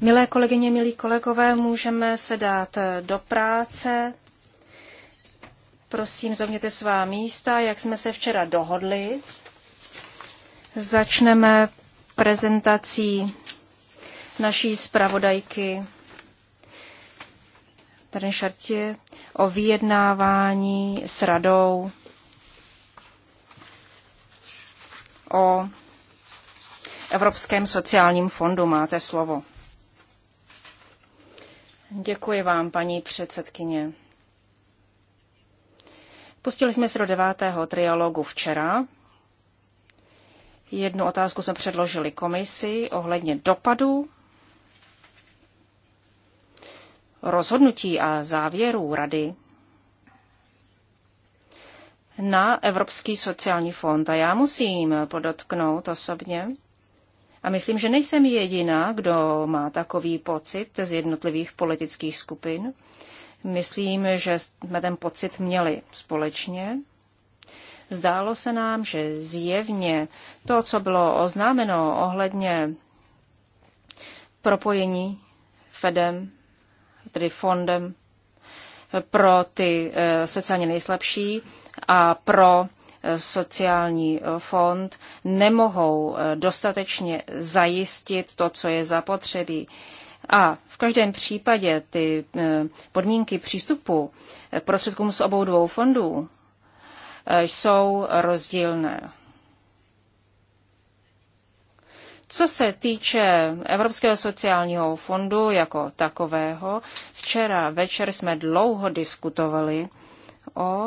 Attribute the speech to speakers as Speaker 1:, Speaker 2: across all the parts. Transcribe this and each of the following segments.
Speaker 1: Milé kolegyně, milí kolegové, můžeme se dát eh, do práce. Prosím, zaměte svá místa, jak jsme se včera dohodli. Začneme prezentací naší zpravodajky Perrin Chartier o vyjednávání s radou o Evropském sociálním fondu. Máte slovo. Děkuji vám, paní předsedkyně. Pustili jsme se do devátého trialogu včera. Jednu otázku jsme předložili komisi ohledně dopadu rozhodnutí a závěrů rady na Evropský sociální fond. A já musím podotknout osobně, a myslím, že nejsem jediná, kdo má takový pocit z jednotlivých politických skupin. Myslím, že jsme ten pocit měli společně. Zdálo se nám, že zjevně to, co bylo oznámeno ohledně propojení Fedem, tedy fondem pro ty eh, sociálně nejslabší, a pro eh, sociální eh, fond nemohou eh, dostatečně zajistit to, co je zapotřebí. A v každém případě ty podmínky přístupu k prostředkům z obou dvou fondů jsou rozdílné. Co se týče Evropského sociálního fondu jako takového, včera večer jsme dlouho diskutovali o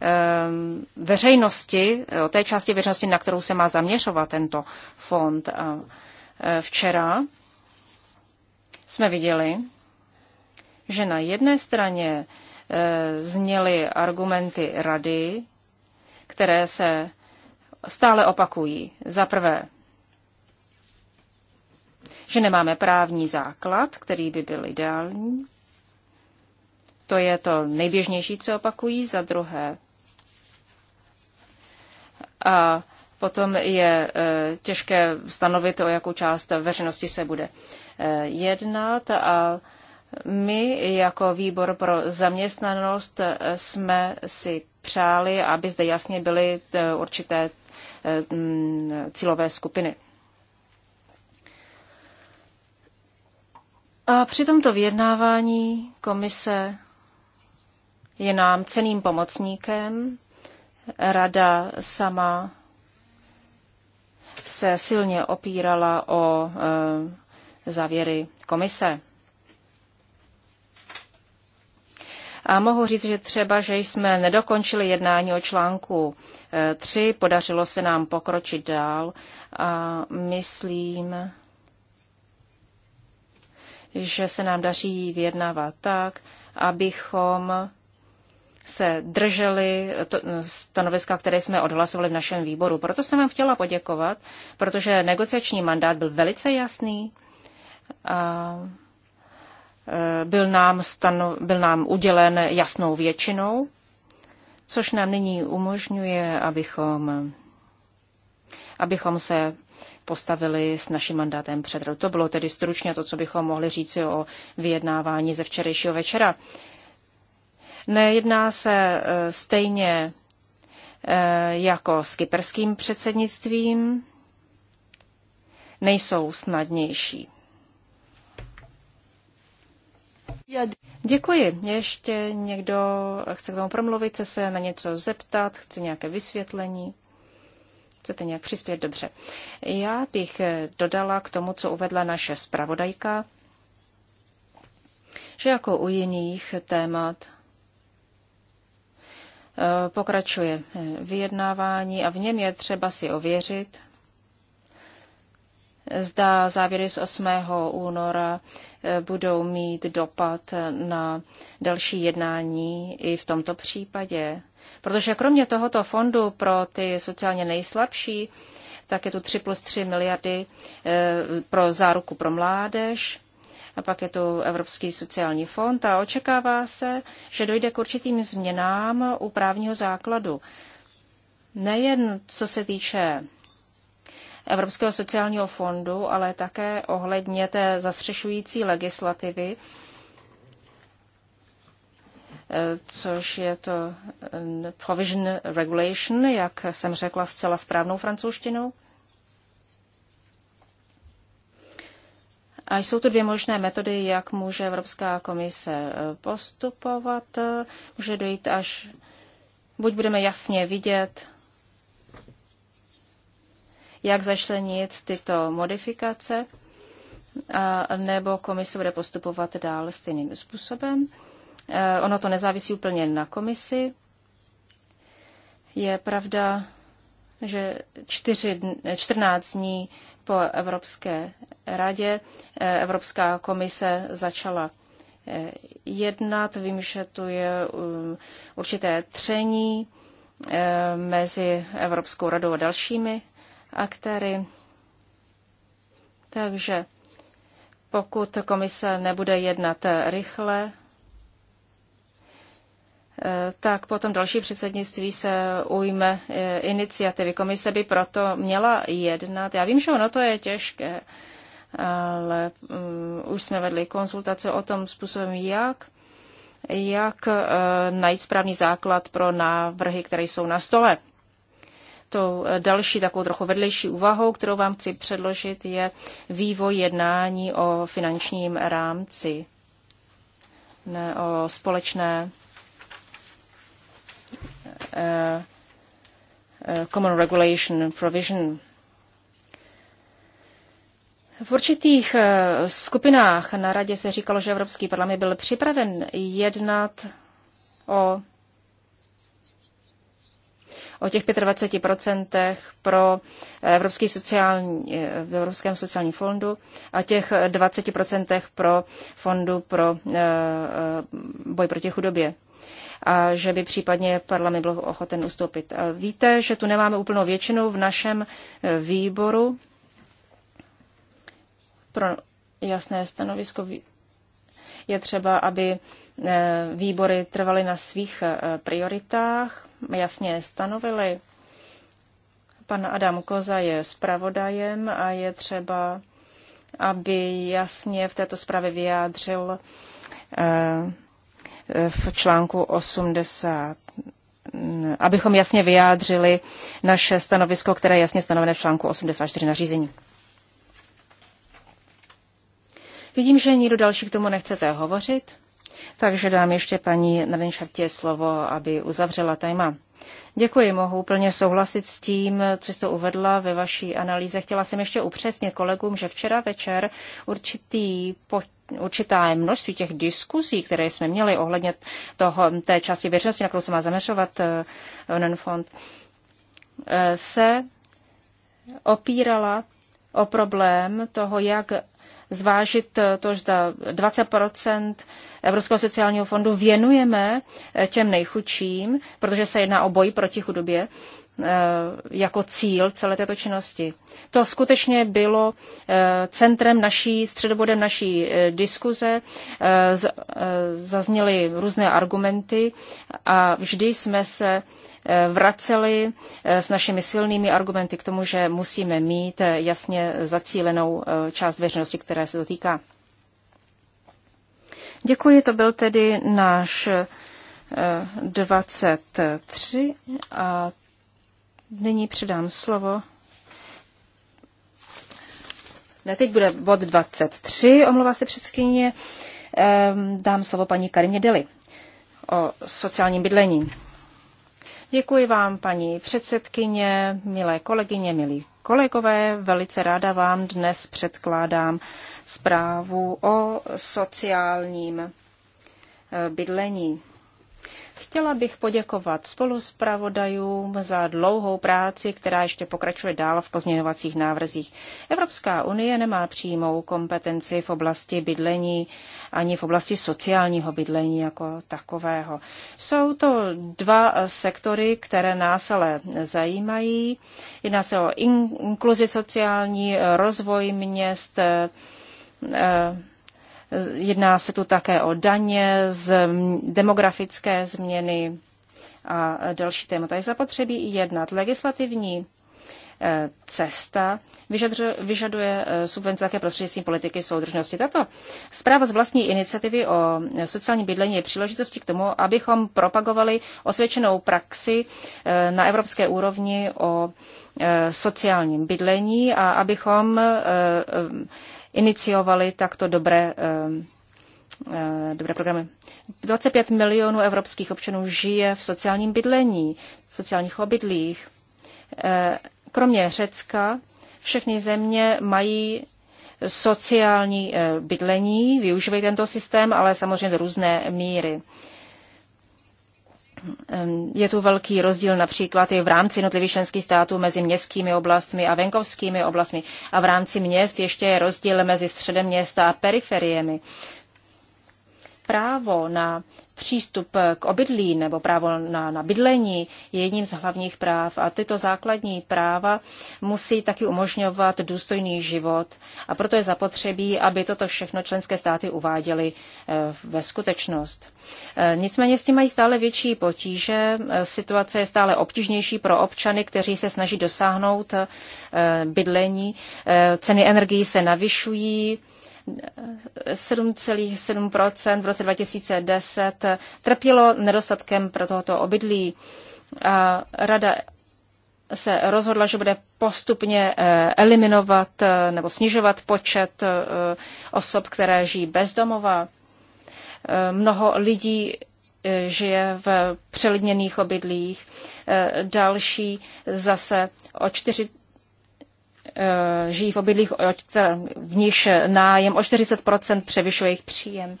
Speaker 1: Eh, veřejnosti, eh, o té části veřejnosti, na kterou se má zaměřovat tento fond. Eh, včera jsme viděli, že na jedné straně zněly argumenty rady, které se stále opakují. Za prvé, že nemáme právní základ, který by byl ideální. To je to nejběžnější, co opakují. Za druhé, a potom je e, těžké stanovit, o jakou část veřejnosti se bude e, jednat a my jako výbor pro zaměstnanost e, jsme si přáli, aby zde jasně byly určité cílové skupiny. A při tomto vyjednávání komise je nám ceným pomocníkem Rada sama se silně opírala o eh, závěry komise. A mohu říct, že třeba, že jsme nedokončili jednání o článku 3, eh, podařilo se nám pokročit dál a myslím, že se nám daří vyjednávat tak, abychom se drželi to, stanoviska, které jsme odhlasovali v našem výboru. Proto jsem vám chtěla poděkovat, protože negociační mandát byl velice jasný. A e, byl nám, stano, byl nám udělen jasnou většinou, což nám nyní umožňuje, abychom, abychom se postavili s naším mandátem před To bylo tedy stručně to, co bychom mohli říci o vyjednávání ze včerejšího večera. Nejedná se eh, stejně eh, jako s kyperským předsednictvím, nejsou snadnější. Děkuji. Ještě někdo chce k tomu promluvit, chce se na něco zeptat, chce nějaké vysvětlení? Chcete nějak přispět? Dobře. Já bych eh, dodala k tomu, co uvedla naše zpravodajka, že jako u jiných témat Eh, pokračuje eh, vyjednávání a v něm je třeba si ověřit, zda závěry z 8. února eh, budou mít dopad na další jednání i v tomto případě. Protože kromě tohoto fondu pro ty sociálně nejslabší, tak je tu 3 plus 3 miliardy pro záruku pro mládež, a pak je tu Evropský sociální fond a očekává se, že dojde k určitým změnám u právního základu. Nejen co se týče Evropského sociálního fondu, ale také ohledně té zastřešující legislativy, eh, což je to eh, provision regulation, jak jsem řekla zcela správnou francouzštinou. A jsou tu dvě možné metody, jak může Evropská komise eh, postupovat. Může dojít až, buď budeme jasně vidět, jak zašlenit tyto modifikace, a, nebo komise bude postupovat dál stejným způsobem. E, ono to nezávisí úplně na komisi. Je pravda, že čtyři, 14 eh, dní po Evropské radě eh, Evropská komise začala eh, jednat. Vím, že tu je eh, určité tření mezi Evropskou radou a dalšími aktéry. Takže pokud komise nebude jednat rychle, Eh, tak potom další předsednictví se ujme eh, iniciativy. Komise by proto měla jednat. Já vím, že ono to je těžké, ale mm, už jsme vedli konzultace o tom způsobem, jak jak eh, najít správný základ pro návrhy, které jsou na stole. Tou další takovou trochu vedlejší úvahou, kterou vám chci předložit, je vývoj jednání o finančním rámci, ne o společné Eh, common Regulation Provision. V určitých eh, skupinách na radě se říkalo, že Evropský parlament byl připraven jednat o, o těch 25% pro Evropský sociální, eh, v Evropském sociálním fondu a těch 20% pro fondu pro boj proti chudobě a že by případně parlament byl ochoten ustoupit. Víte, že tu nemáme úplnou většinu v našem e, výboru pro jasné stanovisko. Je třeba, aby e, výbory trvaly na svých e, prioritách, jasně je stanovily. Pan Adam Koza je zpravodajem a je třeba, aby jasně v této zprávě vyjádřil v článku 80 abychom jasně vyjádřili naše stanovisko, které je jasně stanovené v článku 84 nařízení. Vidím, že nikdo další k tomu nechcete hovořit, takže dám ještě paní Nadenšartě slovo, aby uzavřela téma. Děkuji, mohu úplně souhlasit s tím, co jste uvedla ve vaší analýze. Chtěla jsem ještě upřesnit kolegům, že včera večer určitý počet určitá množství těch diskuzí, které jsme měli ohledně toho, té části věřnosti, na kterou se má zaměřovat eh, onen fond, eh, se opírala o problém toho, jak zvážit to, že 20 Evropského sociálního fondu věnujeme eh, těm nejchudším, protože se jedná o boj proti chudobě. Eh, jako cíl celé této činnosti. To skutečně bylo eh, centrem naší, středobodem naší eh, diskuze. Zazněly různé argumenty a vždy jsme se vraceli s našimi silnými argumenty k tomu, že musíme mít jasně zacílenou část veřejnosti, které se dotýká. Děkuji, to byl tedy náš 23 a Nyní předám slovo. Ne, teď bude bod 23, omlouvá se předsedkyně. Ehm, dám slovo paní Karimě Deli o sociálním bydlení. Děkuji vám, paní předsedkyně, milé kolegyně, milí kolegové. Velice ráda vám dnes předkládám zprávu o sociálním eh, bydlení. Chtěla bych poděkovat spoluzpravodajům za dlouhou práci, která ještě pokračuje dál v pozměňovacích návrzích. Evropská unie nemá přímou kompetenci v oblasti bydlení ani v oblasti sociálního bydlení jako takového. Jsou to dva sektory, které nás ale zajímají. Jedná se o inkluzi sociální, rozvoj měst, eh, Jedná se tu také o daně, z demografické změny a další témata. Je zapotřebí i jednat. Legislativní eh, cesta vyžaduje eh, subvence také prostřednictvím politiky soudržnosti. Tato zpráva z vlastní iniciativy o sociální bydlení je příležitostí k tomu, abychom propagovali osvědčenou praxi eh, na evropské úrovni o sociálním bydlení a abychom iniciovali takto dobré, eh, eh, dobré programy. 25 milionů evropských občanů žije v sociálním bydlení, v sociálních obydlích. Eh, kromě Řecka všechny země mají sociální bydlení, využívají tento systém, ale samozřejmě do různé míry je tu velký rozdíl například i v rámci jednotlivých členských států mezi městskými oblastmi a venkovskými oblastmi. A v rámci měst ještě je rozdíl mezi středem města a periferiemi. Právo na přístup k obydlí nebo právo na, na bydlení je jedním z hlavních práv a tyto základní práva musí taky umožňovat důstojný život a proto je zapotřebí, aby toto všechno členské státy uváděly eh, ve skutečnost. Eh, nicméně s tím mají stále větší potíže. Eh, situace je stále obtížnější pro občany, kteří se snaží dosáhnout bydlení. Ceny energií se navyšují 7,7 v roce 2010 trpělo nedostatkem pro tohoto obydlí. A rada se rozhodla, že bude postupně eh, eliminovat eh, nebo snižovat počet eh, osob, které žijí bezdomova. Mnoho lidí žije v přelidněných obydlích, další zase o 4 Eh, žijí v obydlích, v níž nájem o 40 převyšuje jejich příjem.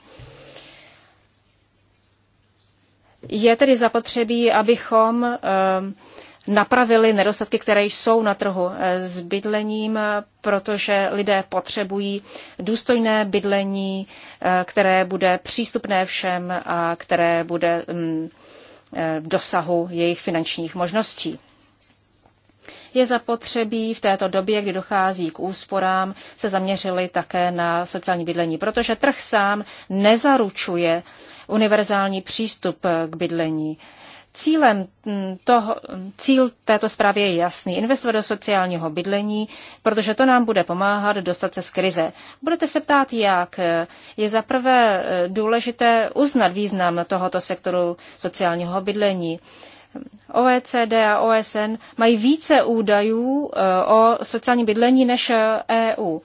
Speaker 1: Je tedy zapotřebí, abychom eh, napravili nedostatky, které jsou na trhu eh, s bydlením, protože lidé potřebují důstojné bydlení, které bude přístupné všem a které bude mm, v dosahu jejich finančních možností je zapotřebí v této době, kdy dochází k úsporám, se zaměřili také na sociální bydlení, protože trh sám nezaručuje univerzální přístup k bydlení. Cílem toho, cíl této zprávy je jasný. Investovat do sociálního bydlení, protože to nám bude pomáhat dostat se z krize. Budete se ptát, jak. Je zaprvé eh, důležité uznat význam tohoto sektoru sociálního bydlení. OECD a OSN mají více údajů eh, o sociálním bydlení než EU. Eh, e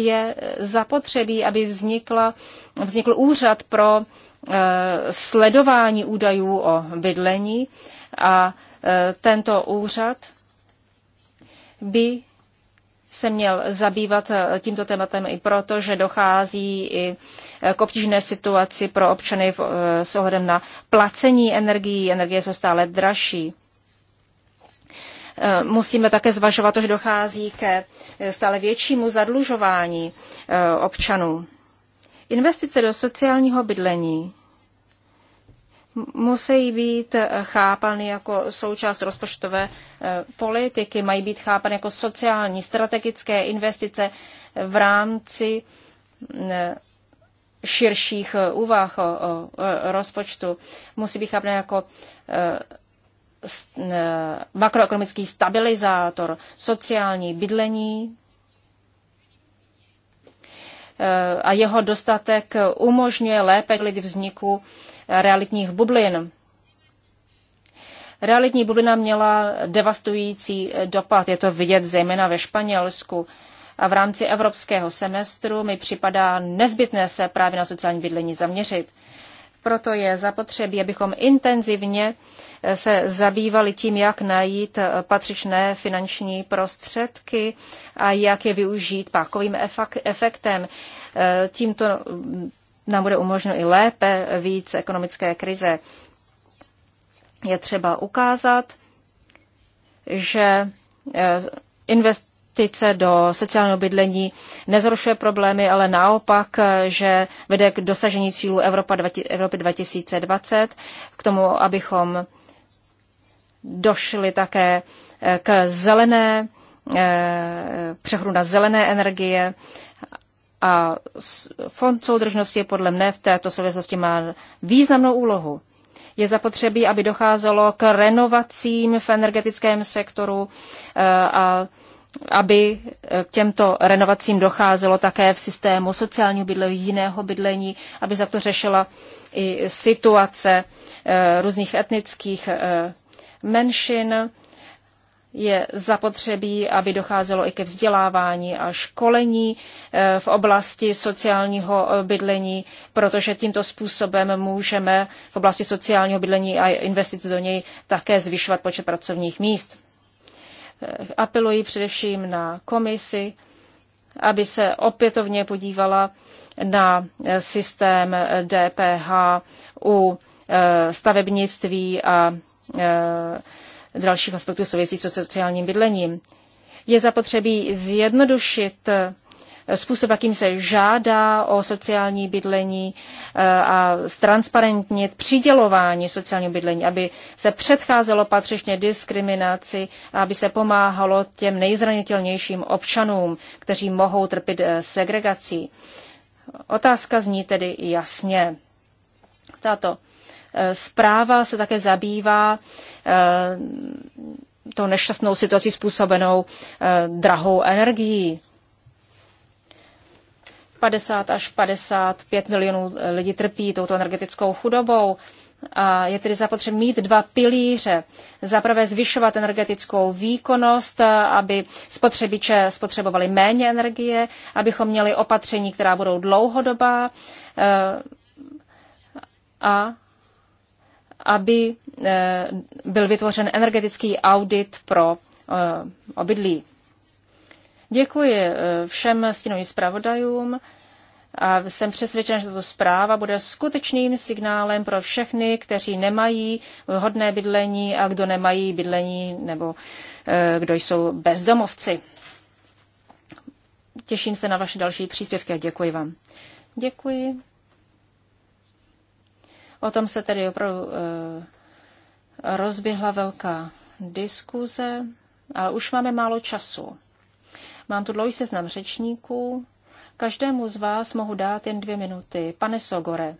Speaker 1: Je eh, zapotřebí, aby vznikla, vznikl úřad pro sledování údajů o bydlení a tento úřad by se měl zabývat eh, tímto tématem i proto, že dochází i eh, k obtížné situaci pro občany v, eh, s ohledem na placení energií. Energie jsou stále dražší. Musíme také zvažovat to, že dochází ke stále většímu zadlužování občanů. Investice do sociálního bydlení musí být chápány jako součást rozpočtové eh, politiky, mají být chápány jako sociální, strategické investice v rámci eh, širších eh, úvah o, o rozpočtu. Musí být chápány jako makroekonomický stabilizátor, sociální bydlení a jeho dostatek umožňuje lépe lid vzniku realitních bublin. Realitní bublina měla devastující dopad, je to vidět zejména ve Španělsku. A v rámci evropského semestru mi připadá nezbytné se právě na sociální bydlení zaměřit. Proto je zapotřebí, abychom intenzivně se zabývali tím, jak najít patřičné finanční prostředky a jak je využít pákovým efektem. Tímto nám bude umožněno i lépe víc ekonomické krize. Je třeba ukázat, že eh, investice do sociálního bydlení nezrušuje problémy, ale naopak, že vede k dosažení cílů Evropa, Evropy 2020, k tomu, abychom došli také eh, k zelené, eh, přechodu na zelené energie a Fond soudržnosti podle mne v této souvislosti má významnou úlohu. Je zapotřebí, aby docházelo k renovacím v energetickém sektoru eh, a aby eh, k těmto renovacím docházelo také v systému sociálního bydlení, jiného bydlení, aby za to řešila i situace eh, různých etnických menšin je zapotřebí, aby docházelo i ke vzdělávání a školení eh, v oblasti sociálního eh, bydlení, protože tímto způsobem můžeme v oblasti sociálního bydlení a investic do něj také zvyšovat počet pracovních míst. Eh, apeluji především na komisi, aby se opětovně podívala na systém DPH u stavebnictví a dalších aspektů souvisí se sociálním bydlením. Je zapotřebí zjednodušit eh, způsob, jakým se žádá o sociální bydlení eh, a ztransparentnit přidělování sociálního bydlení, aby se předcházelo patřičně diskriminaci a aby se pomáhalo těm nejzranitelnějším občanům, kteří mohou trpět eh, segregací. Otázka zní tedy jasně. Tato zpráva se také zabývá Eh, to nešťastnou situaci způsobenou eh, drahou energií. 50 až 55 milionů lidí trpí touto energetickou chudobou. A je tedy zapotřebí mít dva pilíře. Zaprvé zvyšovat energetickou výkonnost, aby spotřebiče spotřebovali méně energie, abychom měli opatření, která budou dlouhodobá eh, a aby byl vytvořen energetický audit pro eh, obydlí. Děkuji eh, všem stínovým zpravodajům a jsem přesvědčen, že tato zpráva bude skutečným signálem pro všechny, kteří nemají vhodné bydlení a kdo nemají bydlení nebo eh, kdo jsou bezdomovci. Těším se na vaše další příspěvky a děkuji vám. Děkuji. O tom se tedy opravdu rozběhla velká diskuze, ale už máme málo času. Mám tu dlouhý seznam řečníků. Každému z vás mohu dát jen dvě minuty. Pane Sogore,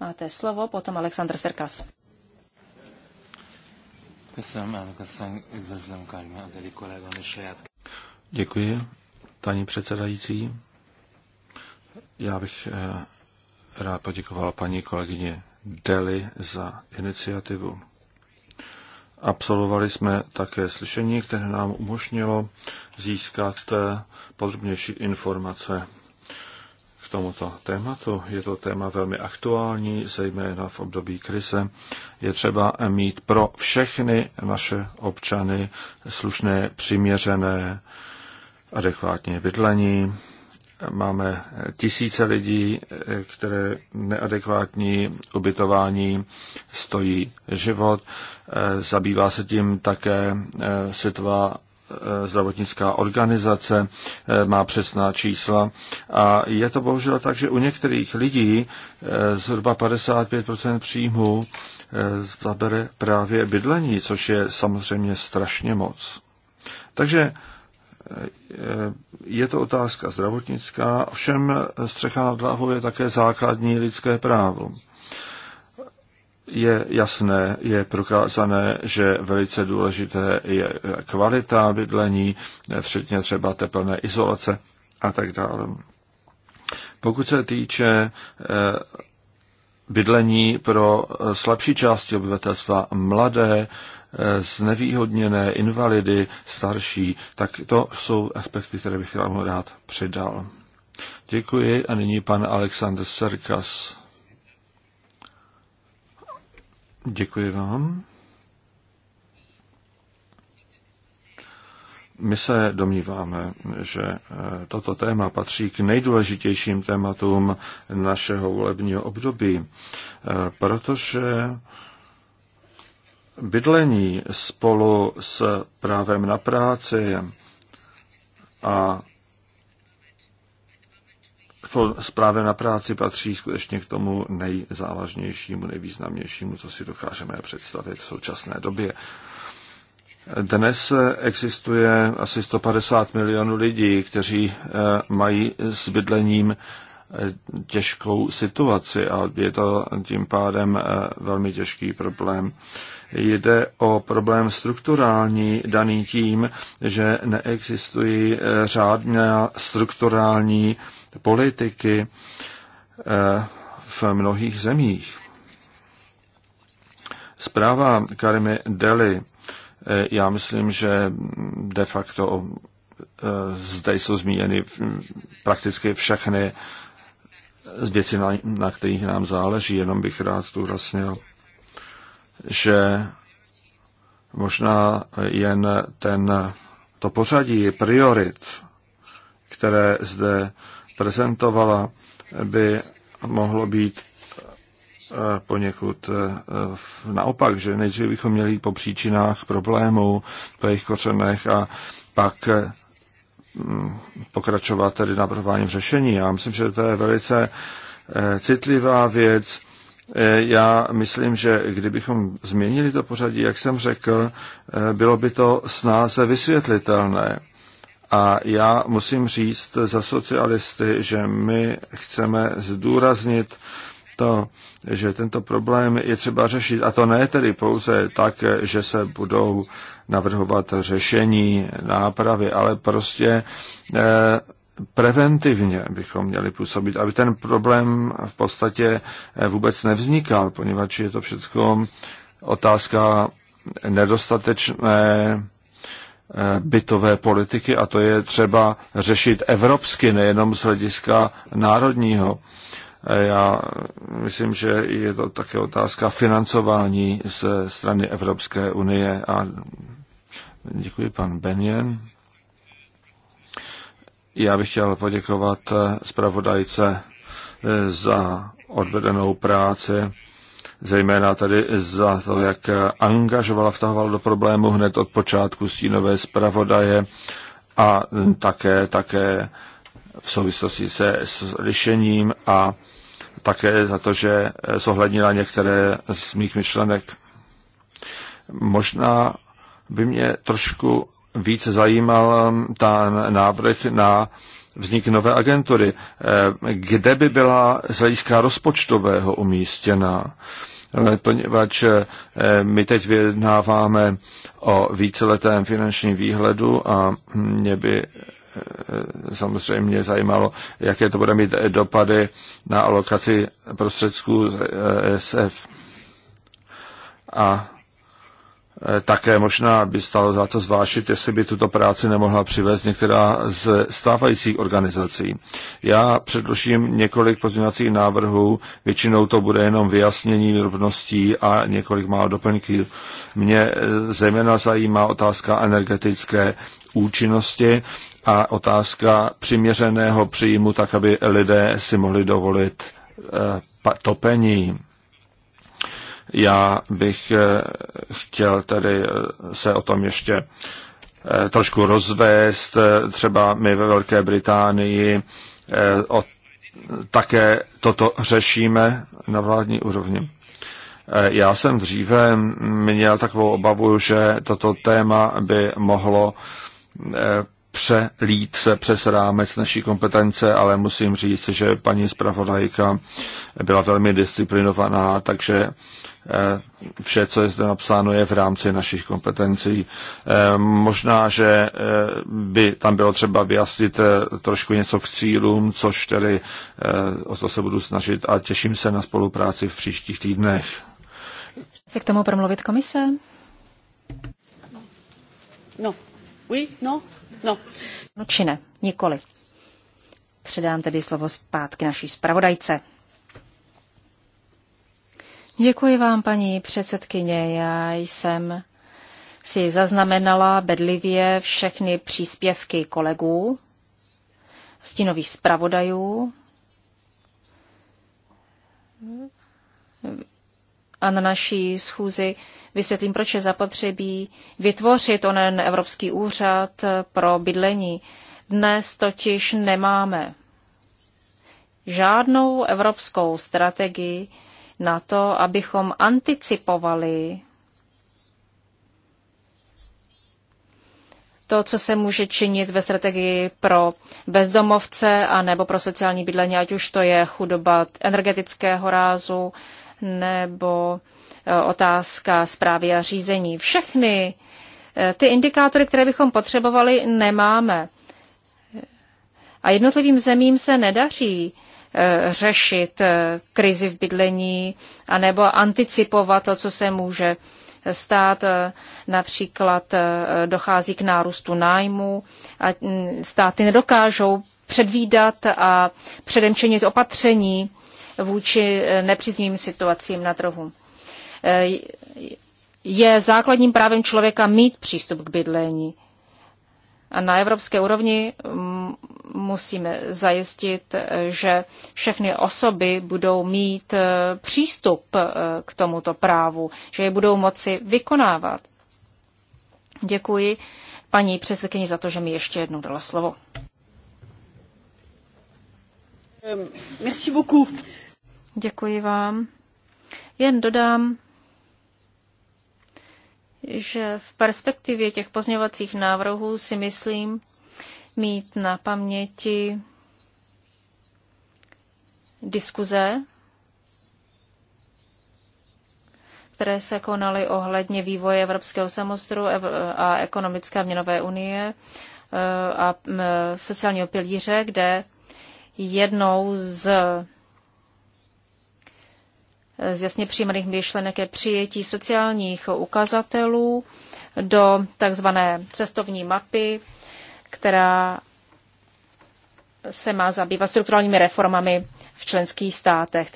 Speaker 1: máte slovo, potom Aleksandr Serkas.
Speaker 2: Děkuji, paní předsedající. Já bych eh, rád poděkoval paní kolegyně Deli za iniciativu. Absolvovali jsme také slyšení, které nám umožnilo získat eh, podrobnější informace k tomuto tématu. Je to téma velmi aktuální, zejména v období krize. Je třeba mít pro všechny naše občany slušné, přiměřené, adekvátní bydlení, Máme tisíce lidí, které neadekvátní ubytování stojí život. Zabývá se tím také eh, Světová eh, zdravotnická organizace, eh, má přesná čísla. A je to bohužel tak, že u některých lidí zhruba 55% příjmů zabere právě bydlení, což je samozřejmě strašně moc. Takže Eh, je to otázka zdravotnická, všem střecha nad hlavou je také základní lidské právo. Je jasné, je prokázané, že velice důležité je kvalita bydlení, eh, včetně třeba teplné izolace a tak dále. Pokud se týče eh, bydlení pro slabší části obyvatelstva, mladé, Eh, znevýhodněné, invalidy, starší, tak to jsou aspekty, které bych vám rád přidal. Děkuji a nyní pan Alexander Serkas. Děkuji vám. My se domníváme, že eh, toto téma patří k nejdůležitějším tématům našeho volebního období, eh, protože bydlení spolu s právem na práci a s právem na práci patří skutečně k tomu nejzávažnějšímu, nejvýznamnějšímu, co si dokážeme představit v současné době. Dnes existuje asi 150 milionů lidí, kteří eh, mají s bydlením těžkou situaci a je to tím pádem eh, velmi těžký problém. Jde o problém strukturální daný tím, že neexistují eh, řádné strukturální politiky eh, v mnohých zemích. Zpráva Karimy Deli, já myslím, že de facto zde jsou zmíněny prakticky všechny z věcí, na, na kterých nám záleží. Jenom bych rád zdůraznil, že možná jen ten, to pořadí priorit, které zde prezentovala, by mohlo být eh, poněkud eh, naopak, že nejdřív bychom měli po příčinách problémů, po jejich kořenech a pak eh, Mm, pokračovat tedy navrhováním řešení. Já myslím, že to je velice eh, citlivá věc. Eh, já myslím, že kdybychom změnili to pořadí, jak jsem řekl, eh, bylo by to snáze vysvětlitelné. A já musím říct za socialisty, že my chceme zdůraznit to, že tento problém je třeba řešit. A to ne tedy pouze tak, že se budou navrhovat řešení, nápravy, ale prostě eh, preventivně bychom měli působit, aby ten problém v podstatě eh, vůbec nevznikal, poněvadž je to všechno otázka nedostatečné eh, bytové politiky a to je třeba řešit evropsky, nejenom z hlediska národního. Já myslím, že je to také otázka financování ze strany Evropské unie a děkuji pan Benjen. Já bych chtěl poděkovat zpravodajce eh, za odvedenou práci, zejména tady za to, jak angažovala, vtahovala do problému hned od počátku stínové zpravodaje a také, také v souvislosti se lišením a také za to, že zohlednila některé z mých myšlenek. Možná by mě trošku více zajímal ten návrh na vznik nové agentury. Kde by byla z hlediska rozpočtového umístěna? Poněvadž eh, my teď vyjednáváme o víceletém finančním výhledu a mě by Eh, samozřejmě zajímalo, jaké to bude mít dopady na alokaci prostředků e SF A eh, také možná by stalo za to zvážit, jestli by tuto práci nemohla přivést některá z stávajících organizací. Já předložím několik pozměňovacích návrhů, většinou to bude jenom vyjasnění drobností a několik málo doplňků. Mě eh, zejména zajímá otázka energetické účinnosti a otázka přiměřeného příjmu, tak aby lidé si mohli dovolit eh, topení. Já bych eh, chtěl tedy eh, se o tom ještě trošku rozvést. Třeba my ve Velké Británii také toto řešíme na vládní úrovni. Já jsem dříve měl takovou obavu, že toto téma by mohlo přelít se přes rámec naší kompetence, ale musím říct, že paní zpravodajka byla velmi disciplinovaná, takže eh, vše, co je zde napsáno, je v rámci našich kompetencí. Eh, možná, že eh, by tam bylo třeba vyjasnit trošku něco k cílům, což tedy o to se budu snažit a těším se na spolupráci v příštích týdnech.
Speaker 1: Se k tomu promluvit komise? No. Oui, non No. No či ne, nikoli. Předám tedy slovo zpátky naší zpravodajce. Děkuji vám, paní předsedkyně. Já jsem si zaznamenala bedlivě všechny příspěvky kolegů, stínových zpravodajů a na naší schůzi vysvětlím, proč je zapotřebí vytvořit onen Evropský úřad pro bydlení. Dnes totiž nemáme žádnou evropskou strategii na to, abychom anticipovali to, co se může činit ve strategii pro bezdomovce a nebo pro sociální bydlení, ať už to je chudoba energetického rázu nebo Eh, otázka zprávy a řízení. Všechny eh, ty indikátory, které bychom potřebovali, nemáme. A jednotlivým zemím se nedaří eh, řešit krizi v bydlení anebo anticipovat to, co se může stát. Například dochází k nárůstu nájmu a mm, státy nedokážou předvídat a předemčenit opatření vůči nepříznivým situacím na trhu. Eh, je základním právem člověka mít přístup k bydlení. A na evropské úrovni mm, musíme zajistit, že všechny osoby budou mít eh, přístup eh, k tomuto právu, že je budou moci vykonávat. Děkuji paní předsedkyni za to, že mi ještě jednou dala slovo.
Speaker 3: Merci beaucoup.
Speaker 1: Děkuji vám. Jen dodám, že v perspektivě těch pozměňovacích návrhů si myslím mít na paměti diskuze, které se konaly ohledně vývoje Evropského semestru a ekonomické měnové unie eh, a sociálního pilíře, kde jednou z z jasně přijímaných myšlenek je přijetí sociálních ukazatelů do takzvané cestovní mapy, která se má zabývat strukturálními reformami v členských státech.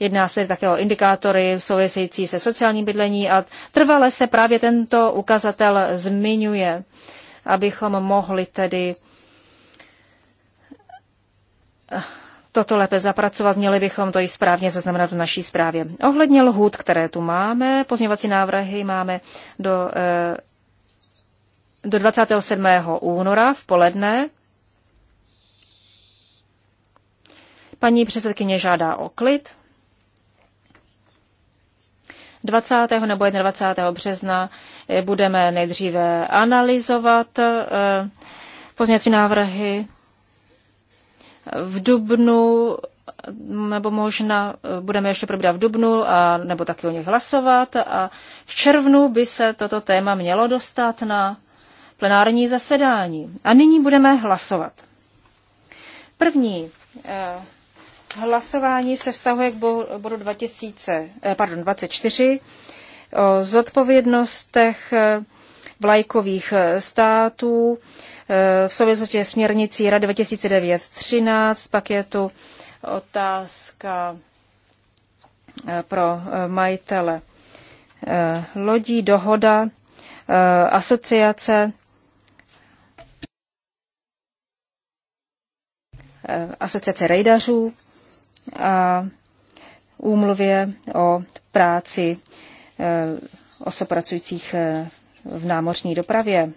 Speaker 1: Jedná se také o indikátory související se sociálním bydlení a trvale se právě tento ukazatel zmiňuje, abychom mohli tedy toto lépe zapracovat, měli bychom to i správně zaznamenat v naší zprávě. Ohledně lhůt, které tu máme, pozměňovací návrhy máme do, eh, do 27. února v poledne. Paní předsedkyně žádá o klid. 20. nebo 21. března eh, budeme nejdříve analyzovat eh, pozměňovací návrhy v Dubnu, nebo možná eh, budeme ještě probírat v Dubnu, a, nebo taky o nich hlasovat. A v červnu by se toto téma mělo dostat na plenární zasedání. A nyní budeme hlasovat. První eh, hlasování se vztahuje k bodu 2000, eh, pardon, 24 o zodpovědnostech eh, vlajkových eh, států Eh, v souvislosti s směrnicí Rady 2009-13, pak je tu otázka eh, pro eh, majitele lodí, dohoda, asociace, asociace rejdařů a úmluvě o práci osob pracujících v námořní dopravě.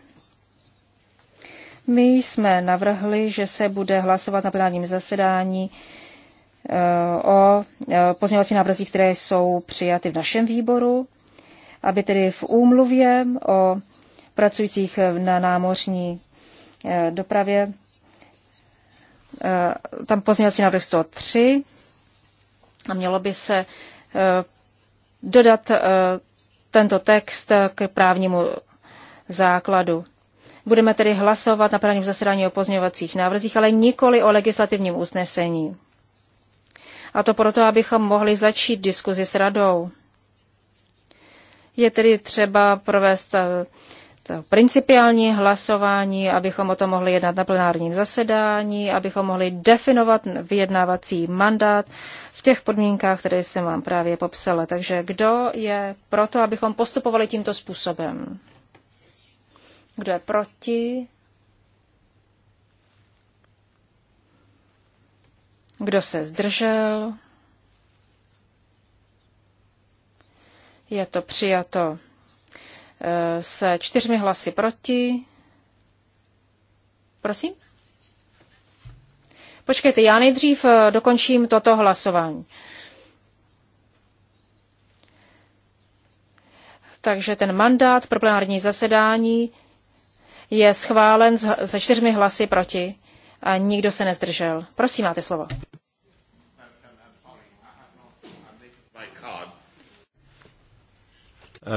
Speaker 1: My jsme navrhli, že se bude hlasovat na plenárním zasedání e, o e, pozměňovacích návrzích, které jsou přijaty v našem výboru, aby tedy v úmluvě o pracujících na námořní e, dopravě, tam pozměňovací návrh 103 a mělo by se dodat tento text k právnímu základu. Budeme tedy hlasovat na prvním zasedání o pozměňovacích návrzích, ale nikoli o legislativním usnesení. A to proto, abychom mohli začít diskuzi s radou. Je tedy třeba provést eh, to principiální hlasování, abychom o tom mohli jednat na plenárním zasedání, abychom mohli definovat vyjednávací mandát v těch podmínkách, které jsem vám právě popsala. Takže kdo je proto, abychom postupovali tímto způsobem? Kdo je proti? Kdo se zdržel? Je to přijato eh, se čtyřmi hlasy proti. Prosím? Počkejte, já nejdřív eh, dokončím toto hlasování. Takže ten mandát pro plenární zasedání je schválen se čtyřmi hlasy proti a nikdo se nezdržel. Prosím, máte slovo.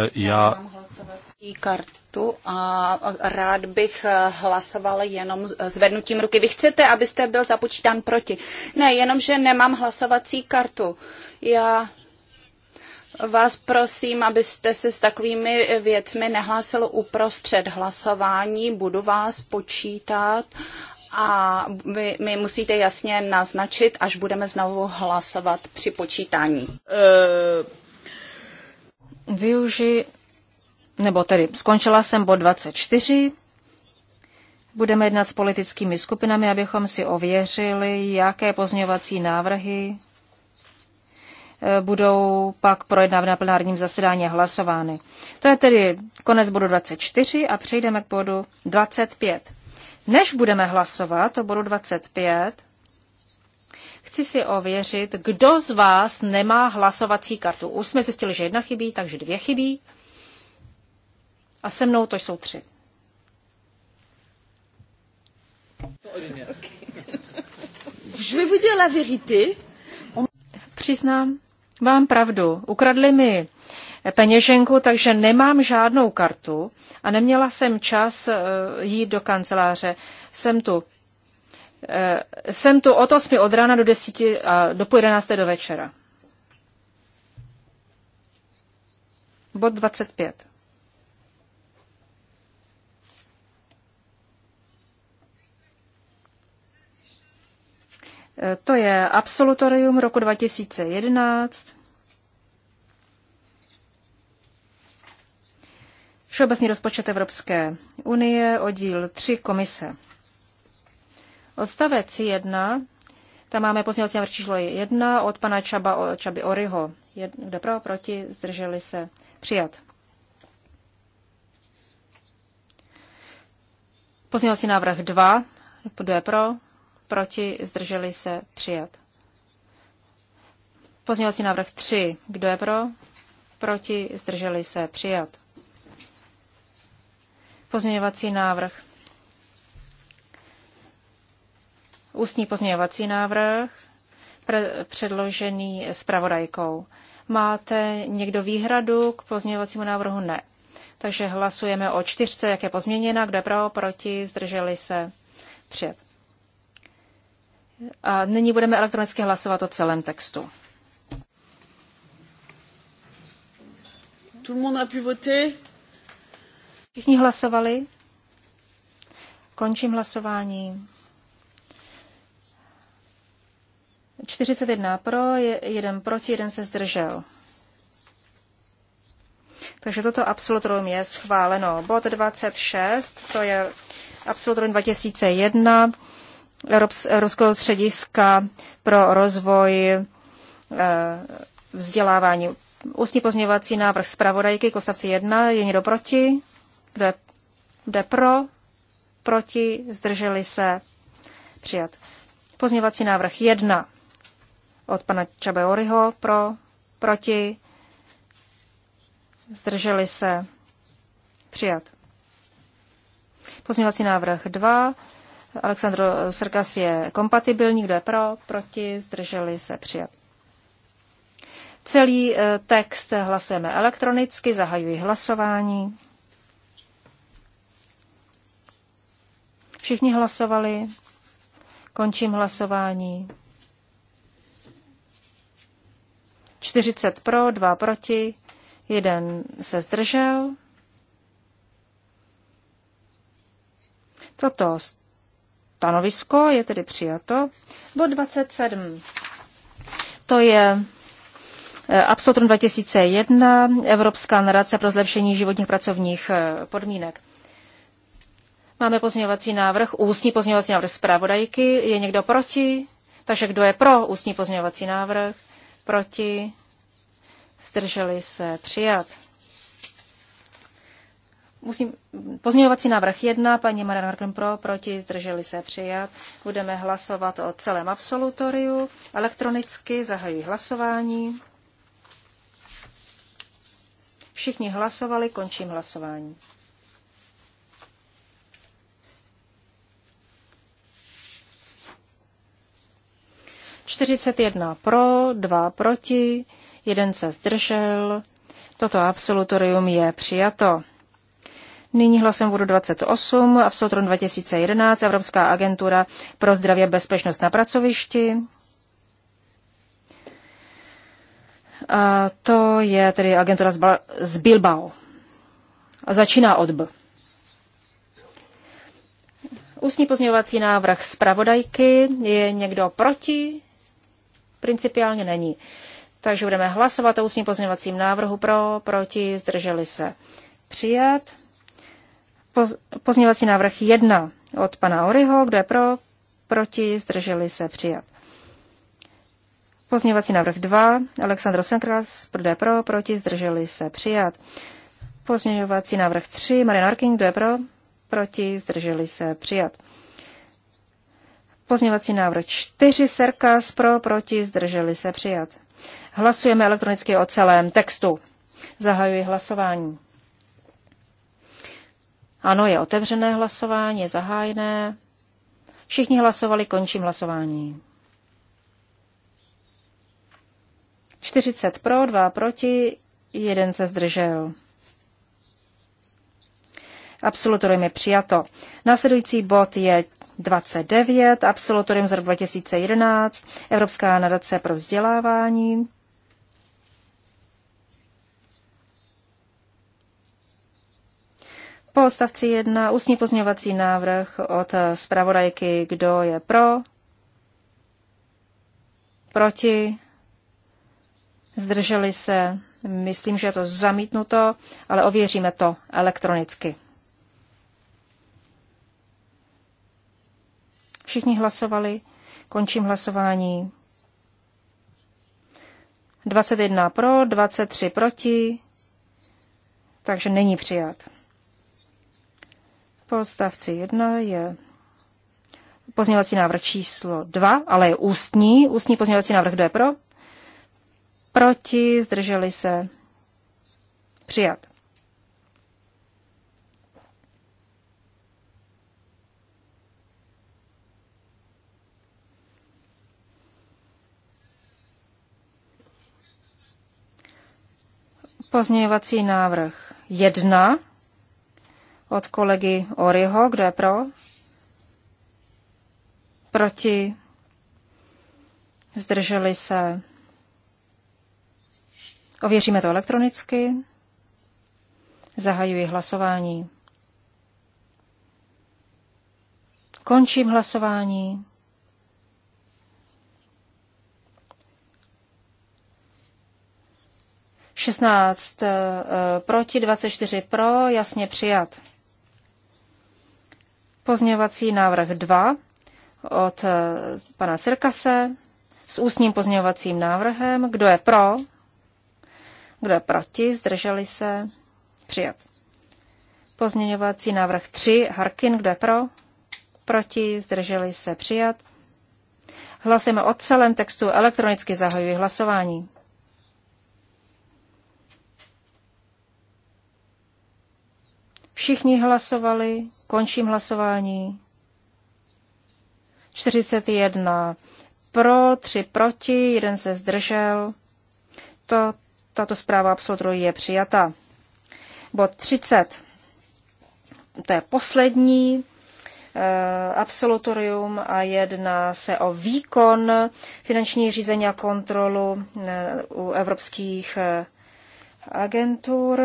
Speaker 2: Eh, já
Speaker 3: hlasovací kartu a rád bych eh, hlasoval jenom zvednutím ruky. Vy chcete, abyste byl započítán proti? Ne, jenom, že nemám hlasovací kartu. Já vás prosím, abyste se s takovými věcmi nehlásil uprostřed hlasování. Budu vás počítat a vy mi musíte jasně naznačit, až budeme znovu hlasovat při počítání. Eh.
Speaker 1: Využi, nebo tedy skončila jsem bod 24. Budeme jednat s politickými skupinami, abychom si ověřili, jaké pozměňovací návrhy Eh, budou pak projednávány na plenárním zasedání a hlasovány. To je tedy konec bodu 24 a přejdeme k bodu 25. Než budeme hlasovat o bodu 25, chci si ověřit, kdo z vás nemá hlasovací kartu. Už jsme zjistili, že jedna chybí, takže dvě chybí. A se mnou to jsou tři. Je Přiznám, Mám pravdu, ukradli mi peněženku, takže nemám žádnou kartu a neměla jsem čas eh, jít do kanceláře. Jsem tu. Eh, jsem tu od 8 od rána do 10 a do půl 11 do večera. Bod 25. To je absolutorium roku 2011. Všeobecný rozpočet Evropské unie, oddíl 3 komise. Odstavec 1, tam máme pozdělací návrh číslo 1 od pana Čaba, Čaby Oryho. Kde pro, proti, zdrželi se. Přijat. Pozdělací návrh 2, kdo je pro, proti, zdrželi se, přijat. Pozměňovací návrh 3. Kdo je pro? Proti, zdrželi se, přijat. Pozměňovací návrh. Ústní pozměňovací návrh pre- předložený zpravodajkou. Máte někdo výhradu k pozměňovacímu návrhu? Ne. Takže hlasujeme o čtyřce, jak je pozměněna, kde pro, proti, zdrželi se, přijat. A nyní budeme elektronicky hlasovat o celém textu. Tout le monde a pu voter. Všichni hlasovali. Končím hlasování. 41 pro, jeden proti, jeden se zdržel. Takže toto absolutorium je schváleno. Bod 26, to je absolutorium 2001. Evropského střediska pro rozvoj eh, vzdělávání. Ústní pozměňovací návrh zpravodajky k odstavci 1. Je někdo proti? Kde, kde pro? Proti? Zdrželi se? Přijat. Pozměňovací návrh 1 od pana Čabeoryho pro, proti, zdrželi se, přijat. Pozměňovací návrh 2 Aleksandr Srkas je kompatibilní, kdo je pro, proti, zdrželi se přijat. Celý eh, text hlasujeme elektronicky, zahajuji hlasování. Všichni hlasovali. Končím hlasování. 40 pro, 2 proti, 1 se zdržel. Toto Stanovisko je tedy přijato. Bod 27. To je eh, Absolutron 2001, Evropská narace pro zlepšení životních pracovních eh, podmínek. Máme pozměňovací návrh, ústní pozměňovací návrh zpravodajky. Je někdo proti? Takže kdo je pro ústní pozměňovací návrh? Proti? Zdrželi se přijat. Musím, pozměňovací návrh 1, paní Marian Harkin pro, proti, zdrželi se přijat. Budeme hlasovat o celém absolutoriu. Elektronicky zahajují hlasování. Všichni hlasovali, končím hlasování. Čtyřicet jedna pro, dva proti, jeden se zdržel. Toto absolutorium je přijato. Nyní hlasem vodu 28 a v Sotron 2011 Evropská agentura pro zdravě a bezpečnost na pracovišti. A to je tedy agentura z, z Bilbao. A začíná od B. Ústní pozměňovací návrh zpravodajky. Je někdo proti? Principiálně není. Takže budeme hlasovat o ústním pozměňovacím návrhu pro, proti, zdrželi se. Přijat. Pozměňovací návrh 1 od pana Oryho, kdo je pro, proti, zdrželi se přijat. Pozměňovací návrh 2, Aleksandr Senkras, kdo je pro, proti, zdrželi se přijat. Pozměňovací návrh 3, Marian Arking, kdo je pro, proti, zdrželi se přijat. Pozměňovací návrh 4, Serkas, pro, proti, zdrželi se přijat. Hlasujeme elektronicky o celém textu. Zahajuji hlasování. Ano, je otevřené hlasování, je zahájené. Všichni hlasovali, končím hlasování. 40 pro, 2 proti, jeden se zdržel. Absolutorium je přijato. Následující bod je 29, absolutorium z roku 2011, Evropská nadace pro vzdělávání. Po odstavci 1 ústní pozměňovací návrh od zpravodajky, kdo je pro, proti, zdrželi se, myslím, že je to zamítnuto, ale ověříme to elektronicky. Všichni hlasovali, končím hlasování. 21 pro, 23 proti, takže není přijat. Po stavci 1 je pozměňovací návrh číslo 2, ale je ústní. Ústní pozměňovací návrh, kdo je pro? Proti, zdrželi se. Přijat. Pozměňovací návrh 1 od kolegy Oriho, kdo je pro? Proti? Zdrželi se? Ověříme to elektronicky. Zahajuji hlasování. Končím hlasování. Šestnáct eh, proti, 24 pro, jasně přijat. Pozměňovací návrh 2 od eh, pana Sirkase s ústním pozměňovacím návrhem. Kdo je pro? Kdo je proti? Zdrželi se? Přijat. Pozměňovací návrh 3 Harkin. Kdo je pro? Proti? Zdrželi se? Přijat. Hlasujeme o celém textu. Elektronicky zahajuji hlasování. Všichni hlasovali. Končím hlasování. 41 pro, 3 proti, 1 se zdržel. To, tato zpráva absolutru je přijata. Bod 30. To je poslední eh, absolutorium a jedná se o výkon finanční řízení a kontrolu eh, u evropských eh, agentur.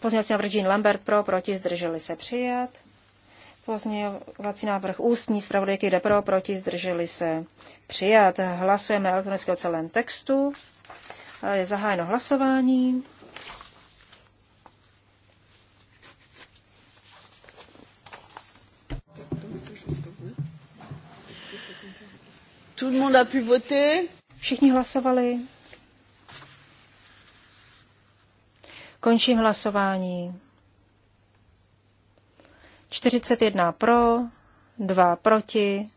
Speaker 1: Pozměňovací návrh Jean Lambert pro, proti, zdrželi se přijat. Pozměňovací návrh ústní zpravodajky jde pro, proti, zdrželi se přijat. Hlasujeme elektronicky o celém textu. Je zahájeno hlasování.
Speaker 3: Tout le monde a pu
Speaker 1: voter. Všichni hlasovali. Končím hlasování. 41 pro, 2 proti,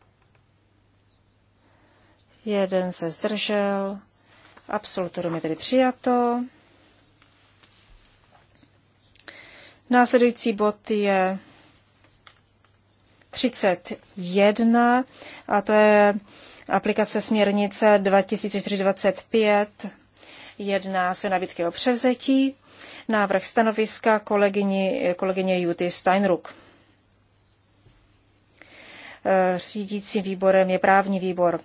Speaker 1: jeden se zdržel. Absolutorum je tedy přijato. Následující bod je 31 a to je aplikace směrnice 2425. Jedná se nabídky o převzetí návrh stanoviska kolegyni, kolegyně Juty Steinruck. Eh, řídícím výborem je právní výbor.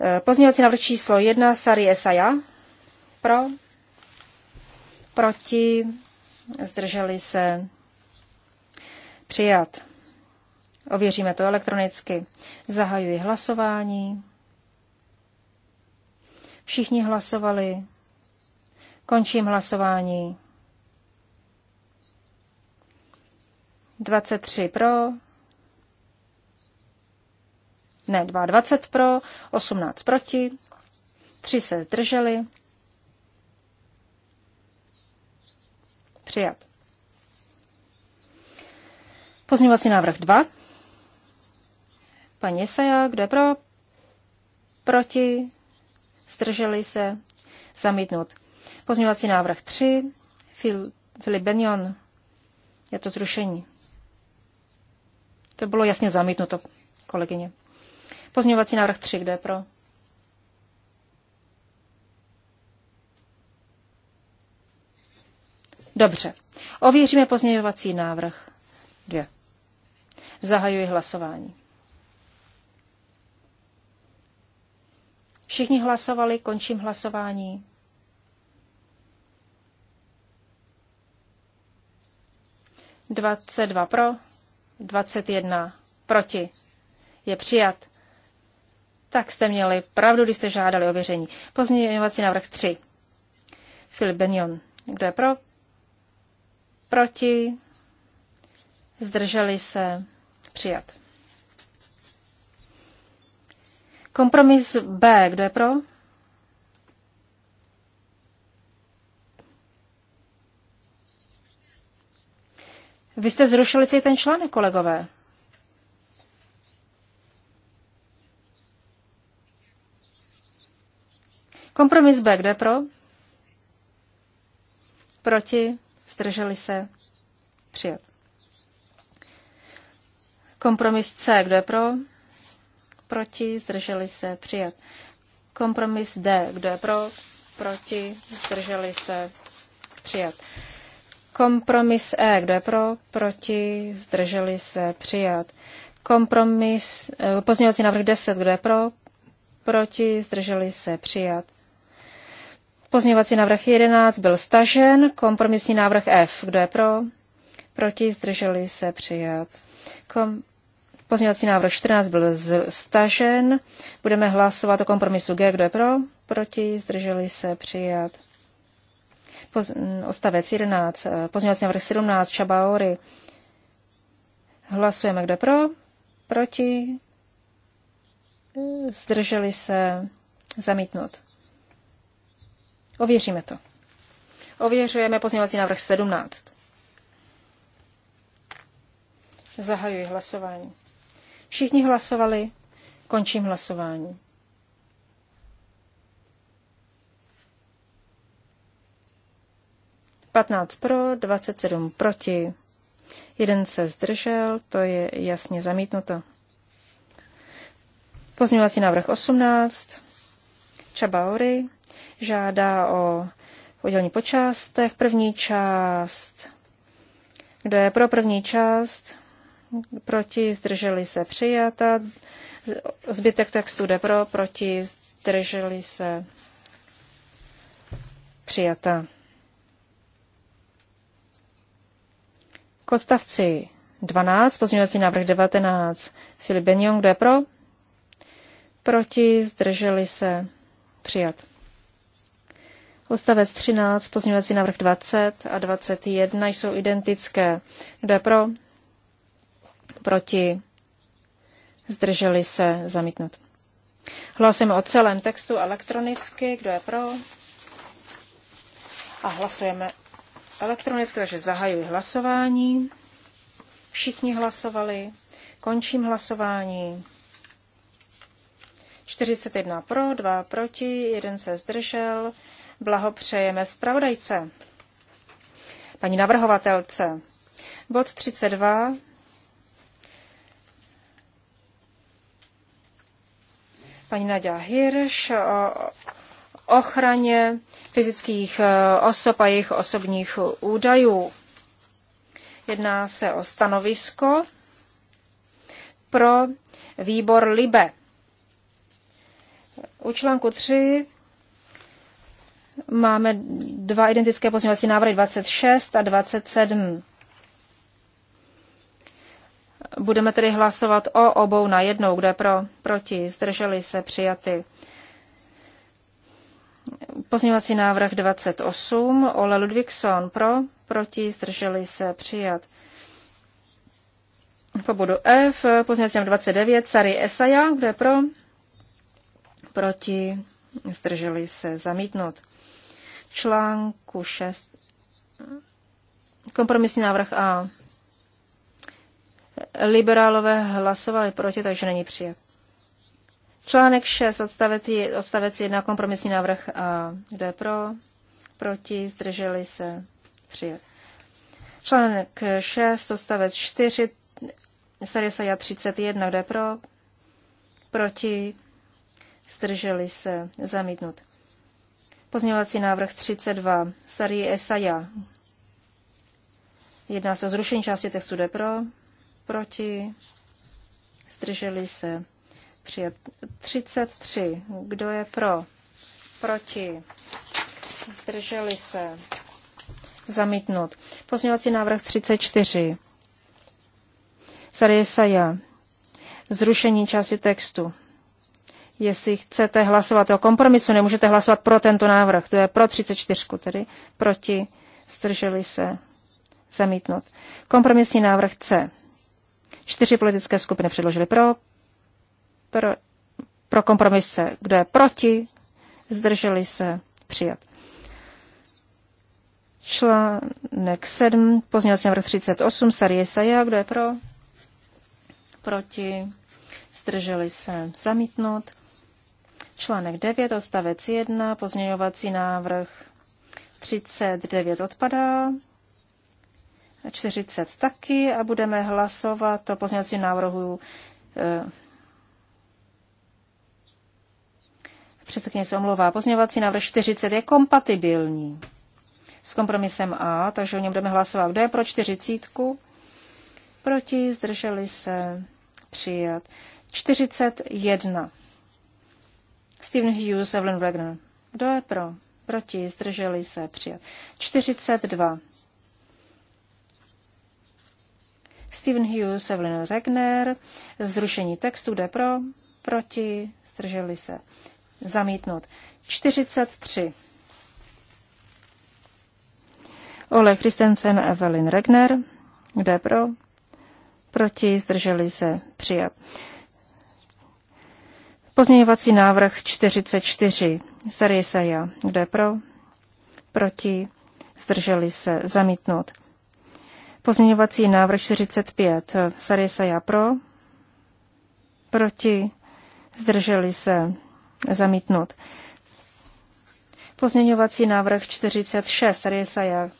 Speaker 1: Eh, pozměňovací návrh číslo 1 Sari Esaja. Pro. Proti. Zdrželi se. Přijat. Ověříme to elektronicky. Zahajuji hlasování. Všichni hlasovali. Končím hlasování. 23 pro, ne, 22 pro, 18 proti, 3 se drželi, Přijat. Pozměňovací návrh 2. Paní Saja, kdo je pro? Proti? Zdrželi se? Zamítnut. Pozměňovací návrh 3. Filip Benion. Je to zrušení. To bylo jasně zamítnuto, kolegyně. Pozměňovací návrh 3, kde je pro? Dobře. Ověříme pozměňovací návrh 2. Zahajuji hlasování. Všichni hlasovali, končím hlasování. Dvacet dva pro, 21 proti je přijat. Tak jste měli pravdu, když jste žádali o věření. Pozměňovací návrh 3. Filip Benion. Kdo je pro? Proti? Zdrželi se? Přijat. Kompromis B. Kdo je pro? Vy jste zrušili celý ten článek, kolegové. Kompromis B, kdo je pro? Proti? Zdrželi se? Přijat. Kompromis C, kdo je pro? Proti? Zdrželi se? Přijat. Kompromis D, kdo je pro? Proti? Zdrželi se? Přijat. Kompromis E, kdo je pro, proti, zdrželi se, přijat. Kompromis, eh, pozměňovací návrh 10, kdo je pro, proti, zdrželi se, přijat. Pozměňovací návrh 11 byl stažen, kompromisní návrh F, kdo je pro, proti, zdrželi se, přijat. Kom- Pozměňovací návrh 14 byl stažen. Budeme hlasovat o kompromisu G. Kdo je pro? Proti? Zdrželi se? Přijat. Poz, ostavec 11, eh, pozměňovací návrh 17, Čabaory. Hlasujeme, kde pro, proti, zdrželi se, zamítnout. Ověříme to. Ověřujeme pozměňovací návrh 17. Zahajuji hlasování. Všichni hlasovali, končím hlasování. 15 pro, 27 proti. Jeden se zdržel, to je jasně zamítnuto. Pozměňovací návrh 18. Čabaory žádá o udělení po částech. První část. Kdo je pro první část? Proti, zdrželi se přijata. Zbytek textu jde pro, proti, zdrželi se přijata. K odstavci 12, pozměňovací návrh 19, Filip Benion, kdo je pro? Proti, zdrželi se, přijat. Odstavec 13, pozměňovací návrh 20 a 21 jsou identické. Kdo je pro? Proti, zdrželi se, zamítnut. Hlasujeme o celém textu elektronicky. Kdo je pro? A hlasujeme elektronicky, takže zahajuji hlasování. Všichni hlasovali. Končím hlasování. 41 pro, 2 proti, 1 se zdržel. Blahopřejeme zpravodajce. Paní navrhovatelce. Bod 32. Paní Nadia Hirš o ochraně fyzických eh, osob a jejich osobních údajů. Jedná se o stanovisko pro výbor LIBE. U článku 3 máme dva identické pozměňovací návrhy 26 a 27. Budeme tedy hlasovat o obou na jednou, kde pro, proti, zdrželi se přijaty. Pozměňovací návrh 28, Ole Ludvíkson pro, proti, zdrželi se přijat. Po bodu F, pozměňovací návrh 29, Sary Esaja, kde pro, proti, zdrželi se zamítnout. Článku 6. Kompromisní návrh A. Liberálové hlasovali proti, takže není přijat. Článek 6, odstavec, odstavec 1, kompromisní návrh A. Kdo je pro? Proti? Zdrželi se? Přijat. Článek 6, odstavec 4, Sarisaja 31, kdo je pro? Proti? Zdrželi se? Zamítnut. Pozměňovací návrh 32, Sari Esaja. Jedná se o zrušení části textu, kdo je pro? Proti? Zdrželi se? přijat. 33. Kdo je pro? Proti? Zdrželi se? Zamítnut. Pozměňovací návrh 34. Sarejesaja. Zrušení části textu. Jestli chcete hlasovat o kompromisu, nemůžete hlasovat pro tento návrh. To je pro 34, tedy proti, zdrželi se, zamítnut. Kompromisní návrh C. Čtyři politické skupiny předložily pro, pro, pro kompromise, kdo je proti, zdrželi se přijat. Článek 7, pozměňovací návrh 38, Sarie Saja, kdo je pro, proti, zdrželi se zamítnout. Článek 9, odstavec 1, pozměňovací návrh 39 odpadá, 40 taky a budeme hlasovat o pozměňovacím návrhu eh, Předsedkyně se omlouvá. Pozměňovací návrh 40 je kompatibilní s kompromisem A, takže o něm budeme hlasovat. Kdo je pro 40? Proti, zdrželi se, přijat. 41. Steven Hughes, Evelyn Wagner. Kdo je pro? Proti, zdrželi se, přijat. 42. Steven Hughes, Evelyn Regner, zrušení textu, jde pro, proti, zdrželi se, Zamítnut. 43. Ole Christensen, a Evelyn Regner. Kde pro? Proti, zdrželi se, přijat. Pozměňovací návrh 44. Serie Seja. Kde pro? Proti, zdrželi se, zamítnout. Pozměňovací návrh 45. Sarie Seja pro? Proti, zdrželi se, zamítnut. Pozměňovací návrh 46, tady je Sajer.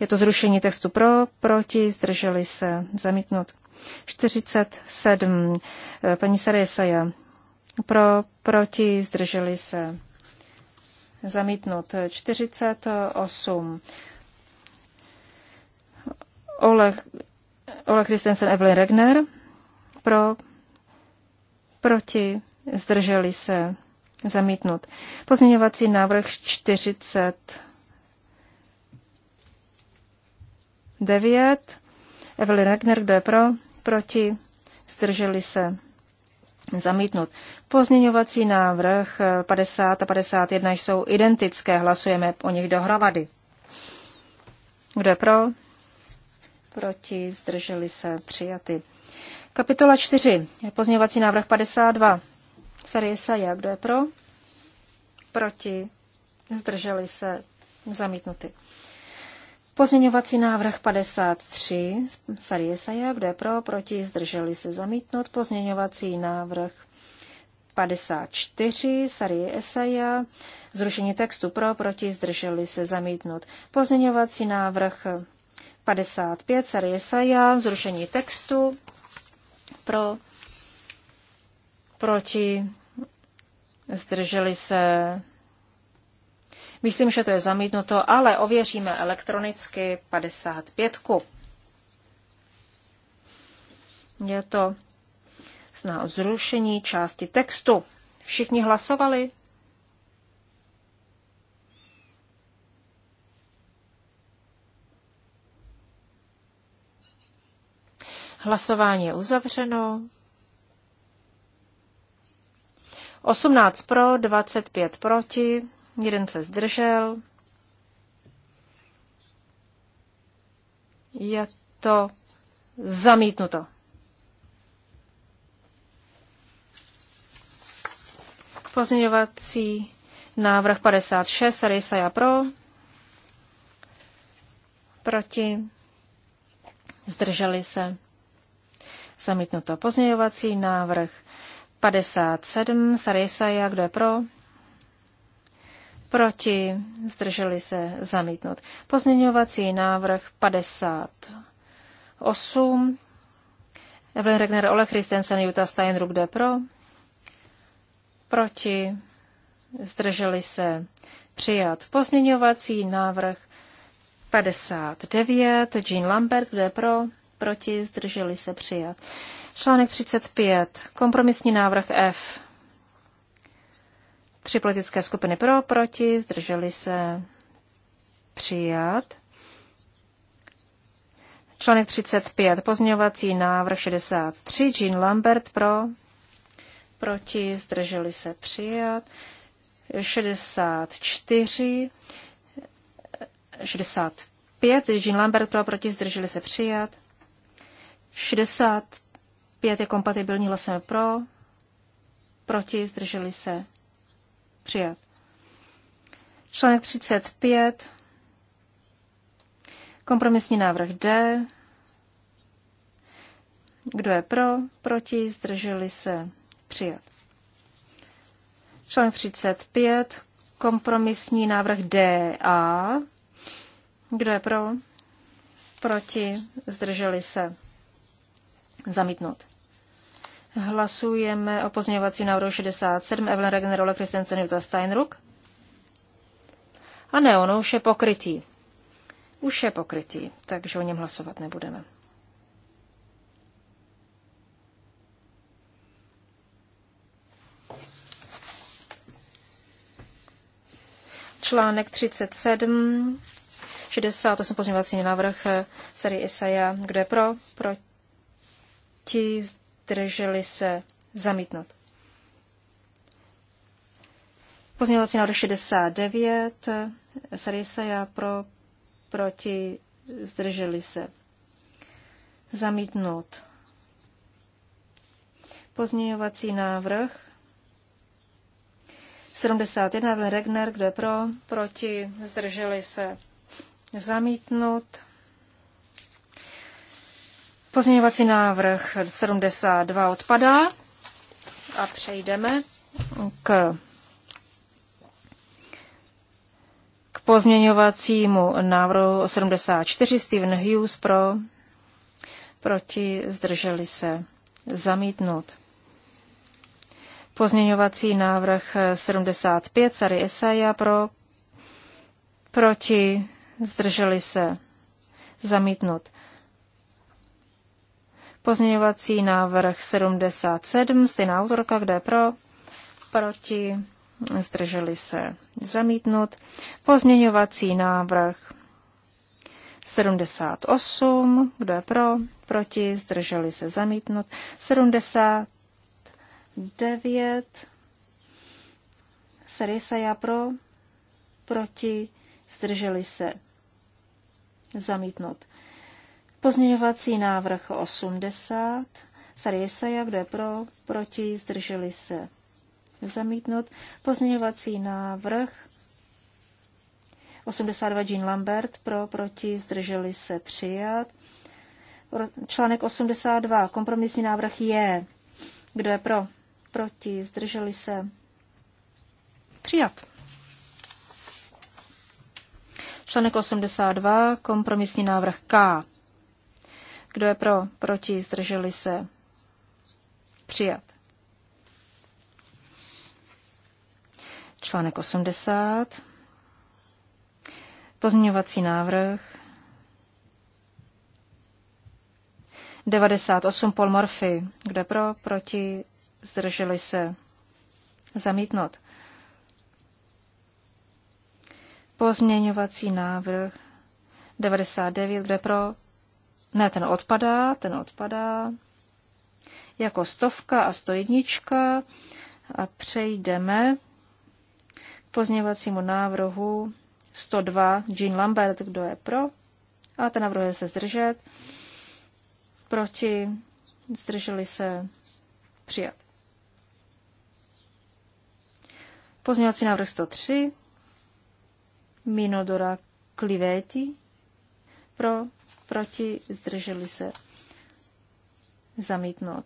Speaker 1: Je to zrušení textu pro, proti, zdrželi se, zamítnout. 47, eh, paní Saresaja. Pro, proti, zdrželi se. zamítnout. 48. Ole, Ole Christensen, Evelyn Regner. Pro, proti, zdrželi se. Zamítnut. Pozměňovací návrh 49. Evelyn Regner, kdo je pro? Proti? Zdrželi se. Zamítnut. Pozměňovací návrh 50 a 51 jsou identické. Hlasujeme o nich dohromady. Kdo je pro? Proti? Zdrželi se. Přijaty. Kapitola 4. Pozměňovací návrh 52. Sarisa, Saja. kdo je pro? Proti? Zdrželi se? Zamítnuty. Pozměňovací návrh 53, Sariesa Saja. kdo je pro, proti, zdrželi se Zamítnut. Pozměňovací návrh 54, Sari Esaja, zrušení textu pro, proti, zdrželi se zamítnout. Pozměňovací návrh 55, Sari Esaja, zrušení textu pro, proti, zdrželi se. Myslím, že to je zamítnuto, ale ověříme elektronicky 55. Je to zná zrušení části textu. Všichni hlasovali? Hlasování je uzavřeno. 18 pro, 25 proti, jeden se zdržel. Je to zamítnuto. Pozměňovací návrh 56, Arisaja pro, proti, zdrželi se. Zamítnuto pozměňovací návrh 57, Sarisaja, kdo je pro? Proti, zdrželi se zamítnout. Pozměňovací návrh 58, Evelyn Regner, Ole Christensen, Jutta Steinruck, kdo je pro? Proti, zdrželi se přijat. Pozměňovací návrh 59, Jean Lambert, kdo je pro? Proti, zdrželi se přijat. Článek 35. Kompromisní návrh F. Tři politické skupiny pro, proti, zdrželi se přijat. Článek 35. Pozměňovací návrh 63. Jean Lambert pro, proti, zdrželi se přijat. 64. 65. Jean Lambert pro, proti, zdrželi se přijat. 65. Pět je kompatibilní, hlasujeme pro. Proti, zdrželi se. Přijat. Článek 35. Kompromisní návrh D. Kdo je pro, proti, zdrželi se. Přijat. Článek 35. Kompromisní návrh DA. Kdo je pro? Proti? Zdrželi se? Zamítnout. Hlasujeme o pozměňovací návrhu 67 Evelyn Ole Christensen Jutta Steinruck. A ne, ono už je pokrytý. Už je pokrytý, takže o něm hlasovat nebudeme. Článek 37, 68 pozměňovací návrh eh, série Isaia. Kdo je pro? Proti? zdrželi se zamítnout. Pozměňovací návrh 69, já pro, proti, zdrželi se. Zamítnout. Pozměňovací návrh 71, Regner, kde pro, proti, zdrželi se. Zamítnout. Pozměňovací návrh 72 odpadá a přejdeme k, k pozměňovacímu návrhu 74 Steven Hughes pro, proti, zdrželi se, zamítnut. Pozměňovací návrh 75 Sary Esaja pro, proti, zdrželi se, zamítnut. Pozměňovací návrh 77, stejná autorka, kde pro, proti, zdrželi se zamítnut. Pozměňovací návrh 78, kdo je pro, proti, zdrželi se zamítnut. 79, Sarisa já pro, proti, zdrželi se zamítnout. Pozměňovací návrh 80. Jesaja, kdo je pro, proti, zdrželi se. Zamítnut. Pozměňovací návrh 82 Jean Lambert, pro, proti, zdrželi se přijat. Článek 82, kompromisní návrh je. Kdo je pro? Proti, zdrželi se. Přijat. Článek 82, kompromisní návrh K. Kdo je pro? Proti? Zdrželi se? Přijat. Článek 80. Pozměňovací návrh 98 polmorfy. Kdo Kde pro? Proti? Zdrželi se? Zamítnout. Pozměňovací návrh 99. Kde pro? Ne, ten odpadá, ten odpadá. Jako stovka a jednička a přejdeme k pozněvacímu návrhu 102 Jean Lambert, kdo je pro a ten navrhuje se zdržet. Proti zdrželi se přijat. Pozměňovací návrh 103 Minodora Clivetti pro proti, zdrželi se zamítnout.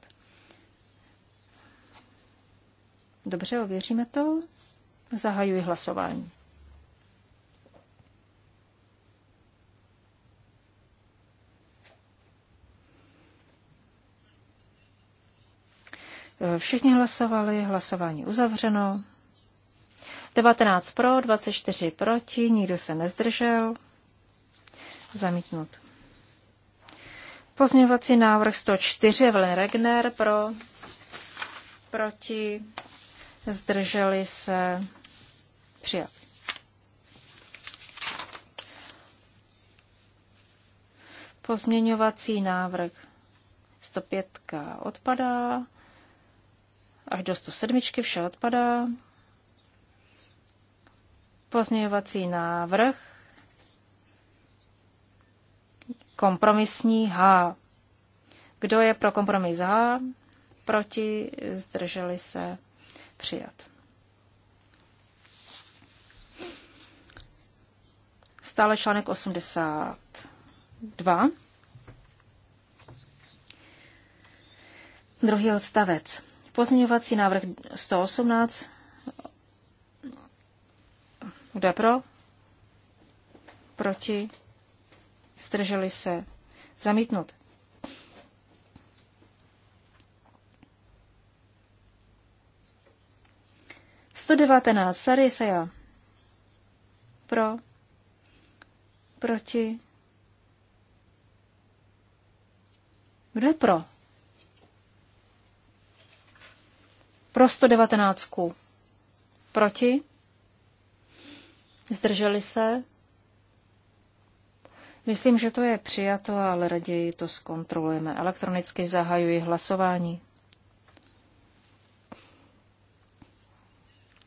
Speaker 1: Dobře, ověříme to. Zahajuji hlasování. Všichni hlasovali, hlasování uzavřeno. 19 pro, 24 proti, nikdo se nezdržel. Zamítnut. Pozměňovací návrh 104 Evelyn Regner pro, proti, zdrželi se přijat. Pozměňovací návrh 105 odpadá, až do 107 vše odpadá. Pozměňovací návrh Kompromisní H. Kdo je pro kompromis H? Proti? Zdrželi se? Přijat. Stále článek 82. Druhý odstavec. Pozměňovací návrh 118. Kdo pro? Proti? Zdrželi se. Zamítnut. Sto devatenáct. Sariseja. Pro. Proti. Kdo je pro? Pro 119. Proti? Zdrželi se? Myslím, že to je přijato, ale raději to zkontrolujeme. Elektronicky zahajuji hlasování.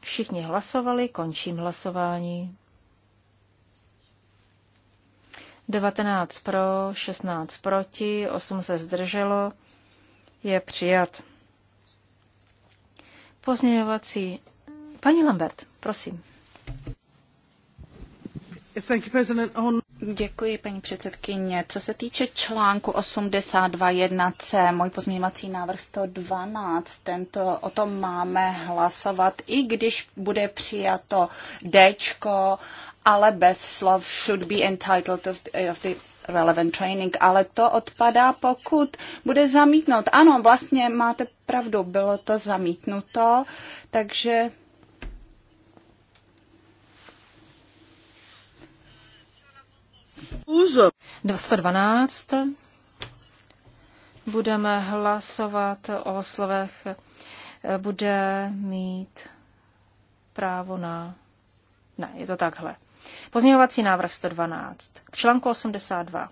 Speaker 1: Všichni hlasovali, končím hlasování. 19 pro, 16 proti, 8 se zdrželo, je přijat. Pozměňovací. Paní Lambert, prosím.
Speaker 3: Thank you, President. On Děkuji, paní předsedkyně. Co se týče článku 82.1c, můj pozměňovací návrh 112, tento, o tom máme hlasovat, i když bude přijato D, ale bez slov should be entitled of the, of the relevant training, ale to odpadá, pokud bude zamítnout. Ano, vlastně máte pravdu, bylo to zamítnuto, takže
Speaker 1: 212 Budeme hlasovat o slovech bude mít právo na... Ne, je to takhle. Pozměňovací návrh 112 k článku 82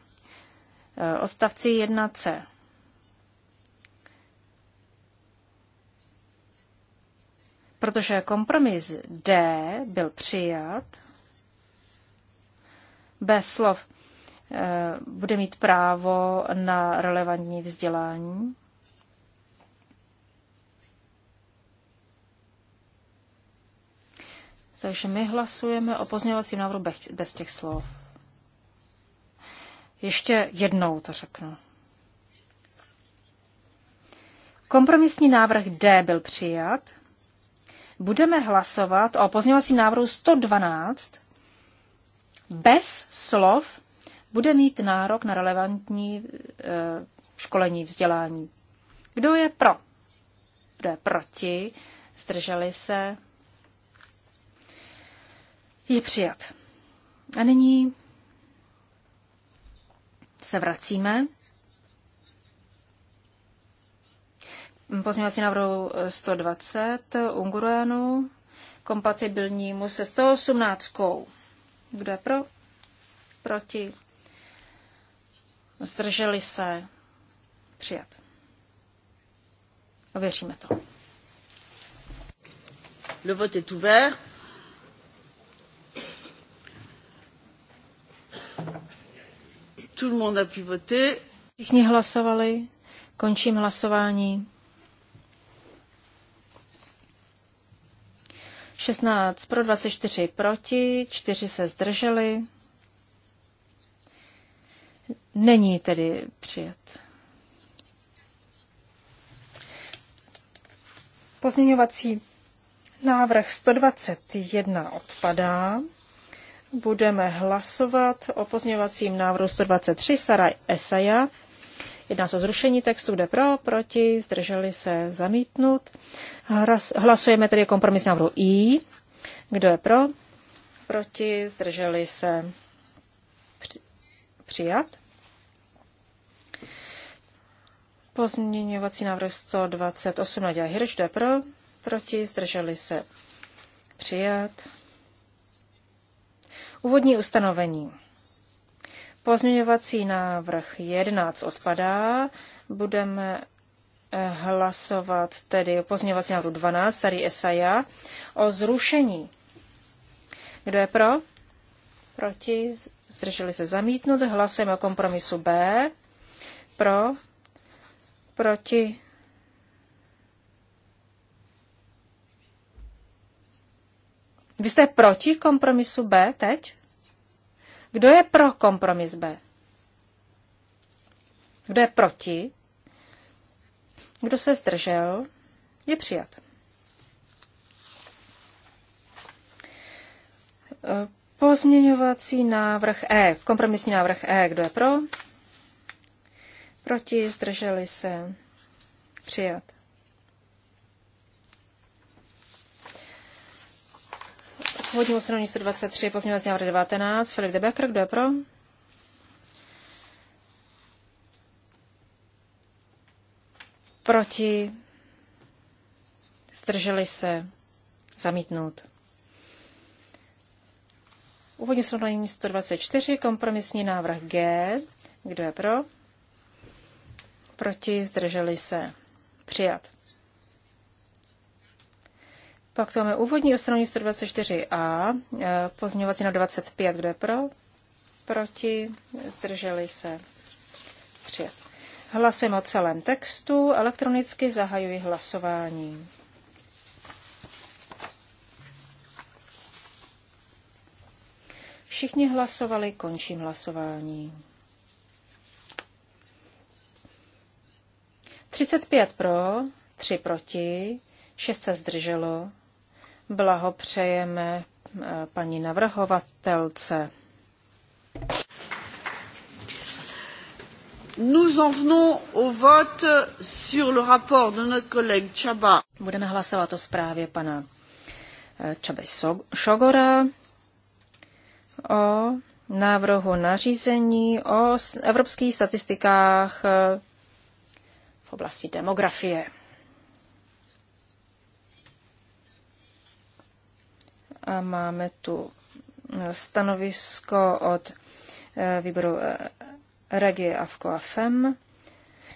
Speaker 1: Ostavci 1c. Protože kompromis D byl přijat bez slov Eh, bude mít právo na relevantní vzdělání. Takže my hlasujeme o pozměňovacím návrhu bez těch slov. Ještě jednou to řeknu. Kompromisní návrh D byl přijat. Budeme hlasovat o pozměňovacím návrhu 112 bez slov bude mít nárok na relevantní eh, školení, vzdělání. Kdo je pro? Kdo je proti? Zdrželi se? Je přijat. A nyní se vracíme pozměňovací návrhu 120 Unguruanu, kompatibilnímu se 118. Kdo je pro? Proti? Zdrželi se? Přijat. Ověříme to. Le vote est ouvert. Tout le monde a pu voter. Všichni hlasovali. Končím hlasování. 16 pro, 24 proti, 4 se zdrželi není tedy přijat. Pozměňovací návrh 121 odpadá. Budeme hlasovat o pozměňovacím návrhu 123 Saraj Esaja. Jedná se o zrušení textu, kde pro, proti, zdrželi se zamítnut. Hlasujeme tedy kompromis návrhu I. Kdo je pro? Proti, zdrželi se přijat. Pozměňovací návrh 128 Naděja Hirš, kdo je pro? Proti, zdrželi se. Přijat. Úvodní ustanovení. Pozměňovací návrh 11 odpadá. Budeme eh, hlasovat tedy o pozměňovací návrhu 12, tady Esaja, o zrušení. Kdo je pro? Proti, zdrželi se zamítnout. Hlasujeme o kompromisu B. Pro, proti. Vy jste proti kompromisu B teď? Kdo je pro kompromis B? Kdo je proti? Kdo se zdržel? Je přijat. Eh, pozměňovací návrh E. Kompromisní návrh E. Kdo je pro? Proti zdrželi se. Přijat. Původní ustanovení 123, pozměňovací návrh 19, Filip de Becker, kdo je pro? Proti zdrželi se zamítnout. Úvodní ustanovení 124, kompromisní návrh G, kdo je pro? proti, zdrželi se, přijat. Pak to máme úvodní ustanovení 124a, e, pozměňovací na 25, kde pro, proti, zdrželi se, přijat. Hlasujeme o celém textu, elektronicky zahajuji hlasování. Všichni hlasovali, končím hlasování. 35 pro, 3 proti, 6 se zdrželo. Blahopřejeme eh, paní navrhovatelce. Nous en venons au vote sur le rapport de notre collègue Chaba. Budeme hlasovat o zprávě pana eh, Chaba Šogora o návrhu nařízení o evropských statistikách eh, v oblasti demografie. A máme tu eh, stanovisko od eh, výboru eh, Regi Avko a FEM.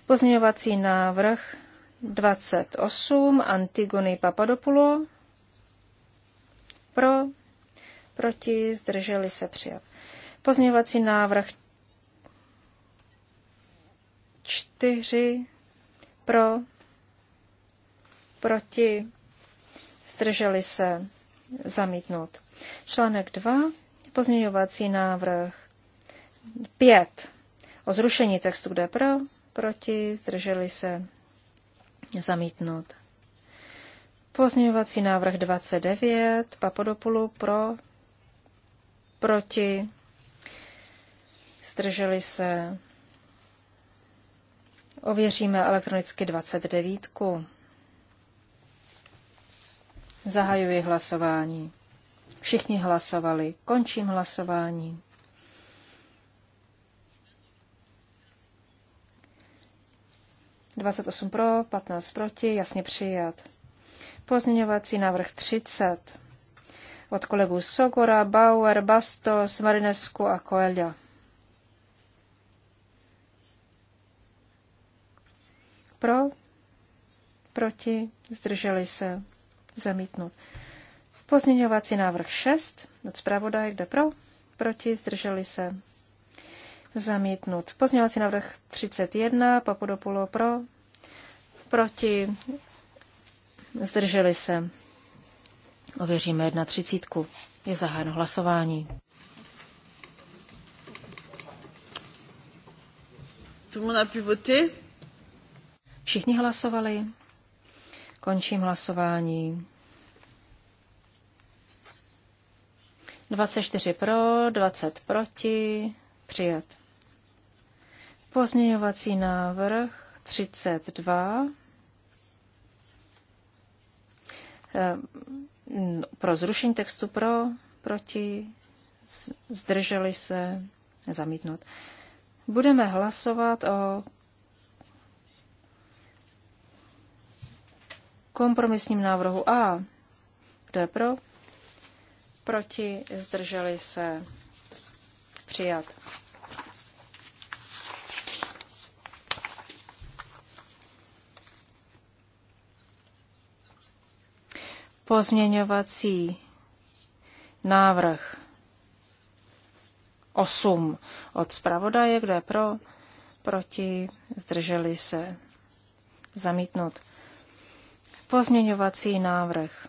Speaker 1: Pozměňovací návrh 28 Antigony Papadopulo. Pro, proti, zdrželi se přijat. Pozměňovací návrh 4 pro, proti, zdrželi se, zamítnout. Článek 2, pozměňovací návrh 5. O zrušení textu, kde pro, proti, zdrželi se, zamítnout. Pozměňovací návrh 29, Papodopulu pro, proti, zdrželi se, Ověříme elektronicky 29. Zahajuji hlasování. Všichni hlasovali. Končím hlasování. Dvacet osm pro, patnáct proti, jasně přijat. Pozměňovací návrh 30 od kolegů Sogora, Bauer, Bastos, Marinesku a Coelha. pro, proti, zdrželi se, zamítnut. Pozměňovací návrh 6 od zpravodaje, kde pro, proti, zdrželi se, zamítnut. Pozměňovací návrh 31, Papodopulo pro, proti, zdrželi se. Ověříme 1.30. Je zahájeno hlasování. Tout le monde a pu voter? Všichni hlasovali? Končím hlasování. 24 pro, 20 proti, přijat. Pozměňovací návrh 32. Eh, pro zrušení textu pro, proti, zdrželi se, zamítnout. Budeme hlasovat o kompromisním návrhu A. Kdo je pro? Proti? Zdrželi se? Přijat. Pozměňovací návrh 8 od zpravodaje, kde pro, proti, zdrželi se, zamítnout. Pozměňovací návrh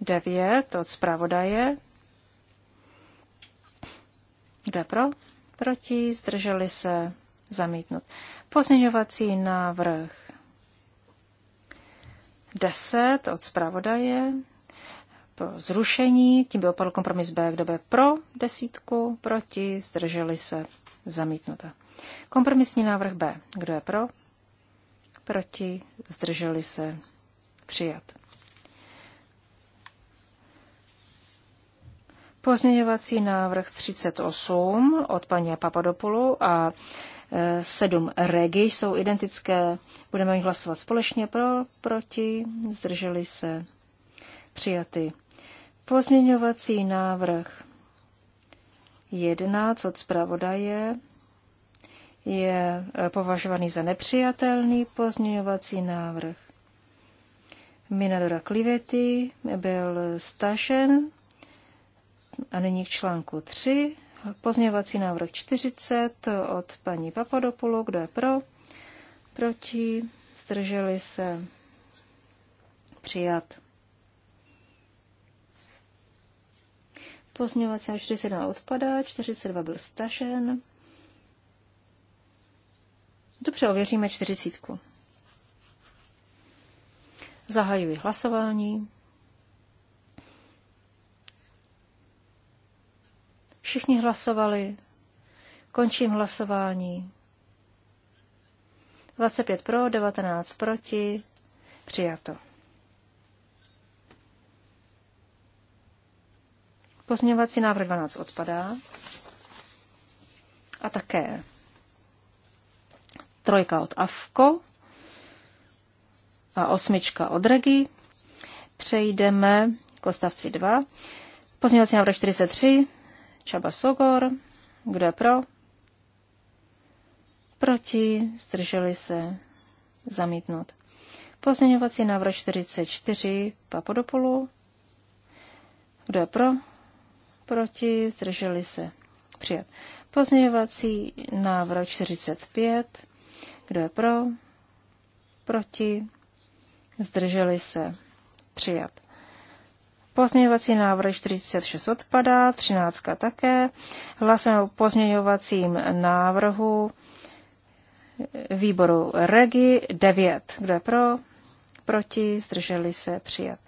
Speaker 1: 9 od zpravodaje. Kde pro? Proti, zdrželi se, zamítnut. Pozměňovací návrh 10 od zpravodaje pro zrušení, tím by opadl kompromis B, kdo by pro desítku, proti, zdrželi se, zamítnuta. Kompromisní návrh B, kdo je pro, proti, zdrželi se, přijat. Pozměňovací návrh 38 od paní Papadopoulu a 7 e, regi jsou identické. Budeme jich hlasovat společně pro, proti, zdrželi se, přijaty. Pozměňovací návrh 11 od zpravodaje je eh, považovaný za nepřijatelný pozměňovací návrh. Minadora Klivety byl stažen a nyní k článku 3. Pozměňovací návrh 40 od paní Papadopulu. Kdo je pro? Proti? Zdrželi se? Přijat. Pozměňovací návrh 41 odpadá, 42 byl stažen. Dobře, ověříme čtyřicítku. Zahajuji hlasování. Všichni hlasovali. Končím hlasování. 25 pro, 19 proti. Přijato. Pozměňovací návrh 12 odpadá. A také trojka od Avko a osmička od REGI. Přejdeme k ostavci 2. Pozměňovací návrh 43, Čaba Sogor, kdo je pro? Proti, zdrželi se, zamítnout. Pozměňovací návrh 44, Papodopolu, kdo je pro? Proti, zdrželi se, přijat. Pozměňovací návrh 45, kdo je pro? Proti? Zdrželi se? Přijat. Pozměňovací návrh 46 odpadá, 13 také. Hlasujeme o pozměňovacím návrhu výboru REGI 9. Kdo je pro? Proti? Zdrželi se? Přijat.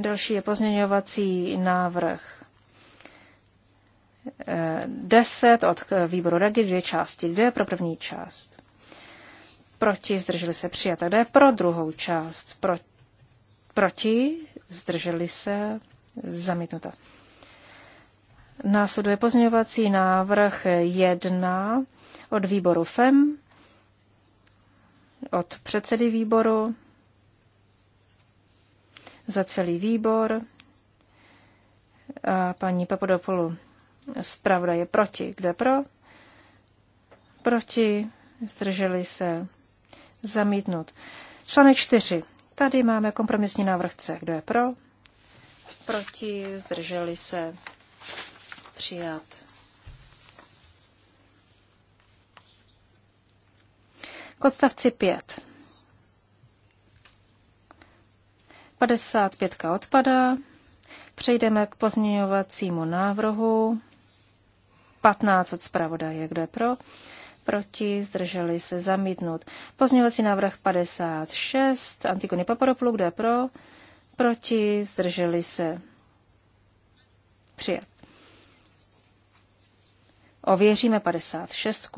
Speaker 1: Další je pozměňovací návrh 10 eh, od výboru REGI, dvě části. Kdo je pro první část? proti, zdrželi se přijata. Tak je pro druhou část? Pro, proti, zdrželi se zamítnuta. Následuje pozměňovací návrh 1 od výboru FEM, od předsedy výboru, za celý výbor. A paní Papadopoulou zpravda je proti. Kde pro? Proti, zdrželi se zamítnut. Článek 4. Tady máme kompromisní návrh C. Kdo je pro? Proti, zdrželi se, přijat. K odstavci 5. 55 odpadá. Přejdeme k pozměňovacímu návrhu. 15 od zpravodaje, kdo je pro, proti, zdrželi se zamítnout. Pozměňovací návrh 56, Antigony Paparopulu, kdo je pro, proti, zdrželi se přijat. Ověříme 56.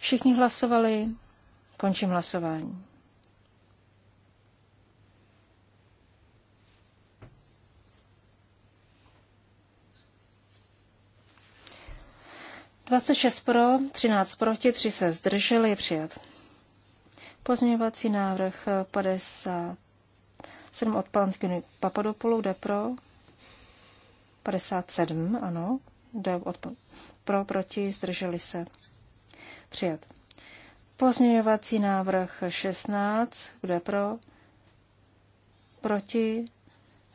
Speaker 1: Všichni hlasovali, končím hlasování. 26 pro, 13 proti, 3 se zdrželi, je přijat. Pozměňovací návrh 57 od Pantkyny Papadopoulou, jde pro. 57, ano, jde od, pro, proti, zdrželi se. Přijat. Pozměňovací návrh 16, kde pro, proti,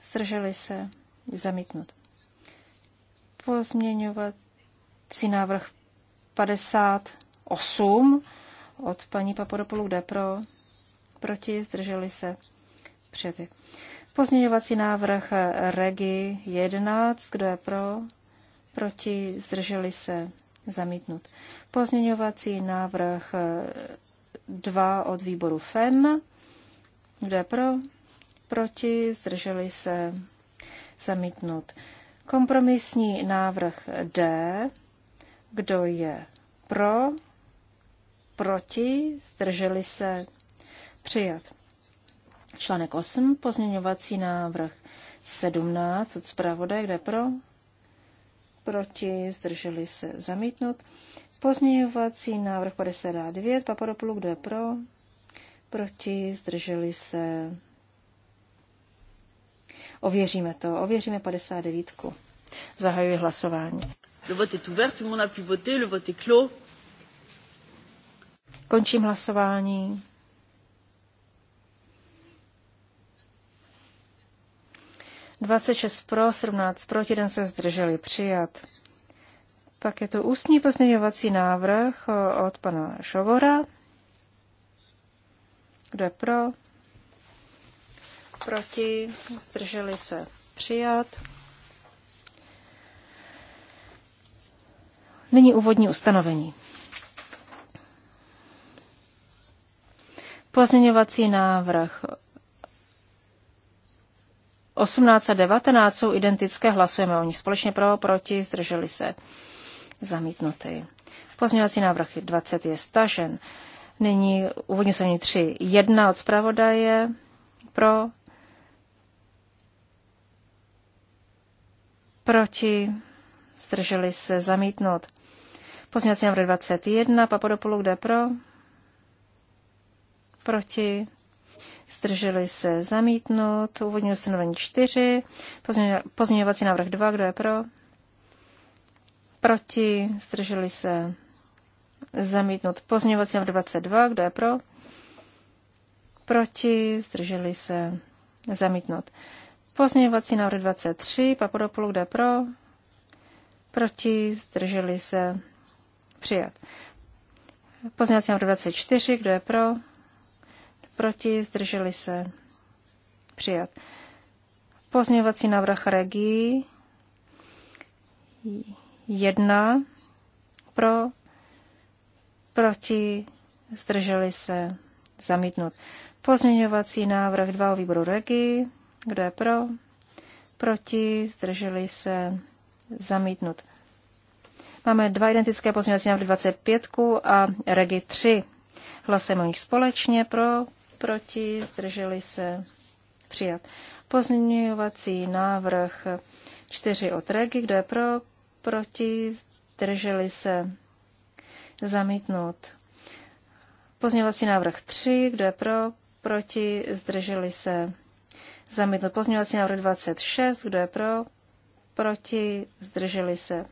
Speaker 1: zdrželi se, zamítnut. Pozměňovat pozměňovací návrh 58 od paní Papodopolu Depro. proti, zdrželi se přijety. Pozměňovací návrh Regi 11, kdo je pro, proti, zdrželi se zamítnut. Pozměňovací návrh 2 od výboru FEM, kdo je pro, proti, zdrželi se zamítnut. Kompromisní návrh D kdo je pro? Proti? Zdrželi se? Přijat. Článek 8, pozměňovací návrh 17 od zpravodaje, kde pro? Proti? Zdrželi se? Zamítnut. Pozměňovací návrh 59, Papadopoulou, kde pro? Proti? Zdrželi se? Ověříme to, ověříme 59. Zahajuji hlasování.
Speaker 3: Le vote est ouvert, tout le monde a pu voter, le vote est clos.
Speaker 1: Končím hlasování. Dvacet pro, 17 proti, den se zdrželi, přijat. Pak je to ústní pozměňovací návrh eh, od pana Šovora. Kdo je pro? Proti? Zdrželi se přijat. Nyní úvodní ustanovení. Pozměňovací návrh 18 a 19 jsou identické, hlasujeme o nich společně pro, proti, zdrželi se zamítnuty. Pozměňovací návrh 20 je stažen. Nyní úvodní ustanovení 3. 1 od zpravodaje pro, proti, zdrželi se zamítnout. Pozměňovací návrh 21, Papadopoulou, kde pro? Proti? Zdrželi se zamítnout. Úvodní ustanovení 4. Pozměňovací návrh 2, kdo je pro? Proti? Zdrželi se zamítnout. Pozměňovací návrh 22, kdo je pro? Proti? Zdrželi se zamítnout. Pozměňovací návrh 23, Papadopoulou, kde pro? Proti? Zdrželi se Přijat. Pozměňovací návrh 24, kdo je pro? Proti, zdrželi se. Přijat. Pozměňovací návrh Regi 1 pro, proti, zdrželi se, zamítnut. Pozměňovací návrh 2 o výboru Regi, kdo je pro, proti, zdrželi se, zamítnut. Máme dva identické pozměňovací návrhy 25 a regi 3. Hlasujeme o nich společně pro, proti, zdrželi se přijat. Pozměňovací návrh 4 od regi, kdo je pro, proti, zdrželi se zamítnout. Pozměňovací návrh 3, kdo je pro, proti, zdrželi se zamítnout. Pozměňovací návrh 26, kdo je pro, proti, zdrželi se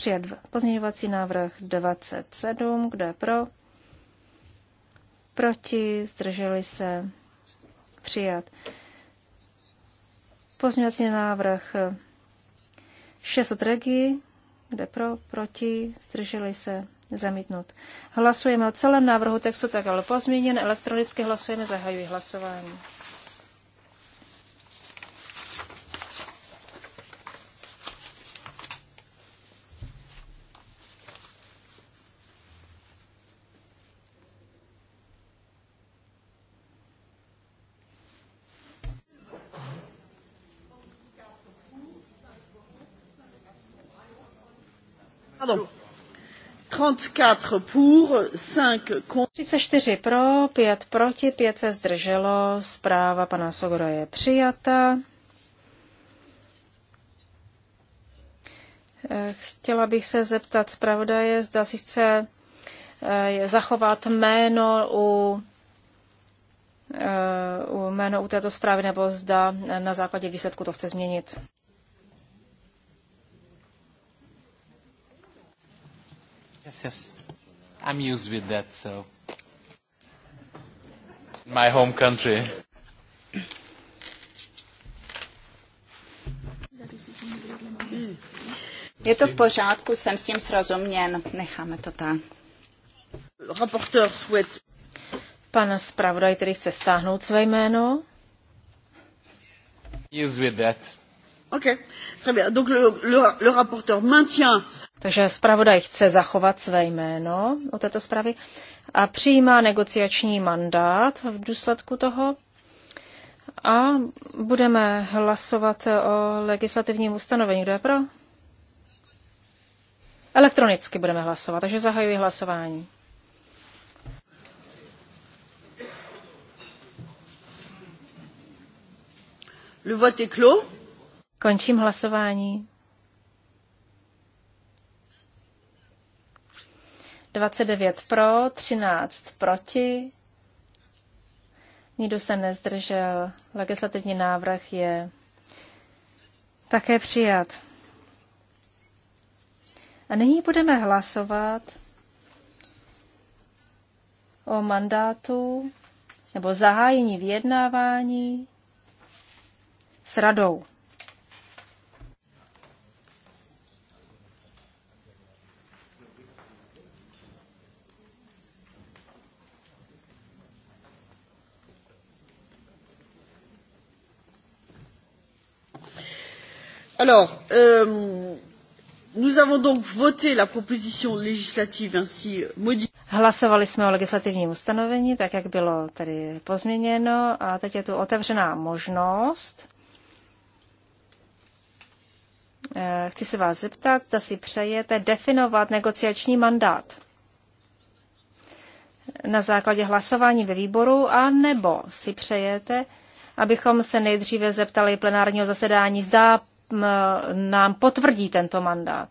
Speaker 1: Přijat pozměňovací návrh 27. Kdo je pro? Proti? Zdrželi se? Přijat. Pozměňovací návrh 6 od Regi. Kde pro? Proti? Zdrželi se? Zamítnut. Hlasujeme o celém návrhu textu, tak ale pozměněn. Elektronicky hlasujeme. Zahajuji hlasování.
Speaker 3: 34 pour, 5
Speaker 1: contre. 34 pro, 5 proti, 5 se zdrželo. Zpráva pana Sogora je přijata. Eh, chtěla bych se zeptat zpravodaje, zda si chce eh, zachovat jméno u, eh, u jméno u této zprávy, nebo zda na základě výsledku to chce změnit.
Speaker 3: Yes, yes. I'm used with that, so.
Speaker 2: My home country.
Speaker 3: Je to v pořádku, jsem s tím srozuměn, necháme to tak. Pan zpravodaj tedy chce stáhnout své jméno.
Speaker 2: Use with that.
Speaker 1: Okay. très bien. Donc le, le, le rapporteur maintient takže zpravodaj chce zachovat své jméno o této zprávy a přijímá negociační mandát v důsledku toho. A budeme hlasovat o legislativním ustanovení. Kdo je pro? Elektronicky budeme hlasovat, takže zahajuji hlasování.
Speaker 2: Le vote est clos.
Speaker 1: Končím hlasování. 29 pro, 13 proti. Nikdo se nezdržel. Legislativní návrh je také přijat. A nyní budeme hlasovat o mandátu nebo zahájení vyjednávání s radou. Euh, nous avons donc voté la proposition législative ainsi modifiée. Hlasovali jsme o legislativním ustanovení, tak jak bylo tady pozměněno, a teď je tu otevřená možnost. Eh, chci se vás zeptat, zda si přejete definovat negociační mandát na základě hlasování ve výboru, a nebo si přejete, abychom se nejdříve zeptali plenárního zasedání, zda nám potvrdí tento mandát.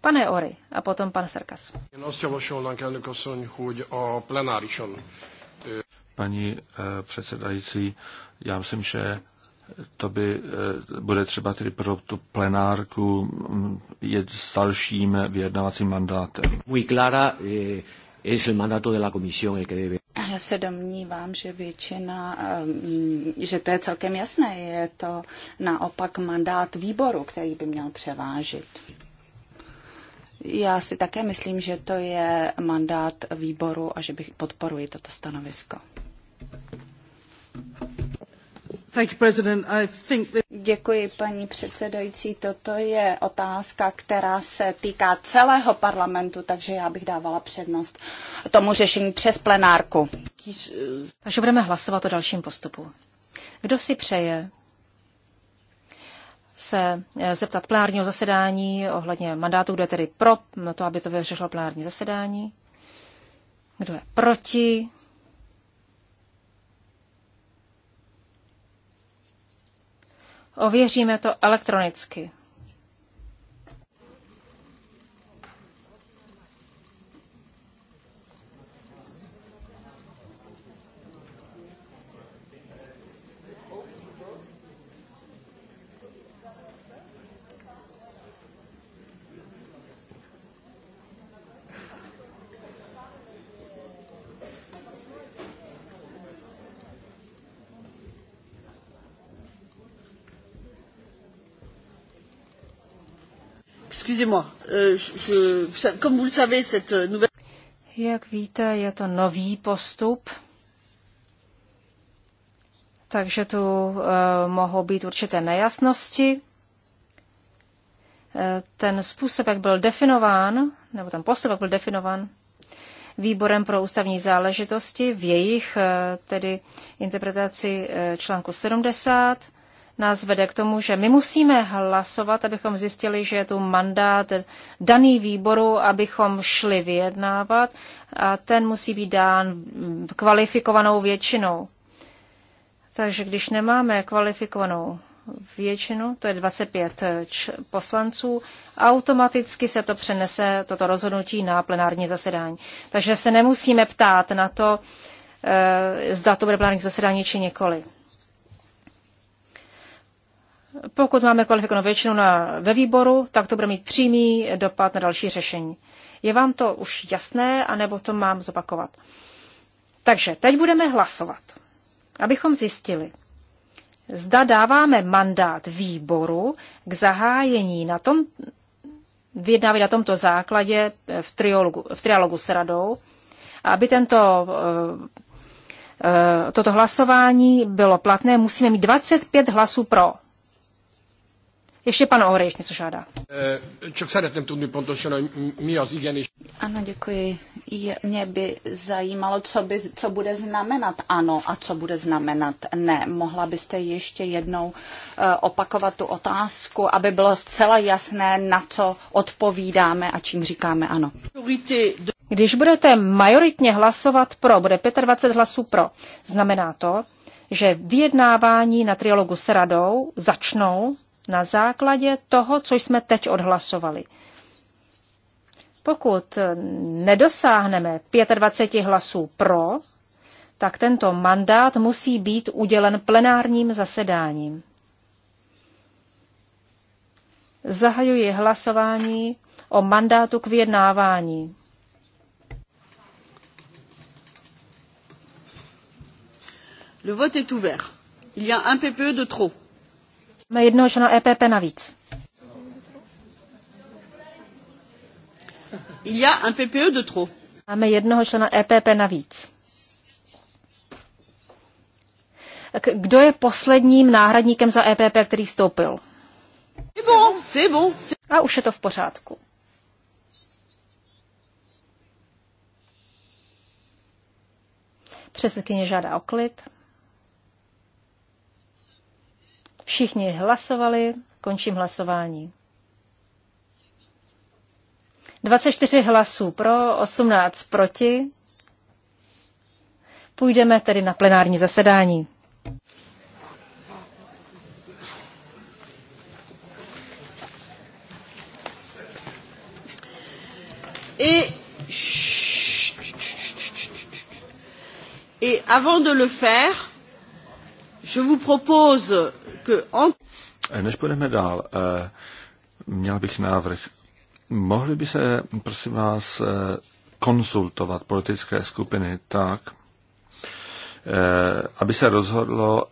Speaker 1: Pane Ory a potom pan Serkas.
Speaker 2: Paní e, předsedající, já myslím, že to by e, bude třeba tedy pro tu plenárku je s dalším vyjednávacím mandátem. Muy clara, eh, es el mandato de la comisión el que debe.
Speaker 3: Já se domnívám, že většina, eh, že to je celkem jasné, je to naopak mandát výboru, který by měl převážit. Já si také myslím, že to je mandát výboru a že bych podporuji toto stanovisko. Děkuji, paní předsedající. Toto je otázka, která se týká celého parlamentu, takže já bych dávala přednost tomu řešení přes plenárku. Takže budeme hlasovat o dalším postupu. Kdo si
Speaker 1: přeje se zeptat plenárního zasedání ohledně mandátu, kdo je tedy pro to, aby to vyřešilo plenární zasedání? Kdo je proti? Ověříme to elektronicky. Excusez-moi, euh, comme vous le savez, cette euh, nouvelle... Jak víte, je to nový postup, takže tu uh, mohou být určité nejasnosti. Eh, ten způsob, jak byl definován, nebo ten postup, jak byl definován výborem pro ústavní záležitosti v jejich eh, tedy interpretaci článku 70, nás vede k tomu, že my musíme hlasovat, abychom zjistili, že je tu mandát daný výboru, abychom šli vyjednávat a ten musí být dán kvalifikovanou většinou. Takže když nemáme kvalifikovanou většinu, to je 25 poslanců, automaticky se to přenese, toto rozhodnutí na plenární zasedání. Takže se nemusíme ptát na to, eh, zda to bude plenární zasedání či nikoli. Pokud máme kvalifikovanou většinu na, ve výboru, tak to bude mít přímý dopad na další řešení. Je vám to už jasné, anebo to mám zopakovat? Takže teď budeme hlasovat, abychom zjistili, zda dáváme mandát výboru k zahájení na tom, vyjednávání na tomto základě v, triologu, v trialogu s radou, aby tento, eh, eh, toto hlasování bylo platné, musíme mít 25 hlasů pro. Ještě pan Ohrejš něco žádá.
Speaker 2: Eh, csak
Speaker 3: szeretném tudni pontosan, hogy mi az igen és... Ano, děkuji. Mě by zajímalo, co, by, co bude znamenat ano a co bude znamenat ne. Mohla byste ještě jednou eh, opakovat tu otázku, aby bylo zcela jasné, na co odpovídáme a čím říkáme ano. Když
Speaker 1: budete majoritně hlasovat pro, bude 25 hlasů pro, znamená to, že vyjednávání na trialogu s radou začnou na základě toho, co jsme teď odhlasovali. Pokud nedosáhneme 25 hlasů pro, tak tento mandát musí být udělen plenárním zasedáním. Zahajuji hlasování o mandátu k vyjednávání.
Speaker 3: Le vote est ouvert. Il y a un PPE de trop.
Speaker 1: Máme jednoho člena EPP navíc.
Speaker 3: Il y a un PPE de trop.
Speaker 1: Máme jednoho člena EPP navíc. Kdo je posledním náhradníkem za EPP, který vstoupil? A už je to v pořádku. Předsedkyně žádá o klid. Všichni hlasovali, končím hlasování. 24 hlasů pro, 18 proti. Půjdeme tedy na plenární zasedání.
Speaker 3: Et, et avant de le faire, je vous propose
Speaker 2: Eh, než půjdeme dál, eh, měl bych návrh. Mohli by se, prosím vás, eh, konsultovat politické skupiny tak, aby se rozhodlo,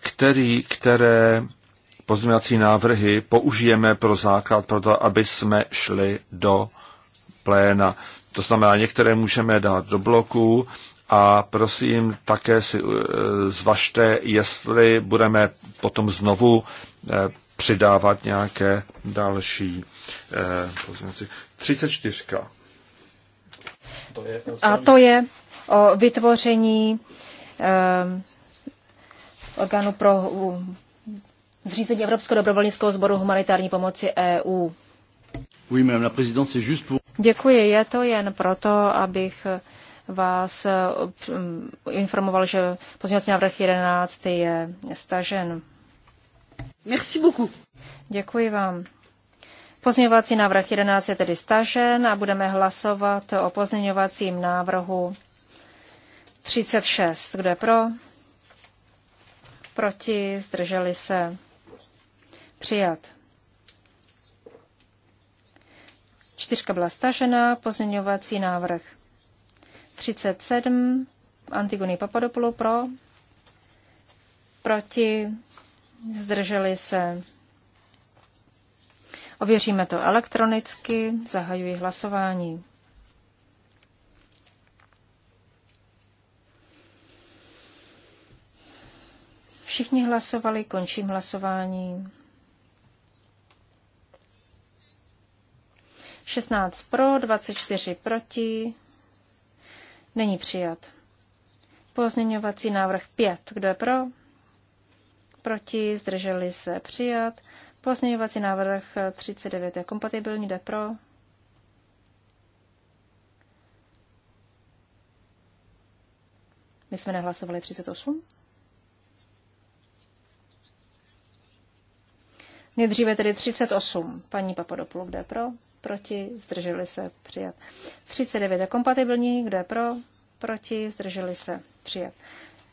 Speaker 2: který, které pozměňovací návrhy použijeme pro základ, proto aby jsme šli do pléna. To znamená, některé můžeme dát do bloku a prosím také si eh, zvažte, jestli budeme potom znovu eh, přidávat nějaké další eh, pozměnci. 34.
Speaker 1: a to je o vytvoření eh, orgánu pro uh, zřízení Evropského dobrovolnického sboru humanitární pomoci EU. Děkuji, je to jen proto, abych vás eh, informoval, že pozměňovací návrh 11 je stažen. Merci beaucoup. Děkuji vám. Pozměňovací návrh 11 je tedy stažen a budeme hlasovat o pozměňovacím návrhu 36. Kdo je pro? Proti? Zdrželi se? Přijat. Čtyřka byla stažena, pozměňovací návrh 37 Antigony Papadopoulou pro, proti, zdrželi se. Ověříme to elektronicky, zahajuji hlasování. Všichni hlasovali, končím hlasování. 16 pro, 24 proti, Není přijat. Pozměňovací návrh 5. Kdo je pro? Proti? Zdrželi se? Přijat. Pozměňovací návrh 39 je kompatibilní, jde pro. My jsme nehlasovali 38. Nejdříve tedy 38. Paní Papadopoulou, kdo je pro? Proti? Zdrželi se? Přijat. 39 je kompatibilní. Kdo je pro? Proti? Zdrželi se? Přijat.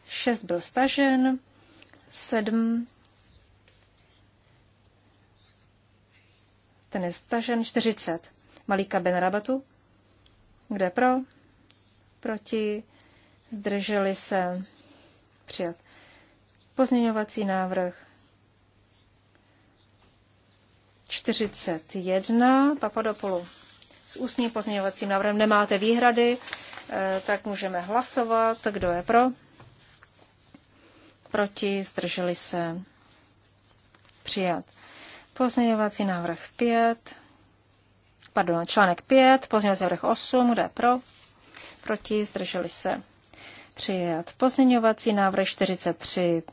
Speaker 1: 6 byl stažen. 7 ten je stažen 40. Malíka Ben Rabatu. Kdo je pro? Proti? Zdrželi se? Přijat. Pozměňovací návrh 41 Papadopoulou s ústním pozměňovacím návrhem. Nemáte výhrady, eh, tak můžeme hlasovat. Kdo je pro? Proti? Zdrželi se? Přijat. Pozměňovací návrh 5. Pardon, článek 5, pozměňovací návrh 8, Kdo je pro? Proti? Zdrželi se? Přijat. Pozměňovací návrh 43,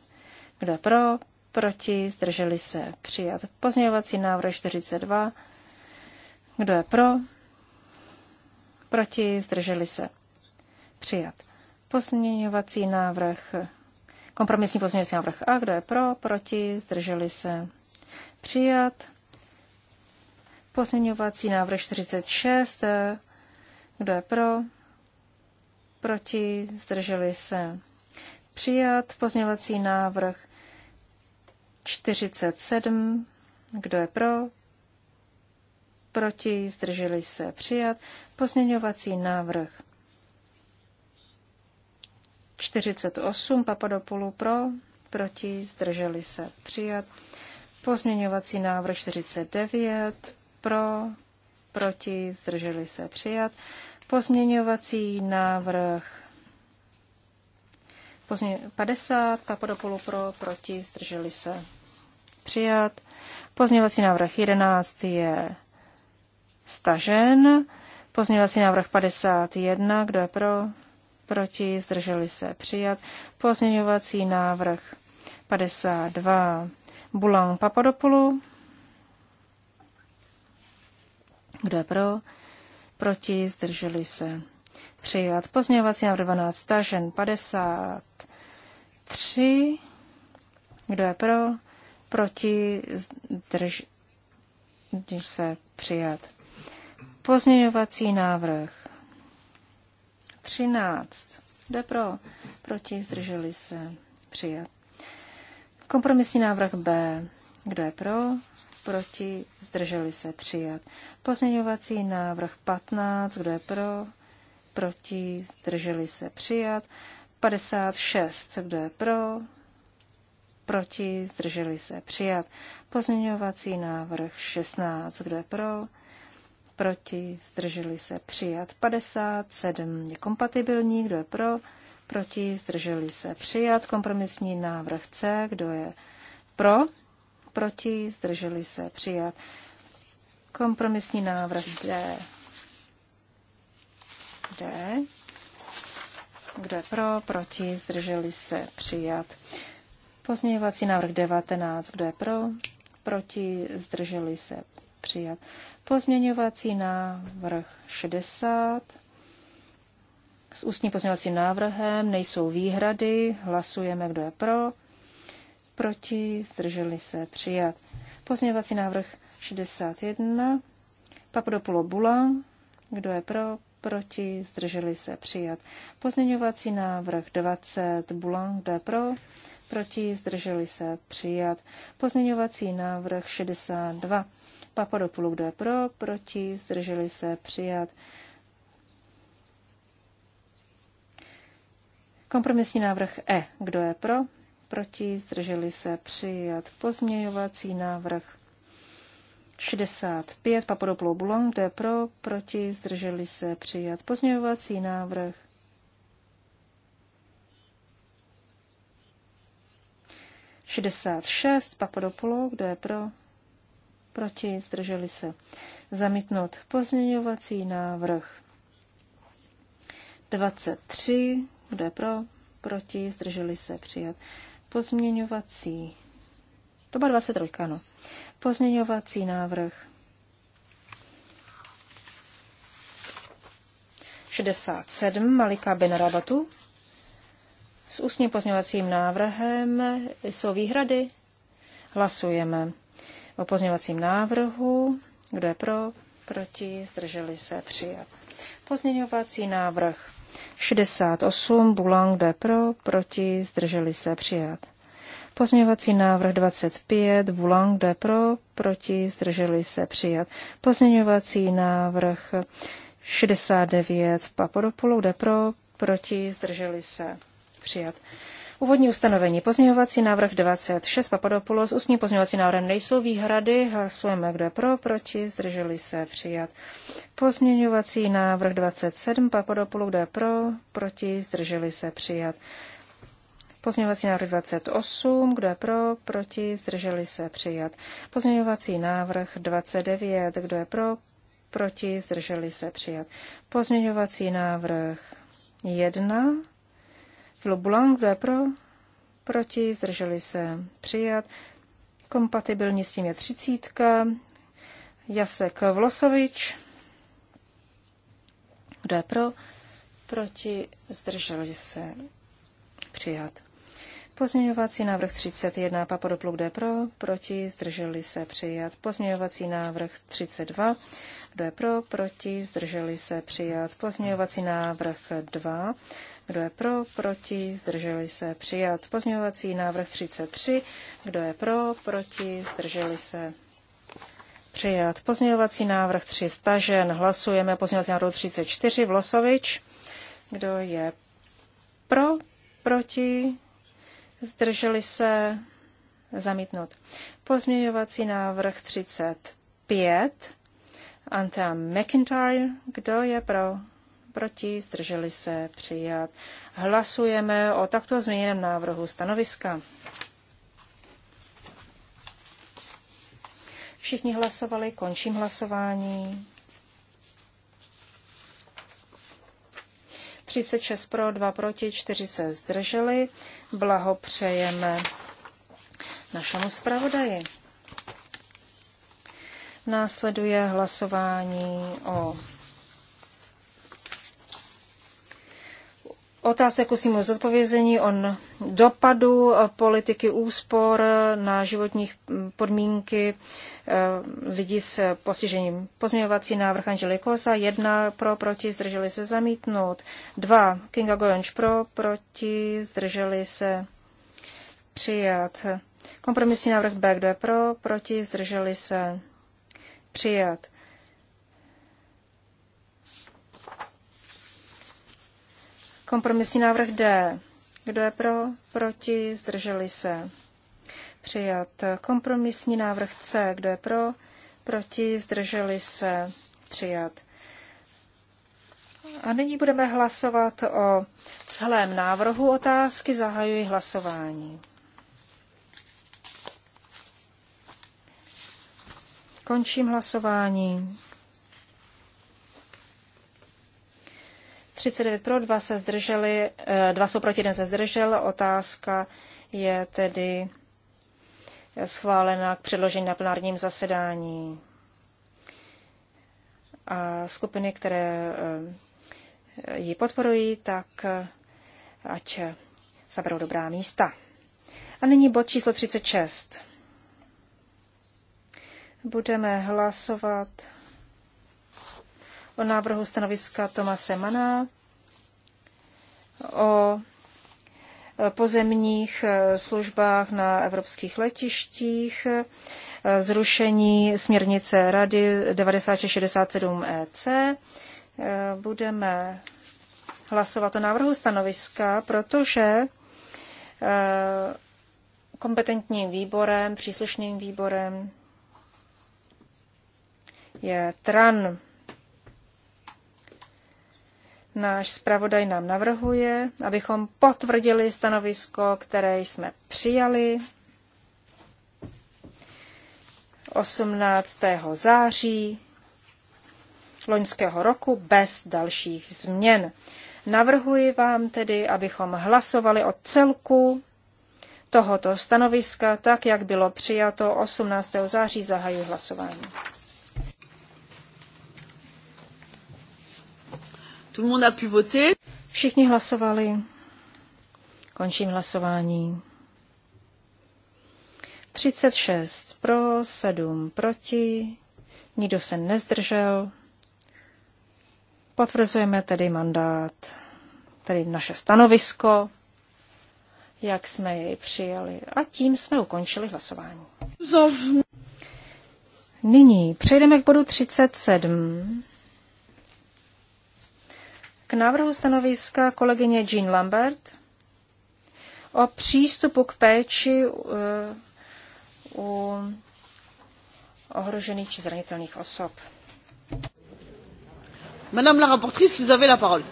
Speaker 1: Kdo je pro? proti, zdrželi se přijat. Pozměňovací návrh 42, kdo je pro, proti, zdrželi se přijat. Pozměňovací návrh, kompromisní pozměňovací návrh A, kdo je pro, proti, zdrželi se přijat. Pozměňovací návrh 46, kdo je pro, proti, zdrželi se přijat. Pozměňovací návrh 47. Kdo je pro? Proti? Zdrželi se přijat. Pozměňovací návrh 48. Papadopoulou pro? Proti? Zdrželi se přijat. Pozměňovací návrh 49. Pro? Proti? Zdrželi se přijat. Pozměňovací návrh Pozměň 50, Papadopoulou pro, proti, zdrželi se přijat. Pozměňovací návrh 11 je stažen. Pozměňovací návrh 51, kdo je pro, proti, zdrželi se přijat. Pozměňovací návrh 52, Bulang Papadopoulou. Kdo je pro? Proti? Zdrželi se. Přijat pozměňovací návrh 12, stažen 53. Kdo je pro? proti, drž, drž se přijat. Pozměňovací návrh 13. Jde pro? Proti, zdrželi se přijat. Kompromisní návrh B. Kdo je pro? Proti, zdrželi se přijat. Pozměňovací návrh 15. Kdo je pro? Proti, zdrželi se přijat. 56. Kdo je pro? proti, zdrželi se přijat. Pozměňovací návrh 16, kdo je pro, proti, zdrželi se přijat. 57 je kompatibilní, kdo je pro, proti, zdrželi se přijat. Kompromisní návrh C, kdo je pro, proti, zdrželi se přijat. Kompromisní návrh D. D. Kdo je pro, proti, zdrželi se přijat. Pozměňovací návrh 19, kdo je pro, proti, zdrželi se přijat. Pozměňovací návrh 60 s ústním pozměňovacím návrhem nejsou výhrady, hlasujeme, kdo je pro, proti, zdrželi se přijat. Pozměňovací návrh 61, Papadopulo Bula, kdo je pro, proti, zdrželi se přijat. Pozměňovací návrh 20, Bulan, kdo je pro, proti, zdrželi se, přijat. Pozměňovací návrh 62. Papadopoulou, kdo je pro, proti, zdrželi se, přijat. Kompromisní návrh E. Kdo je pro? Proti? Zdrželi se přijat pozměňovací návrh 65. Papadopoulou Bulon. Kdo je pro? Proti? Zdrželi se přijat pozměňovací návrh 66, Papadopoulou, kdo je pro, proti, zdrželi se. Zamítnout pozměňovací návrh 23, kdo je pro, proti, zdrželi se přijat. Pozměňovací, to byla 23, ano. Pozměňovací návrh 67, Malika Benarabatu, s ústním pozměňovacím návrhem. Jsou výhrady? Hlasujeme o pozměňovacím návrhu. Kdo je pro? Proti? Zdrželi se? Přijat. Pozměňovací návrh 68. Bulang, kdo je pro? Proti? Zdrželi se? Přijat. Pozměňovací návrh 25, Vulang de pro, proti, zdrželi se přijat. Pozměňovací návrh 69, Papadopoulou de pro, proti, zdrželi se přijat. Úvodní ustanovení. Pozměňovací návrh 26 Papadopoulos. Ústní pozměňovací návrh nejsou výhrady. Hlasujeme, kdo je pro, proti, zdrželi se přijat. Pozměňovací návrh 27 Papadopoulos. Kdo je pro, proti, zdrželi se přijat. Pozměňovací návrh 28, kdo je pro, proti, zdrželi se přijat. Pozměňovací návrh 29, kdo je pro, proti, zdrželi se přijat. Pozměňovací návrh 1, Floblanc, ve pro? Proti, zdrželi se přijat. Kompatibilní s tím je třicítka. Jasek Vlosovič. Kdo je pro? Proti, zdrželi se přijat. Pozměňovací návrh 31 Papadoplu je pro, proti, zdrželi se přijat. Pozměňovací návrh 32 kdo je pro, proti, zdrželi se přijat. Pozměňovací návrh 2 kdo je pro? Proti? Zdrželi se? Přijat. Pozměňovací návrh 33. Kdo je pro? Proti? Zdrželi se? Přijat. Pozměňovací návrh 3 stažen. Hlasujeme pozměňovací návrh 34. Vlosovič. Kdo je pro? Proti? Zdrželi se? Zamítnut. Pozměňovací návrh 35. Anta McIntyre. Kdo je pro? proti, zdrželi se, přijat. Hlasujeme o takto změněném návrhu stanoviska. Všichni hlasovali, končím hlasování. 36 pro, 2 proti, 4 se zdrželi. Blahopřejeme našemu zpravodaji. Následuje hlasování o otázek musíme zodpovězení on dopadu politiky úspor na životních podmínky eh, lidí s postižením. Pozměňovací návrh Angely Kosa, jedna pro, proti, zdrželi se zamítnout, dva Kinga Gojenč pro, proti, zdrželi se přijat. Kompromisní návrh B, kdo je pro, proti, zdrželi se přijat. Kompromisní návrh D. Kdo je pro? Proti? Zdrželi se. Přijat. Kompromisní návrh C. Kdo je pro? Proti? Zdrželi se. Přijat. A nyní budeme hlasovat o celém návrhu otázky. Zahajuji hlasování. Končím hlasování. 39 pro, 2 se zdrželi, 2 eh, jsou proti, 1 se zdržel. Otázka je tedy schválena k předložení na plenárním zasedání. A skupiny, které eh, ji podporují, tak eh, ať zaberou dobrá místa. A nyní bod číslo 36. Budeme hlasovat o návrhu stanoviska Tomase Mana o pozemních e, službách na evropských letištích, e, zrušení směrnice Rady 9667 EC. E, budeme hlasovat o návrhu stanoviska, protože kompetentním výborem, příslušným výborem je TRAN. Náš zpravodaj nám navrhuje, abychom potvrdili stanovisko, které jsme přijali 18. září loňského roku bez dalších změn. Navrhuji vám tedy, abychom hlasovali o celku tohoto stanoviska, tak jak bylo přijato 18. září zahajuji hlasování. Tout le monde a pu voter. Všichni hlasovali. Končím hlasování. 36 pro, 7 proti, nikdo se nezdržel. Potvrzujeme tedy mandát, tedy naše stanovisko, jak jsme jej přijali. A tím jsme ukončili hlasování. Nyní přejdeme k bodu 37 k návrhu stanoviska kolegyně Jean Lambert o přístupu k péči eh, u ohrožených či zranitelných osob. Madame la rapportrice, vous avez la parole.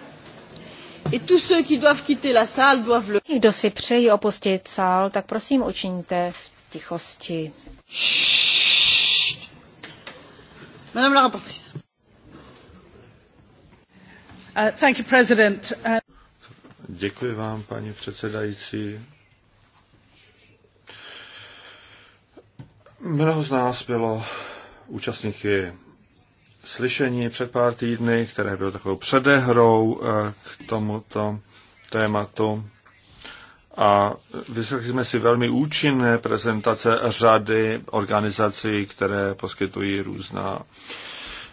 Speaker 1: Et tous ceux qui doivent quitter la salle doivent le... Kdo si přejí opustit sál, tak prosím učiňte v tichosti.
Speaker 3: Madame la rapportrice. Uh, uh,
Speaker 2: Děkuji vám, paní předsedající. Mnoho z nás bylo účastníky slyšení před pár týdny, které bylo takovou předehrou uh, k tomuto tématu. A vyslechli jsme si velmi účinné prezentace řady organizací, které poskytují různá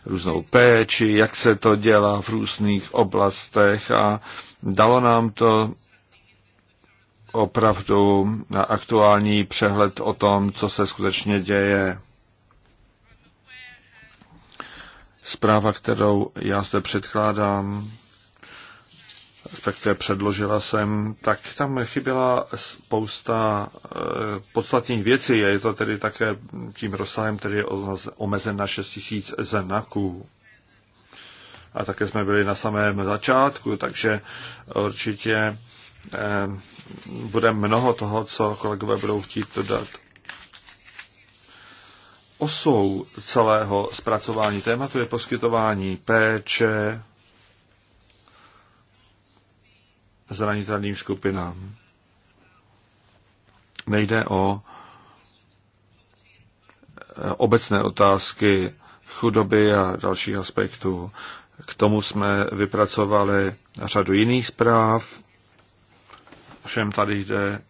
Speaker 2: různou péči, jak se to dělá v různých oblastech a dalo nám to opravdu na aktuální přehled o tom, co se skutečně děje. Zpráva, kterou já zde předkládám, respektive předložila jsem, tak tam chyběla spousta eh, podstatných věcí a je to tedy také tím rozsahem, který je omezen na 6 tisíc znaků. A také jsme byli na samém začátku, takže určitě eh, bude mnoho toho, co kolegové budou chtít dodat. Osou celého zpracování tématu je poskytování péče, zranitelným skupinám. Nejde o eh, obecné otázky chudoby a dalších aspektů. K tomu jsme vypracovali řadu jiných zpráv. Všem tady jde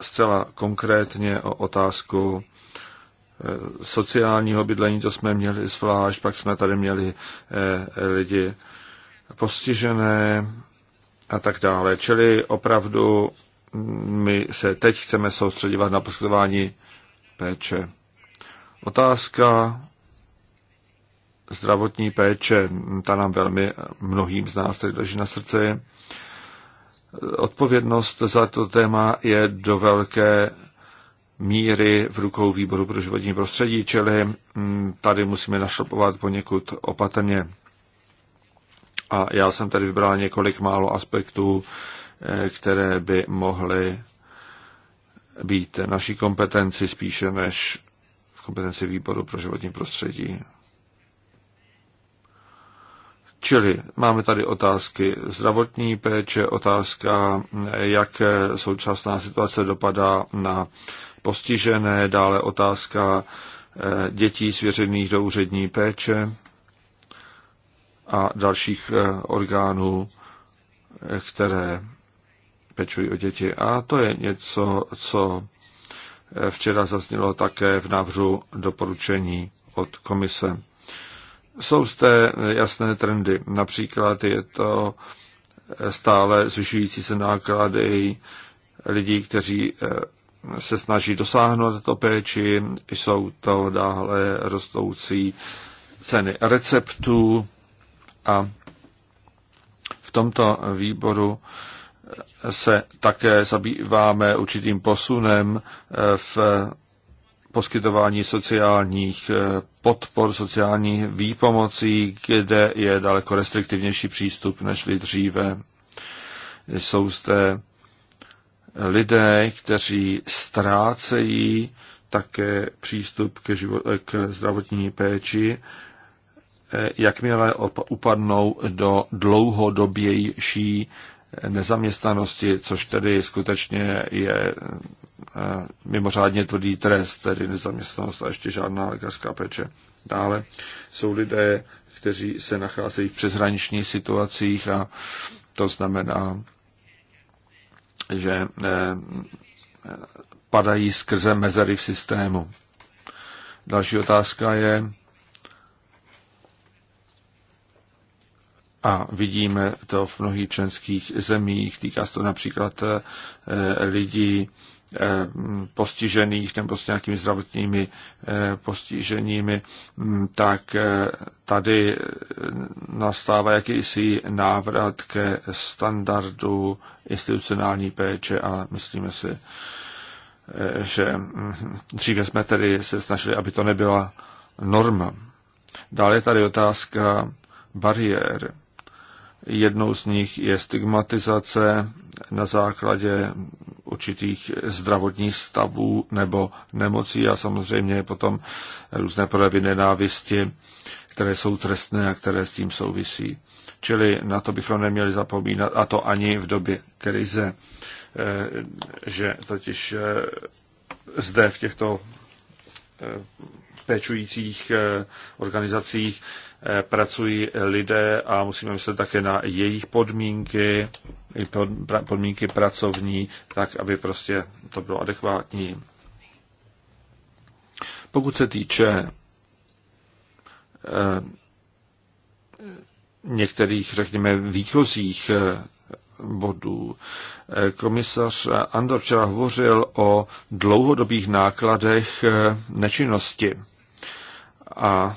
Speaker 2: zcela konkrétně o otázku eh, sociálního bydlení, to jsme měli zvlášť, pak jsme tady měli eh, lidi postižené, a tak dále. Čili opravdu my se teď chceme soustředovat na poskytování péče. Otázka zdravotní péče, ta nám velmi mnohým z nás tady leží na srdci. Odpovědnost za to téma je do velké míry v rukou výboru pro životní prostředí, čili mm, tady musíme našlopovat poněkud opatrně. A já jsem tady vybral několik málo aspektů, eh, které by mohly být naší kompetenci spíše než v kompetenci výboru pro životní prostředí. Čili máme tady otázky zdravotní péče, otázka, jak současná situace dopadá na postižené, dále otázka eh, dětí svěřených do úřední péče a dalších eh, orgánů, eh, které pečují o děti. A to je něco, co eh, včera zaznělo také v návrhu doporučení od komise. Jsou zde jasné trendy. Například je to stále zvyšující se náklady lidí, kteří se snaží dosáhnout této péči, jsou to dále rostoucí ceny receptů, a v tomto výboru se také zabýváme určitým posunem eh, v poskytování sociálních eh, podpor, sociální výpomocí, kde je daleko restriktivnější přístup než dříve. Jsou zde lidé, kteří ztrácejí také přístup k, život, eh, k zdravotní péči jakmile upadnou do dlouhodobější nezaměstnanosti, což tedy skutečně je eh, mimořádně tvrdý trest, tedy nezaměstnanost a ještě žádná lékařská péče. Dále jsou lidé, kteří se nacházejí v přeshraničních situacích a to znamená, že eh, padají skrze mezery v systému. Další otázka je, a vidíme to v mnohých členských zemích. Týká se to například eh, lidí eh, postižených nebo s nějakými zdravotními eh, postiženími, mm, tak tady nastává jakýsi návrat ke standardu institucionální péče a myslíme si, že mm, dříve jsme tedy se snažili, aby to nebyla norma. Dále je tady otázka bariéry. Jednou z nich je stigmatizace na základě určitých zdravotních stavů nebo nemocí a samozřejmě potom různé projevy nenávisti, které jsou trestné a které s tím souvisí. Čili na to bychom neměli zapomínat, a to ani v době krize, eh, že totiž eh, zde v těchto eh, péčujících organizacích Eh, pracují lidé a musíme myslet také na jejich podmínky, podmínky pracovní, tak aby prostě to bylo adekvátní. Pokud se týče eh, některých, řekněme, výchozích eh, bodů. Komisař Andor včera hovořil o dlouhodobých nákladech nečinnosti. A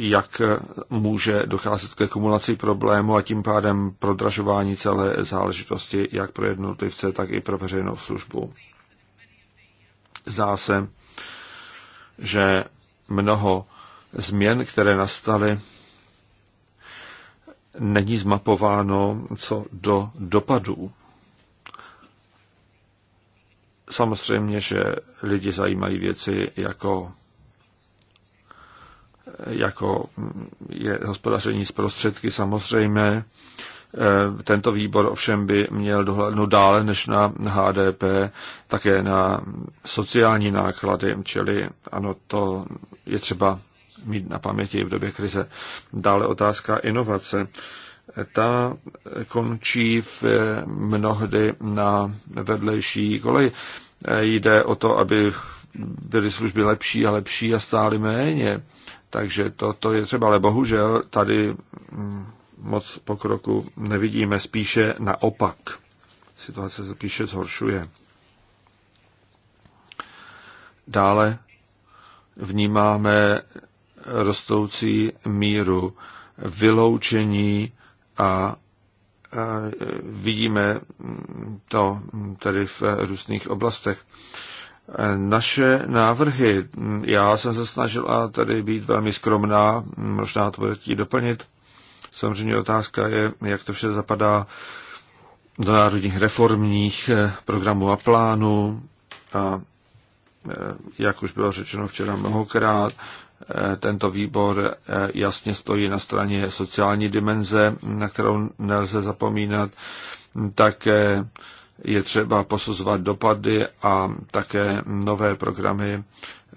Speaker 2: jak může docházet ke kumulaci problému a tím pádem prodražování celé záležitosti jak pro jednotlivce, tak i pro veřejnou službu. Zdá se, že mnoho změn, které nastaly, není zmapováno co do dopadů. Samozřejmě, že lidi zajímají věci jako jako je hospodaření s prostředky samozřejmě. E, tento výbor ovšem by měl dohlédnout dále než na HDP, také na sociální náklady, čili ano, to je třeba mít na paměti v době krize. Dále otázka inovace. E, ta končí v e, mnohdy na vedlejší kolej. Jde o to, aby byly služby lepší a lepší a stály méně. Takže to to je třeba, ale bohužel tady mm, moc pokroku nevidíme, spíše naopak. Situace se píše zhoršuje. Dále vnímáme rostoucí míru vyloučení a e, vidíme to tedy v různých oblastech. Naše návrhy, já jsem se snažila tady být velmi skromná, možná to bude chtít doplnit. Samozřejmě otázka je, jak to vše zapadá do národních reformních eh, programů a plánů a eh, jak už bylo řečeno včera mnohokrát, eh, tento výbor jasně stojí na straně sociální dimenze, na kterou nelze zapomínat, také je třeba posuzovat dopady a také nové programy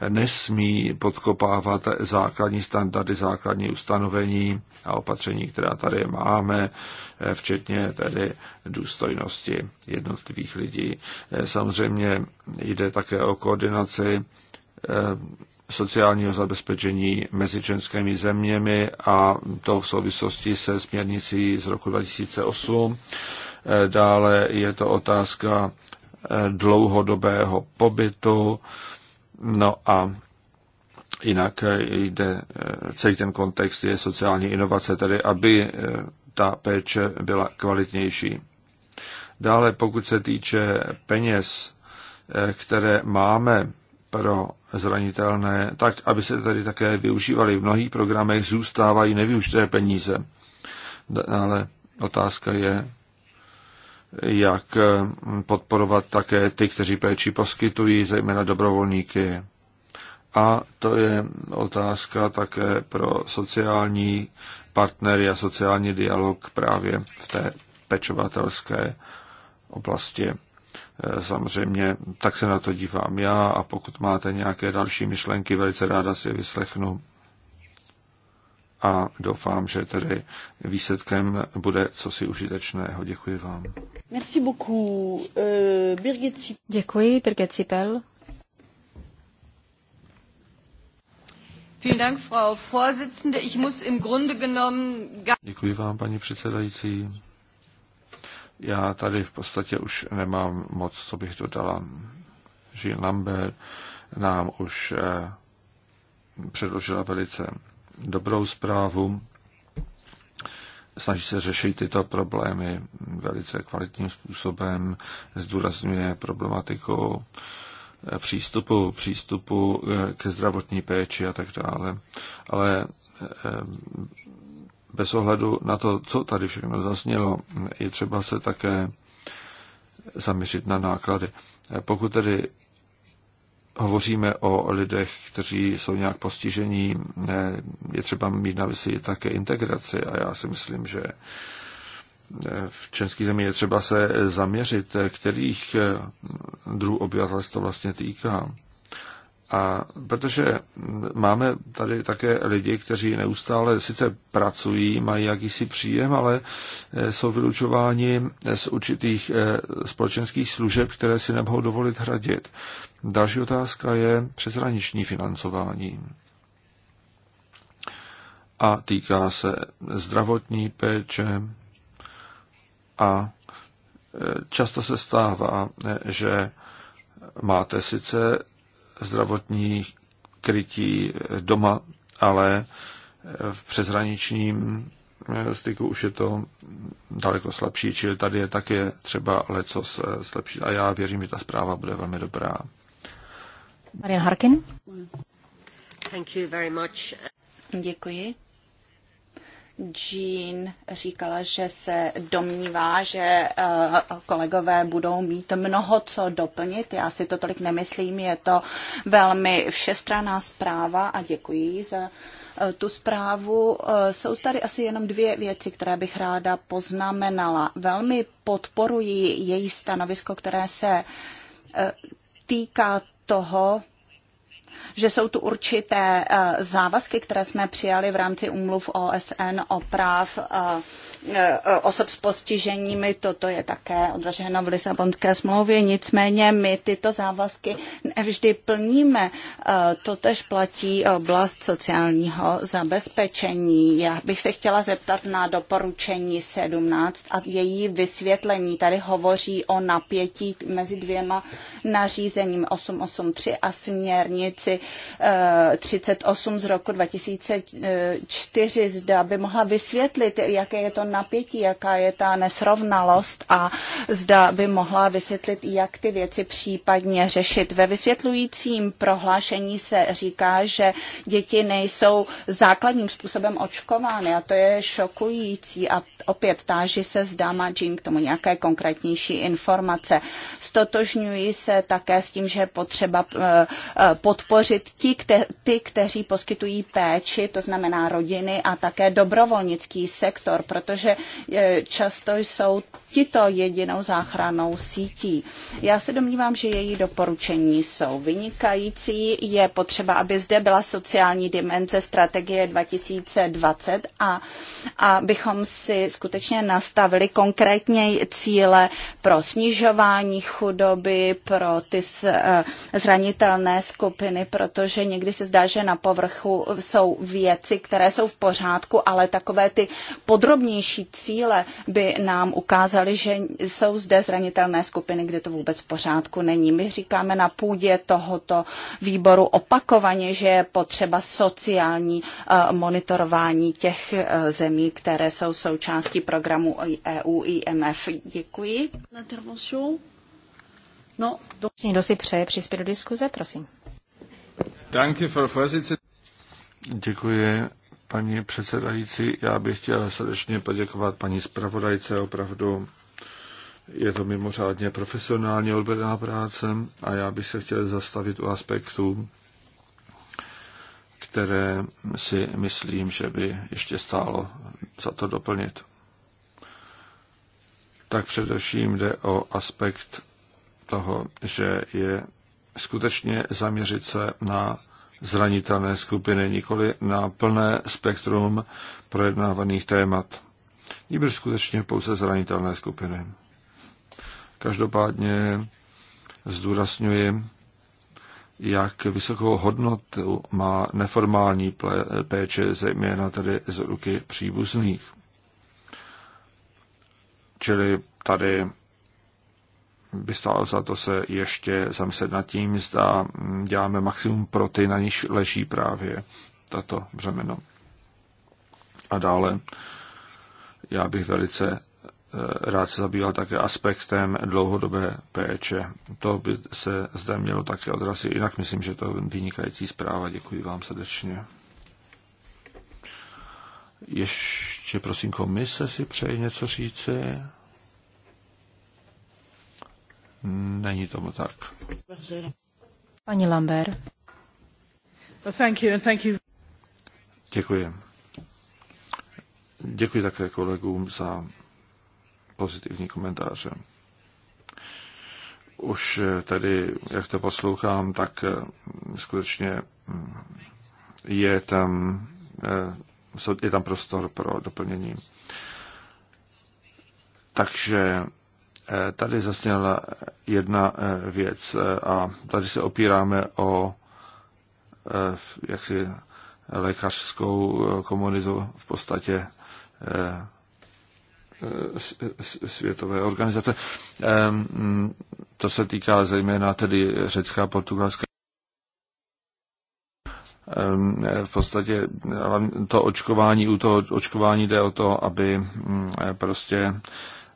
Speaker 2: nesmí podkopávat základní standardy, základní ustanovení a opatření, která tady máme, včetně tedy důstojnosti jednotlivých lidí. Samozřejmě jde také o koordinaci eh, sociálního zabezpečení mezi členskými zeměmi a to v souvislosti se směrnicí z roku 2008 Dále je to otázka eh, dlouhodobého pobytu. No a jinak eh, jde, eh, celý ten kontext je sociální inovace, tedy aby ta péče byla kvalitnější. Dále, pokud se týče peněz, které máme pro zranitelné, tak aby se tady také využívaly. V mnohých programech zůstávají nevyužité peníze. ale otázka je, jak eh, podporovat také ty, kteří péči poskytují, zejména dobrovolníky. A to je otázka také pro sociální partnery a sociální dialog právě v té pečovatelské oblasti. Eh, samozřejmě tak se na to dívám já a pokud máte nějaké další myšlenky, velice ráda si je vyslechnu a doufám, že tedy výsledkem bude cosi užitečného. Děkuji vám.
Speaker 3: Merci
Speaker 1: beaucoup, uh, Birgit Děkuji, Birgit Cipel.
Speaker 2: Děkuji vám, paní předsedající. Já tady v podstatě už nemám moc, co bych dodala. Jean Lambert nám už eh, předložila velice dobrou zprávu. Snaží se řešit tyto problémy velice kvalitním způsobem, zdůrazňuje problematiku přístupu, přístupu eh, ke zdravotní péči a tak dále. Ale eh, bez ohledu na to, co tady všechno zasnělo, je třeba se také zaměřit na náklady. Eh, pokud tedy hovoříme o lidech, kteří jsou nějak postižení, je třeba mít na mysli také integraci a já si myslím, že eh, v české zemi je třeba se zaměřit, eh, kterých eh, druhů obyvatelstva vlastně týká. A protože máme tady také lidi, kteří neustále sice pracují, mají jakýsi příjem, ale eh, jsou vylučováni z určitých eh, společenských služeb, které si nemohou dovolit hradit. Další otázka je přeshraniční financování. A týká se zdravotní péče a eh, často se stává, že máte sice zdravotní krytí doma, ale v přeshraničním eh, styku už je to daleko slabší, čili tady je také třeba leco eh, zlepšit a já věřím, že ta zpráva bude velmi dobrá.
Speaker 1: Marian Harkin.
Speaker 3: Thank you very much. Děkuji. Jean říkala, že se domnívá, že eh, kolegové budou mít mnoho co doplnit. Já si to tolik nemyslím, je to velmi všestranná zpráva a děkuji za eh, tu zprávu. Eh, jsou tady asi jenom dvě věci, které bych ráda poznamenala. Velmi podporuji její stanovisko, které se týká toho, že jsou tu určité eh, závazky, které jsme přijali v rámci umluv OSN o práv eh, E, osob s postiženími, toto je také odraženo v Lisabonské smlouvě, nicméně my tyto závazky vždy plníme. E, to tež platí oblast sociálního zabezpečení. Já bych se chtěla zeptat na doporučení 17 a její vysvětlení. Tady hovoří o napětí mezi dvěma nařízením 883 a směrnici 38 e, z roku 2004. Zda by mohla vysvětlit, jaké je to napětí, jaká je ta nesrovnalost a zda by mohla vysvětlit, jak ty věci případně řešit. Ve vysvětlujícím prohlášení se říká, že děti nejsou základním způsobem očkovány a to je šokující a opět táži se zda má Jean k tomu nějaké konkrétnější informace. Stotožňuji se také s tím, že je potřeba eh, eh, podpořit ti, kte, ty, kteří poskytují péči, to znamená rodiny a také dobrovolnický sektor, protože že eh, často jsou tito jedinou záchranou sítí. Já se domnívám, že její doporučení jsou vynikající. Je potřeba, aby zde byla sociální dimenze strategie 2020 a abychom si skutečně nastavili konkrétně cíle pro snižování chudoby, pro ty eh, zranitelné skupiny, protože někdy se zdá, že na povrchu jsou věci, které jsou v pořádku, ale takové ty podrobnější cíle by nám ukázaly, ukázali, že jsou zde zranitelné skupiny, kde to vůbec v pořádku není. My říkáme na půdě tohoto výboru opakovaně, že je potřeba sociální eh, monitorování těch eh, zemí, které jsou součástí programu EU IMF. Děkuji. No,
Speaker 1: do... Někdo si přeje přispět do diskuze, prosím.
Speaker 2: Děkuji, paní předsedající. Já bych chtěl srdečně poděkovat paní zpravodajce. Opravdu je to mimořádně profesionálně odvedená práce a já bych se chtěl zastavit u aspektů, které si myslím, že by ještě stálo za to doplnit. Tak především jde o aspekt toho, že je skutečně zaměřit se na zranitelné skupiny, nikoli na plné spektrum projednávaných témat. Níbrž skutečně pouze zranitelné skupiny. Každopádně zdůrazňuji, jak vysokou hodnotu má neformální péče, zejména tedy z ruky příbuzných. Čili tady by stálo za to se ještě zamyslet nad tím, zda děláme maximum pro ty, na níž leží právě tato břemeno. A dále já bych velice eh, rád se zabýval také aspektem dlouhodobé péče. To by se zde mělo také odrazit. Jinak myslím, že to je vynikající zpráva. Děkuji vám srdečně. Ještě prosím, komise si přeje něco říci. Není tomu tak.
Speaker 1: Pani Lambert. Thank you, and thank you.
Speaker 2: Děkuji. Děkuji také kolegům za pozitivní komentáře. Už eh, tady, jak to poslouchám, tak eh, skutečně mm, je tam, eh, je tam prostor pro doplnění. Takže Eh, tady zasněla jedna eh, věc eh, a tady se opíráme o jaksi lékařskou komunitu v podstatě světové organizace. Ehm, mm, to se týká zejména tedy řecká a portugalská. Ehm, v podstatě to očkování, u toho očkování jde o to, aby mm, prostě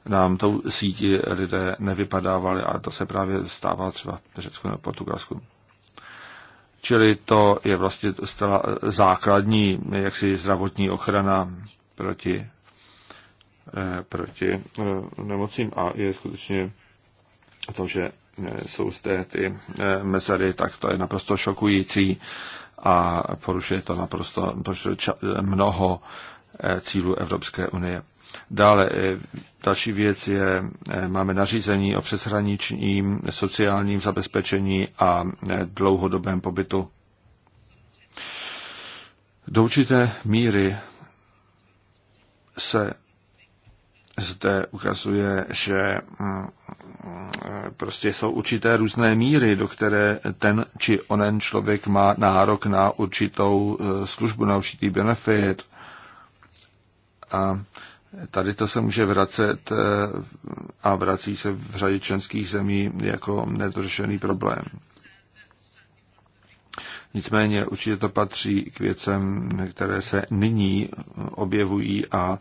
Speaker 2: nám tou síti lidé nevypadávali a to se právě stává třeba v Řecku nebo Portugalsku. Čili to je vlastně základní jaksi zdravotní ochrana proti, eh, proti eh, nemocím a je skutečně to, že eh, jsou zde ty mezery, tak to je naprosto šokující a porušuje to naprosto porušuje mnoho cílů Evropské unie. Dále Další věc je, eh, máme nařízení o přeshraničním sociálním zabezpečení a eh, dlouhodobém pobytu. Do určité míry se zde ukazuje, že mm, eh, prostě jsou určité různé míry, do které ten či onen člověk má nárok na určitou službu, na určitý benefit. A Tady to se může vracet eh, a vrací se v řadě členských zemí jako nedořešený problém. Nicméně určitě to patří k věcem, které se nyní objevují a,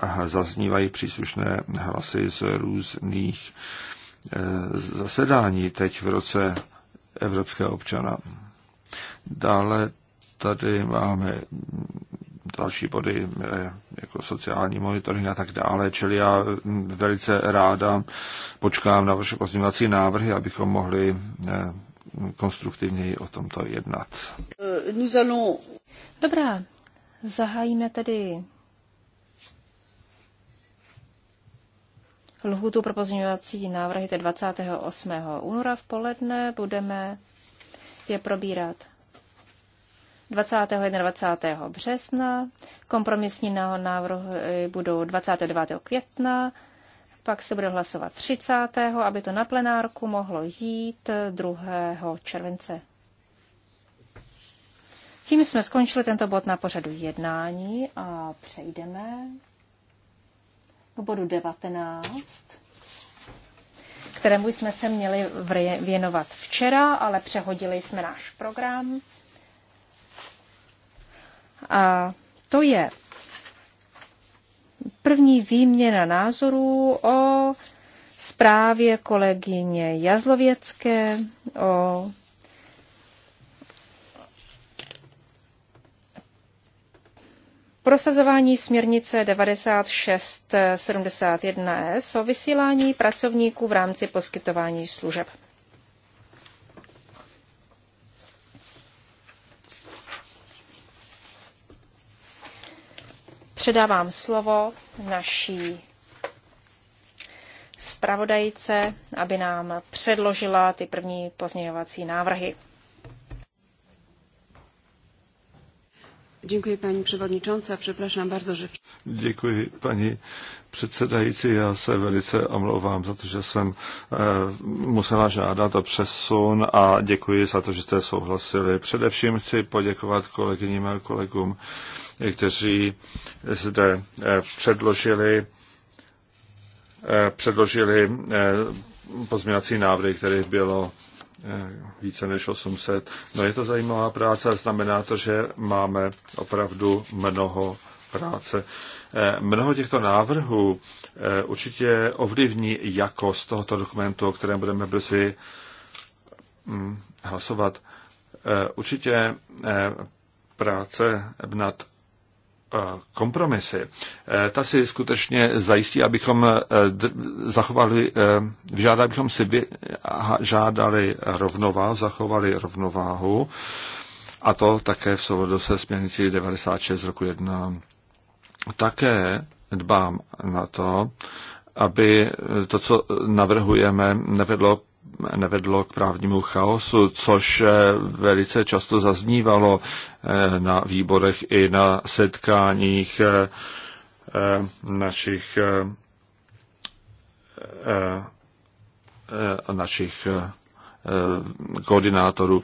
Speaker 2: a zaznívají příslušné hlasy z různých eh, zasedání teď v roce Evropského občana. Dále tady máme další body, e, jako sociální monitoring a tak dále. Čili já velice ráda počkám na vaše pozměňovací návrhy, abychom mohli e, konstruktivněji o tomto jednat.
Speaker 1: Dobrá, zahájíme tedy Lhutu pro pozměňovací návrhy 28. února v poledne. Budeme je probírat 20. a 21. března, kompromisní návrhy budou 29. května, pak se bude hlasovat 30., aby to na plenárku mohlo jít 2. července. Tím jsme skončili tento bod na pořadu jednání a přejdeme k bodu 19, kterému jsme se měli věnovat včera, ale přehodili jsme náš program. A to je první výměna názorů o zprávě kolegyně Jazlověcké, o prosazování směrnice 9671S o vysílání pracovníků v rámci poskytování služeb. předávám slovo naší zpravodajce, aby nám předložila ty první pozměňovací návrhy. Děkuji, paní předsedající. Přepraším bardzo,
Speaker 2: že... Děkuji, paní předsedající. Já se velice omlouvám za to, že jsem eh, musela žádat o přesun a děkuji za to, že jste souhlasili. Především chci poděkovat kolegyním a kolegům eh, kteří zde eh, předložili, eh, předložili eh, pozměňovací návrhy, kterých bylo více než 800. No je to zajímavá práce, znamená to, že máme opravdu mnoho práce. Mnoho těchto návrhů určitě ovlivní jakost tohoto dokumentu, o kterém budeme brzy hm, hlasovat. Určitě práce nad Eh, kompromisy, eh, ta si skutečně zajistí, abychom eh, zachovali, vyžádali, abychom si žádali rovnováhu, zachovali rovnováhu a to také v souladu se směrnicí 96 z roku 1. Také dbám na to, aby to, co navrhujeme, nevedlo nevedlo k právnímu chaosu, což eh, velice často zaznívalo eh, na výborech i na setkáních eh, našich našich koordinátorů.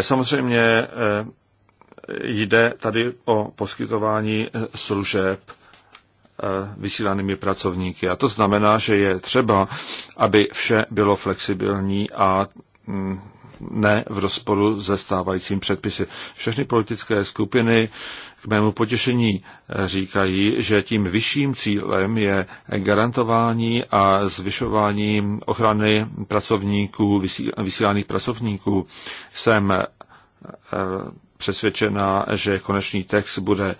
Speaker 2: Samozřejmě jde tady o poskytování služeb Eh, vysílanými pracovníky. A to znamená, že je třeba, aby vše bylo flexibilní a mm, ne v rozporu se stávajícím předpisy. Všechny politické skupiny k mému potěšení eh, říkají, že tím vyšším cílem je garantování a zvyšování ochrany pracovníků, vysílaných pracovníků. Jsem eh, přesvědčená, že konečný text bude eh,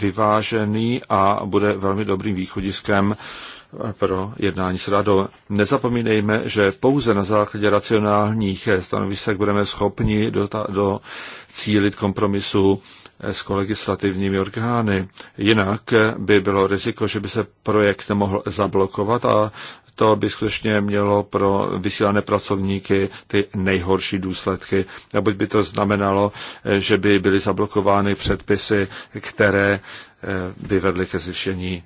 Speaker 2: vyvážený a bude velmi dobrým východiskem eh, pro jednání s radou. Nezapomínejme, že pouze na základě racionálních eh, stanovisek budeme schopni do, do cílit kompromisu s kolegislativními orgány. Jinak by bylo riziko, že by se projekt mohl zablokovat a to by skutečně mělo pro vysílané pracovníky ty nejhorší důsledky. A buď by to znamenalo, že by byly zablokovány předpisy, které eh, by vedly ke zvyšení,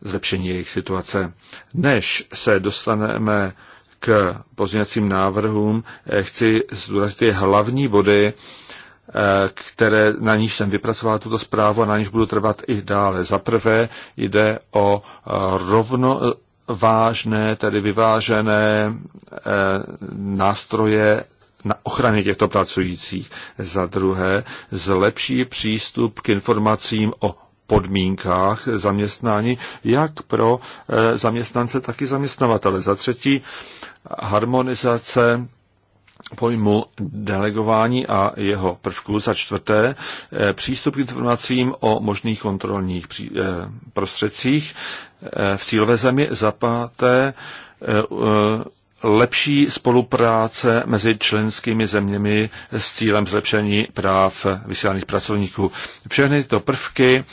Speaker 2: zlepšení jejich situace. Než se dostaneme k pozměňovacím návrhům, eh, chci zdůraznit hlavní body, eh, které, na níž jsem vypracoval tuto zprávu a na níž budu trvat i dále. Za prvé jde o rovno, vážné, tedy vyvážené eh, nástroje na ochraně těchto pracujících. Za druhé, zlepší přístup k informacím o podmínkách zaměstnání, jak pro eh, zaměstnance, tak i zaměstnavatele. Za třetí, harmonizace pojmu delegování a jeho prvků. Za čtvrté, eh, přístup k informacím o možných kontrolních eh, prostředcích eh, v cílové zemi. Za páté, lepší spolupráce mezi členskými zeměmi s cílem zlepšení práv vysílaných pracovníků. Všechny tyto prvky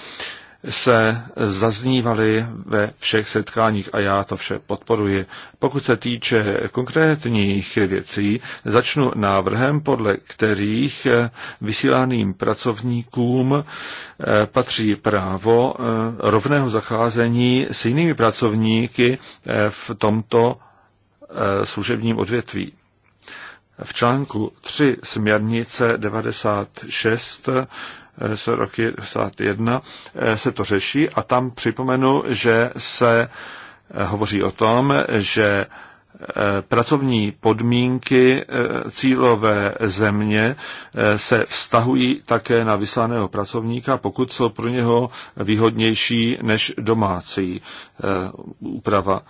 Speaker 2: se zaznívaly ve všech setkáních a já to vše podporuji. Pokud se týče konkrétních věcí, začnu návrhem, podle kterých eh, vysíláným pracovníkům eh, patří právo eh, rovného zacházení s jinými pracovníky v tomto služebním odvětví. V článku 3 směrnice 96 se roky 1991 eh, se to řeší a tam připomenu, že se eh, hovoří o tom, že eh, pracovní podmínky cílové země se vztahují také na vyslaného pracovníka, pokud jsou pro něho výhodnější než domácí úprava.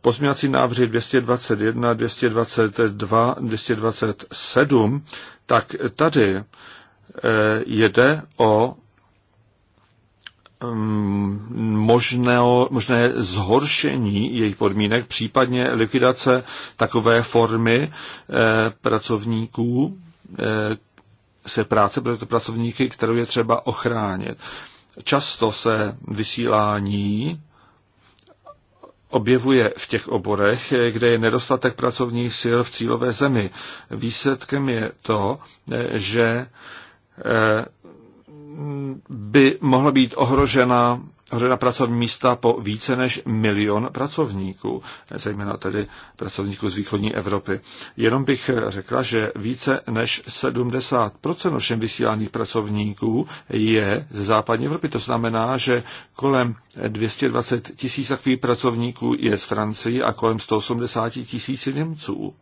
Speaker 2: Pozměňovací návrhy 221, 222, 227, tak tady Eh, jde o mm, možné, možné zhoršení jejich podmínek, případně likvidace takové formy eh, pracovníků, eh, se práce pro tyto pracovníky, kterou je třeba ochránit. Často se vysílání objevuje v těch oborech, kde je nedostatek pracovních sil v cílové zemi. Výsledkem je to, že Eh, by mohla být ohrožena ohrožena pracovní místa po více než milion pracovníků, zejména tedy pracovníků z východní Evropy. Jenom bych řekla, že více než 70% všem vysílaných pracovníků je ze západní Evropy. To znamená, že kolem 220 tisíc takových pracovníků je z Francie a kolem 180 tisíc Němců.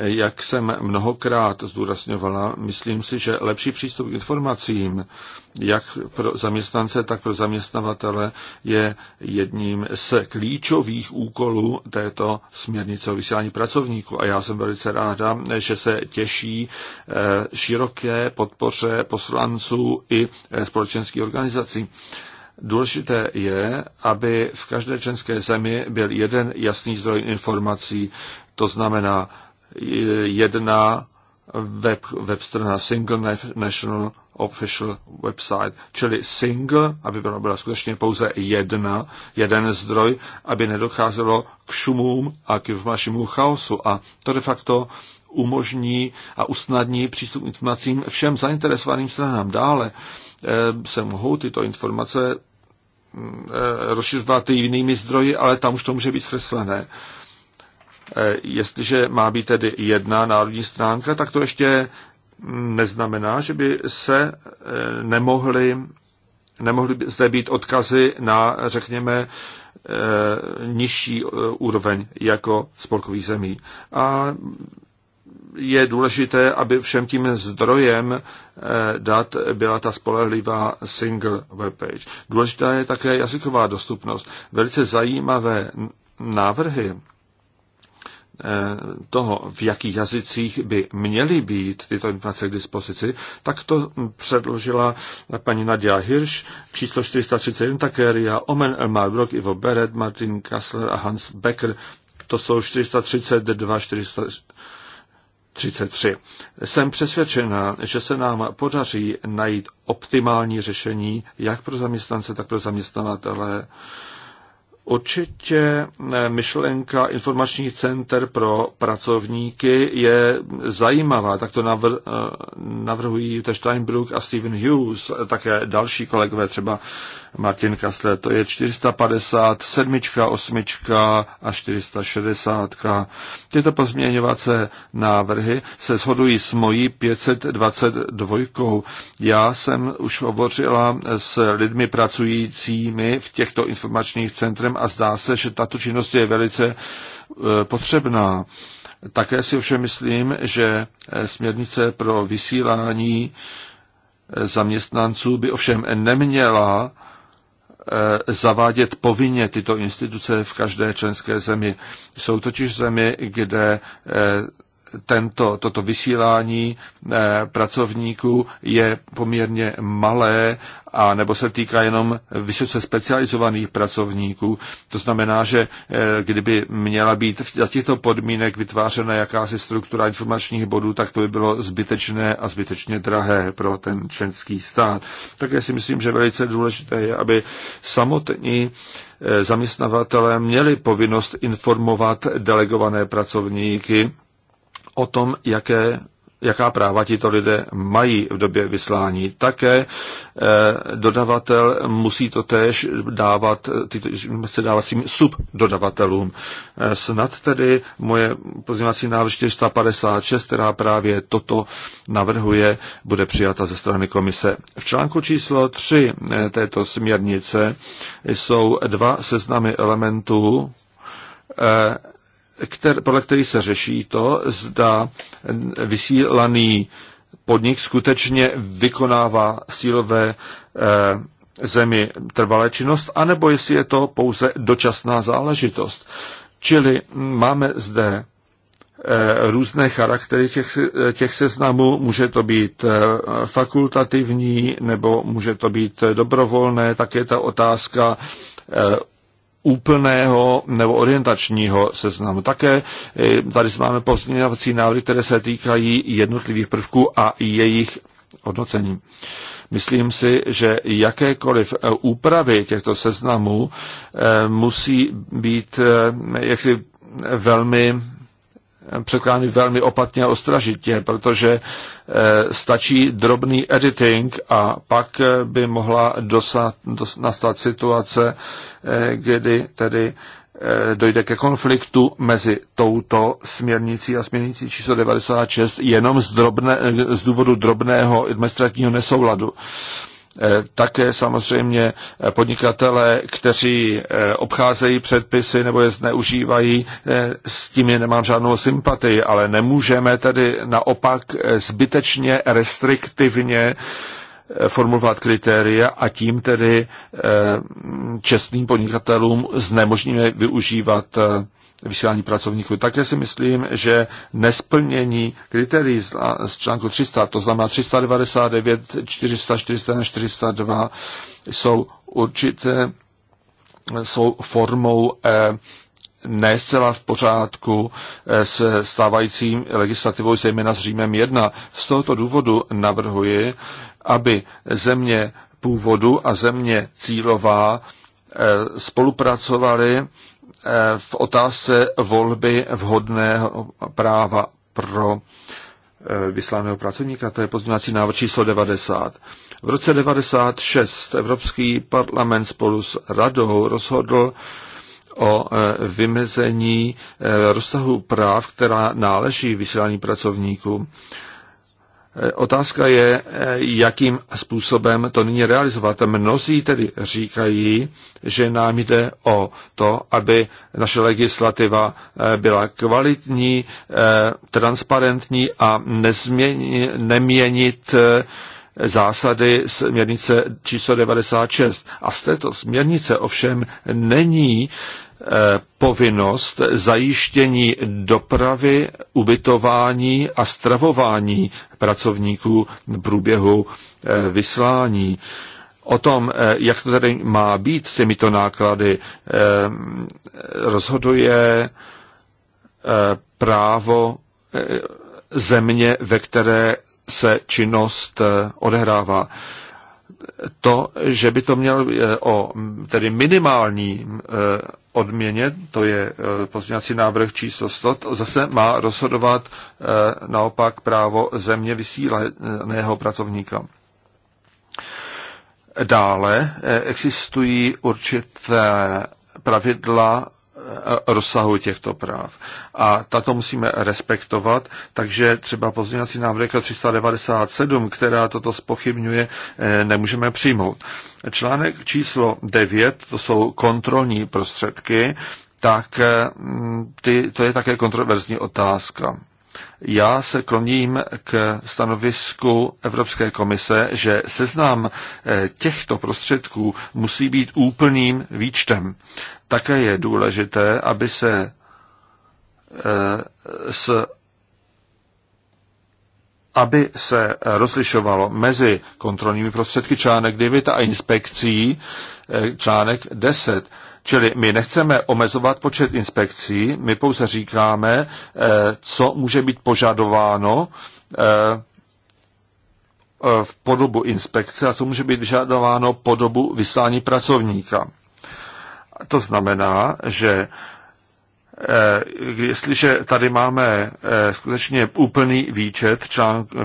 Speaker 2: Jak jsem mnohokrát zdůrazňovala, myslím si, že lepší přístup k informacím, jak pro zaměstnance, tak pro zaměstnavatele, je jedním z klíčových úkolů této směrnice o vysílání pracovníků. A já jsem velice ráda, že se těší eh, široké podpoře poslanců i eh, společenských organizací. Důležité je, aby v každé členské zemi byl jeden jasný zdroj informací, to znamená jedna web, web strana Single National Official Website, čili single, aby byla, byla skutečně pouze jedna, jeden zdroj, aby nedocházelo k šumům a k vašemu chaosu. A to de facto umožní a usnadní přístup k informacím všem zainteresovaným stranám. Dále eh, se mohou tyto informace mm, eh, rozšiřovat i jinými zdroji, ale tam už to může být zkreslené. Eh, jestliže má být tedy jedna národní stránka, tak to ještě neznamená, že by se eh, nemohly, nemohly zde být odkazy na, řekněme, eh, nižší úroveň jako spolkových zemí. A je důležité, aby všem tím zdrojem dat byla ta spolehlivá single webpage. Důležitá je také jazyková dostupnost. Velice zajímavé návrhy Eh, toho, v jakých jazycích by měly být tyto informace k dispozici, tak to předložila paní Nadia Hirš, číslo 431 také Ria Omen, Elmar Brock, Ivo Beret, Martin Kassler a Hans Becker. To jsou 432, 433. Jsem přesvědčena, že se nám podaří najít optimální řešení jak pro zaměstnance, tak pro zaměstnavatele Určitě eh, myšlenka informačních center pro pracovníky je zajímavá, tak to navr- eh, navrhují Steinbrück a Stephen Hughes, také další kolegové, třeba Martin Kastler, to je 457, 8 a 460. Tyto pozměňovací návrhy se shodují s mojí 522. Já jsem už hovořila s lidmi pracujícími v těchto informačních centrech a zdá se, že tato činnost je velice e, potřebná. Také si ovšem myslím, že e, směrnice pro vysílání e, zaměstnanců by ovšem neměla Eh, zavádět povinně tyto instituce v každé členské zemi. Jsou totiž zemi, kde eh, tento, toto vysílání eh, pracovníků je poměrně malé a nebo se týká jenom vysoce specializovaných pracovníků. To znamená, že eh, kdyby měla být za těchto podmínek vytvářena jakási struktura informačních bodů, tak to by bylo zbytečné a zbytečně drahé pro ten členský stát. Také si myslím, že velice důležité je, aby samotní eh, zaměstnavatelé měli povinnost informovat delegované pracovníky o tom, jaké jaká práva tito lidé mají v době vyslání. Také eh, dodavatel musí to též dávat, se dávat svým subdodavatelům. Eh, snad tedy moje pozměňovací návrh 456, která právě toto navrhuje, bude přijata ze strany komise. V článku číslo 3 eh, této směrnice jsou dva seznamy elementů, kter, podle který se řeší to, zda vysílaný podnik skutečně vykonává sílové e, zemi trvalé činnost, anebo jestli je to pouze dočasná záležitost. Čili máme zde eh, různé charaktery těch, těch seznamů. Může to být eh, fakultativní nebo může to být dobrovolné. Tak je ta otázka úplného nebo orientačního seznamu. Také eh, tady máme pozměňovací návrhy, které se týkají jednotlivých prvků a jejich hodnocení. Myslím si, že jakékoliv eh, úpravy těchto seznamů eh, musí být jaksi velmi předkládány velmi opatně a ostražitě, protože eh, stačí drobný editing a pak eh, by mohla dosat, dos, nastat situace, eh, kdy tedy dojde ke konfliktu mezi touto směrnicí a směrnicí číslo 96 jenom z, drobné, z důvodu drobného administrativního nesouladu. Eh, také samozřejmě eh, podnikatele, kteří eh, obcházejí předpisy nebo je zneužívají, s tím je nemám žádnou sympatii, ale nemůžeme tedy naopak zbytečně restriktivně formulovat kritéria a tím tedy čestným podnikatelům znemožníme využívat vysílání pracovníků. Také si myslím, že nesplnění kritérií z, článku 300, to znamená 399, 400, 401, 402, jsou určitě jsou formou eh, ne zcela v pořádku eh, s stávajícím legislativou, zejména s Římem 1. Z tohoto důvodu navrhuji, aby země původu a země cílová eh, spolupracovaly v otázce volby vhodného práva pro eh, vyslaného pracovníka, to je pozměňovací návrh číslo 90. V roce 96 Evropský parlament spolu s radou rozhodl o eh, vymezení eh, rozsahu práv, která náleží vysílání pracovníkům. Eh, otázka je, eh, jakým způsobem to nyní realizovat. Mnozí tedy říkají, že nám jde o to, aby naše legislativa eh, byla kvalitní, transparentní a nezměni, neměnit zásady směrnice číslo 96. A z této směrnice ovšem není povinnost zajištění dopravy, ubytování a stravování pracovníků v průběhu eh, vyslání. O tom, eh, jak to tady má být s těmito náklady, eh, rozhoduje právo země, ve které se činnost odehrává to, že by to měl eh, o tedy minimální eh, odměně, to je eh, pozměňovací návrh číslo 100, zase má rozhodovat naopak právo země vysílaného pracovníka. Dále existují určité pravidla rozsahu těchto práv. A tato musíme respektovat, takže třeba pozměňovací návrh 397, jako která toto spochybňuje, eh, nemůžeme přijmout. Článek číslo 9, to jsou kontrolní prostředky, tak mm, ty, to je také kontroverzní otázka. Já se kloním k stanovisku Evropské komise, že seznam eh, těchto prostředků musí být úplným výčtem. Také je důležité, aby se eh, s aby se rozlišovalo mezi kontrolními prostředky článek 9 a inspekcí eh, článek 10. Čili my nechceme omezovat počet inspekcí, my pouze říkáme, eh, co může být požadováno eh, eh, v podobu inspekce a co může být vyžadováno v podobu vyslání pracovníka. To znamená, že Eh, jestliže tady máme eh, skutečně úplný výčet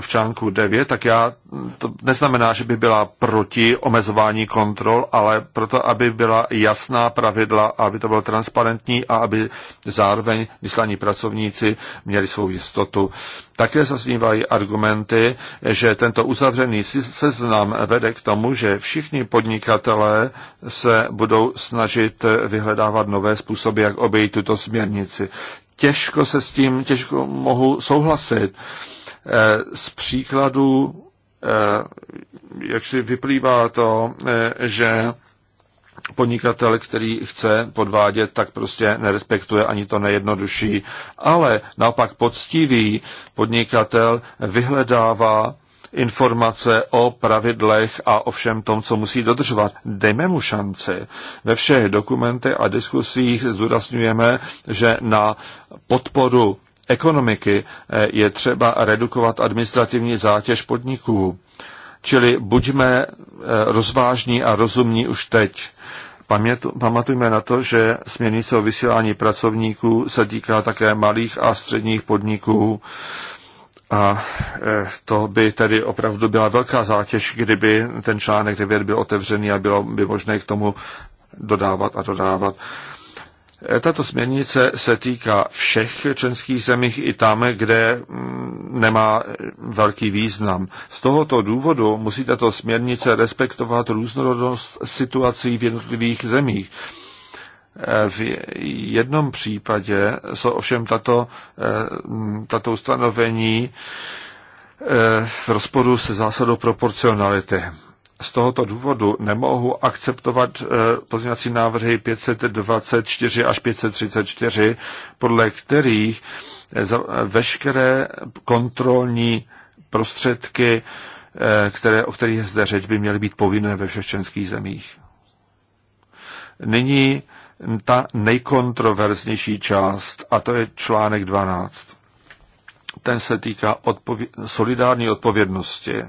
Speaker 2: v článku 9, tak já to neznamená, že by byla proti omezování kontrol, ale proto, aby byla jasná pravidla, aby to bylo transparentní a aby zároveň vyslaní pracovníci měli svou jistotu. Také zaznívají argumenty, že tento uzavřený seznam vede k tomu, že všichni podnikatelé se budou snažit vyhledávat nové způsoby, jak obejít tuto směr směrnici. Těžko se s tím, těžko mohu souhlasit. Eh, z příkladu, eh, jak si vyplývá to, eh, že podnikatel, který chce podvádět, tak prostě nerespektuje ani to nejjednodušší. Ale naopak poctivý podnikatel vyhledává informace o pravidlech a o všem tom, co musí dodržovat. Dejme mu šanci. Ve všech dokumentech a diskusích zdůrazňujeme, že na podporu ekonomiky eh, je třeba redukovat administrativní zátěž podniků. Čili buďme eh, rozvážní a rozumní už teď. Pamatujme na to, že směrnice o vysílání pracovníků se týká také malých a středních podniků a e, to by tedy opravdu byla velká zátěž, kdyby ten článek 9 byl otevřený a bylo by možné k tomu dodávat a dodávat. E, tato směrnice se týká všech členských zemích i tam, kde mm, nemá velký význam. Z tohoto důvodu musí tato směrnice respektovat různorodost situací v jednotlivých zemích. V jednom případě jsou ovšem tato, eh, tato ustanovení eh, v rozporu se zásadou proporcionality. Z tohoto důvodu nemohu akceptovat eh, pozměňovací návrhy 524 až 534, podle kterých veškeré kontrolní prostředky, které, o kterých je zde řeč, by měly být povinné ve všech členských zemích. Nyní ta nejkontroverznější část, a to je článek 12. Ten se týká odpově- solidární odpovědnosti.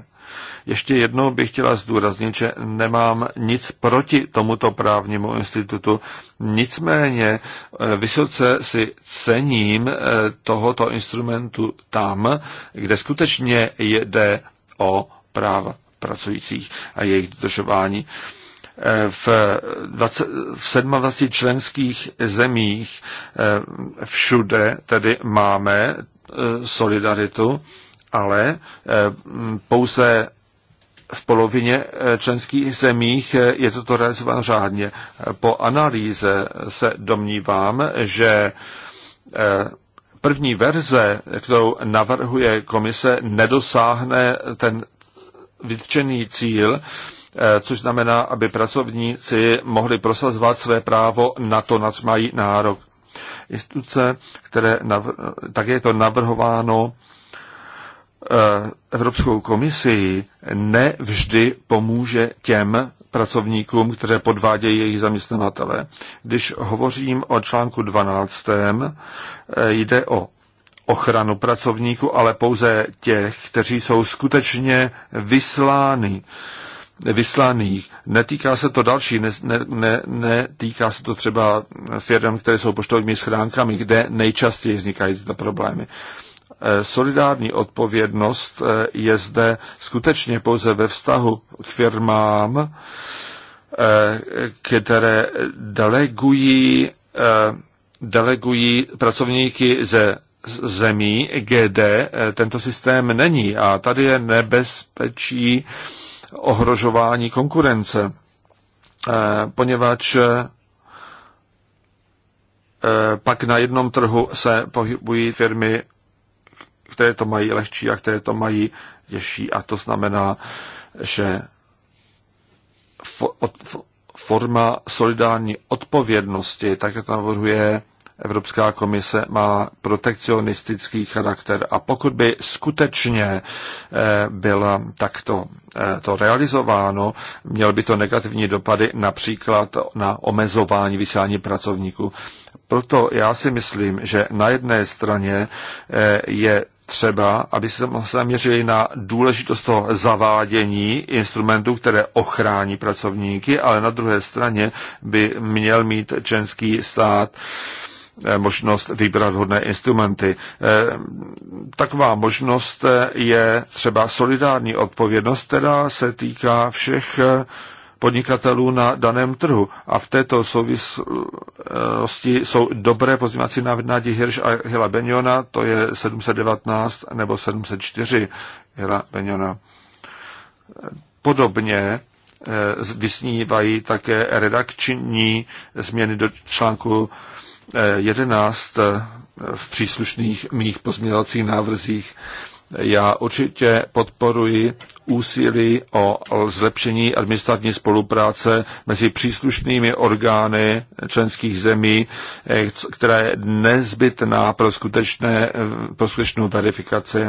Speaker 2: Ještě jednou bych chtěla zdůraznit, že nemám nic proti tomuto právnímu institutu. Nicméně eh, vysoce si cením eh, tohoto instrumentu tam, kde skutečně jde o práva pracujících a jejich dodržování v, 20, v 27 členských zemích eh, všude tedy máme eh, solidaritu, ale eh, pouze v polovině členských zemích je toto realizováno řádně. Po analýze se domnívám, že první verze, kterou navrhuje komise, nedosáhne ten vytčený cíl, Eh, což znamená, aby pracovníci mohli prosazovat své právo na to, na co mají nárok. Instituce, které tak je to navrhováno eh, Evropskou komisi, nevždy pomůže těm pracovníkům, které podvádějí jejich zaměstnavatele. Když hovořím o článku 12, eh, jde o ochranu pracovníků, ale pouze těch, kteří jsou skutečně vyslány vyslaných. Netýká se to další, netýká ne, ne, se to třeba firm, které jsou poštovními schránkami, kde nejčastěji vznikají tyto problémy. Eh, solidární odpovědnost eh, je zde skutečně pouze ve vztahu k firmám, eh, které delegují, delegují pracovníky ze zemí, kde tento systém není. A tady je nebezpečí, ohrožování konkurence, eh, poněvadž eh, pak na jednom trhu se pohybují firmy, které to mají lehčí a které to mají těžší a to znamená, že forma solidární odpovědnosti, tak jak to navrhuje Evropská komise má protekcionistický charakter a pokud by skutečně eh, bylo takto eh, to realizováno, měl by to negativní dopady například na omezování vysílání pracovníků. Proto já si myslím, že na jedné straně eh, je třeba, aby se zaměřili na důležitost toho zavádění instrumentů, které ochrání pracovníky, ale na druhé straně by měl mít členský stát eh, Eh, možnost vybrat hodné instrumenty. Eh, taková možnost eh, je třeba solidární odpovědnost, která se týká všech podnikatelů na daném trhu. A v této souvislosti jsou dobré pozměňovací návrhy Nadí Hirš a Hila Benjona, to je 719 nebo 704 Hila Benjona. Podobně vysnívají také redakční změny do článku 11 eh, v příslušných mých pozměňovacích návrzích. Já určitě podporuji úsilí o zlepšení administrativní spolupráce mezi příslušnými orgány členských zemí, eh, která je nezbytná pro, skutečné, eh, pro skutečnou verifikaci.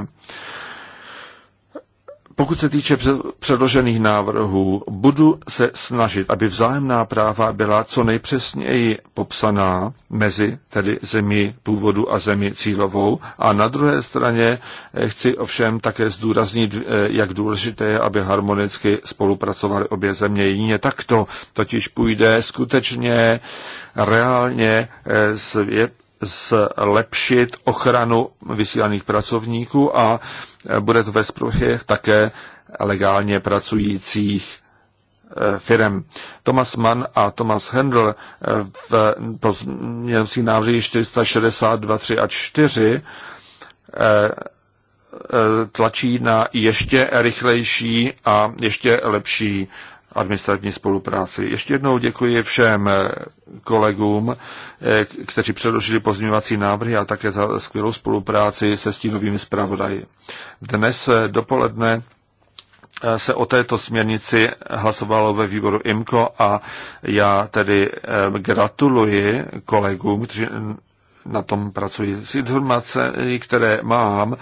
Speaker 2: Pokud se týče předložených návrhů, budu se snažit, aby vzájemná práva byla co nejpřesněji popsaná mezi tedy zemí původu a zemí cílovou. A na druhé straně eh, chci ovšem také zdůraznit, eh, jak důležité je, aby harmonicky spolupracovaly obě země. Jině takto totiž půjde skutečně reálně eh, svět zlepšit ochranu vysílaných pracovníků a bude to ve prospěch také legálně pracujících eh, firem. Thomas Mann a Thomas Hendl eh, v pozměňovacích návrzích 462, 3 a 4 eh, tlačí na ještě rychlejší a ještě lepší administrativní spolupráci. Ještě jednou děkuji všem kolegům, kteří předložili pozměňovací návrhy a také za skvělou spolupráci se stínovými zpravodaji. Dnes dopoledne se o této směrnici hlasovalo ve výboru IMCO a já tedy eh, gratuluji kolegům, kteří na tom pracují. Z informace, které mám,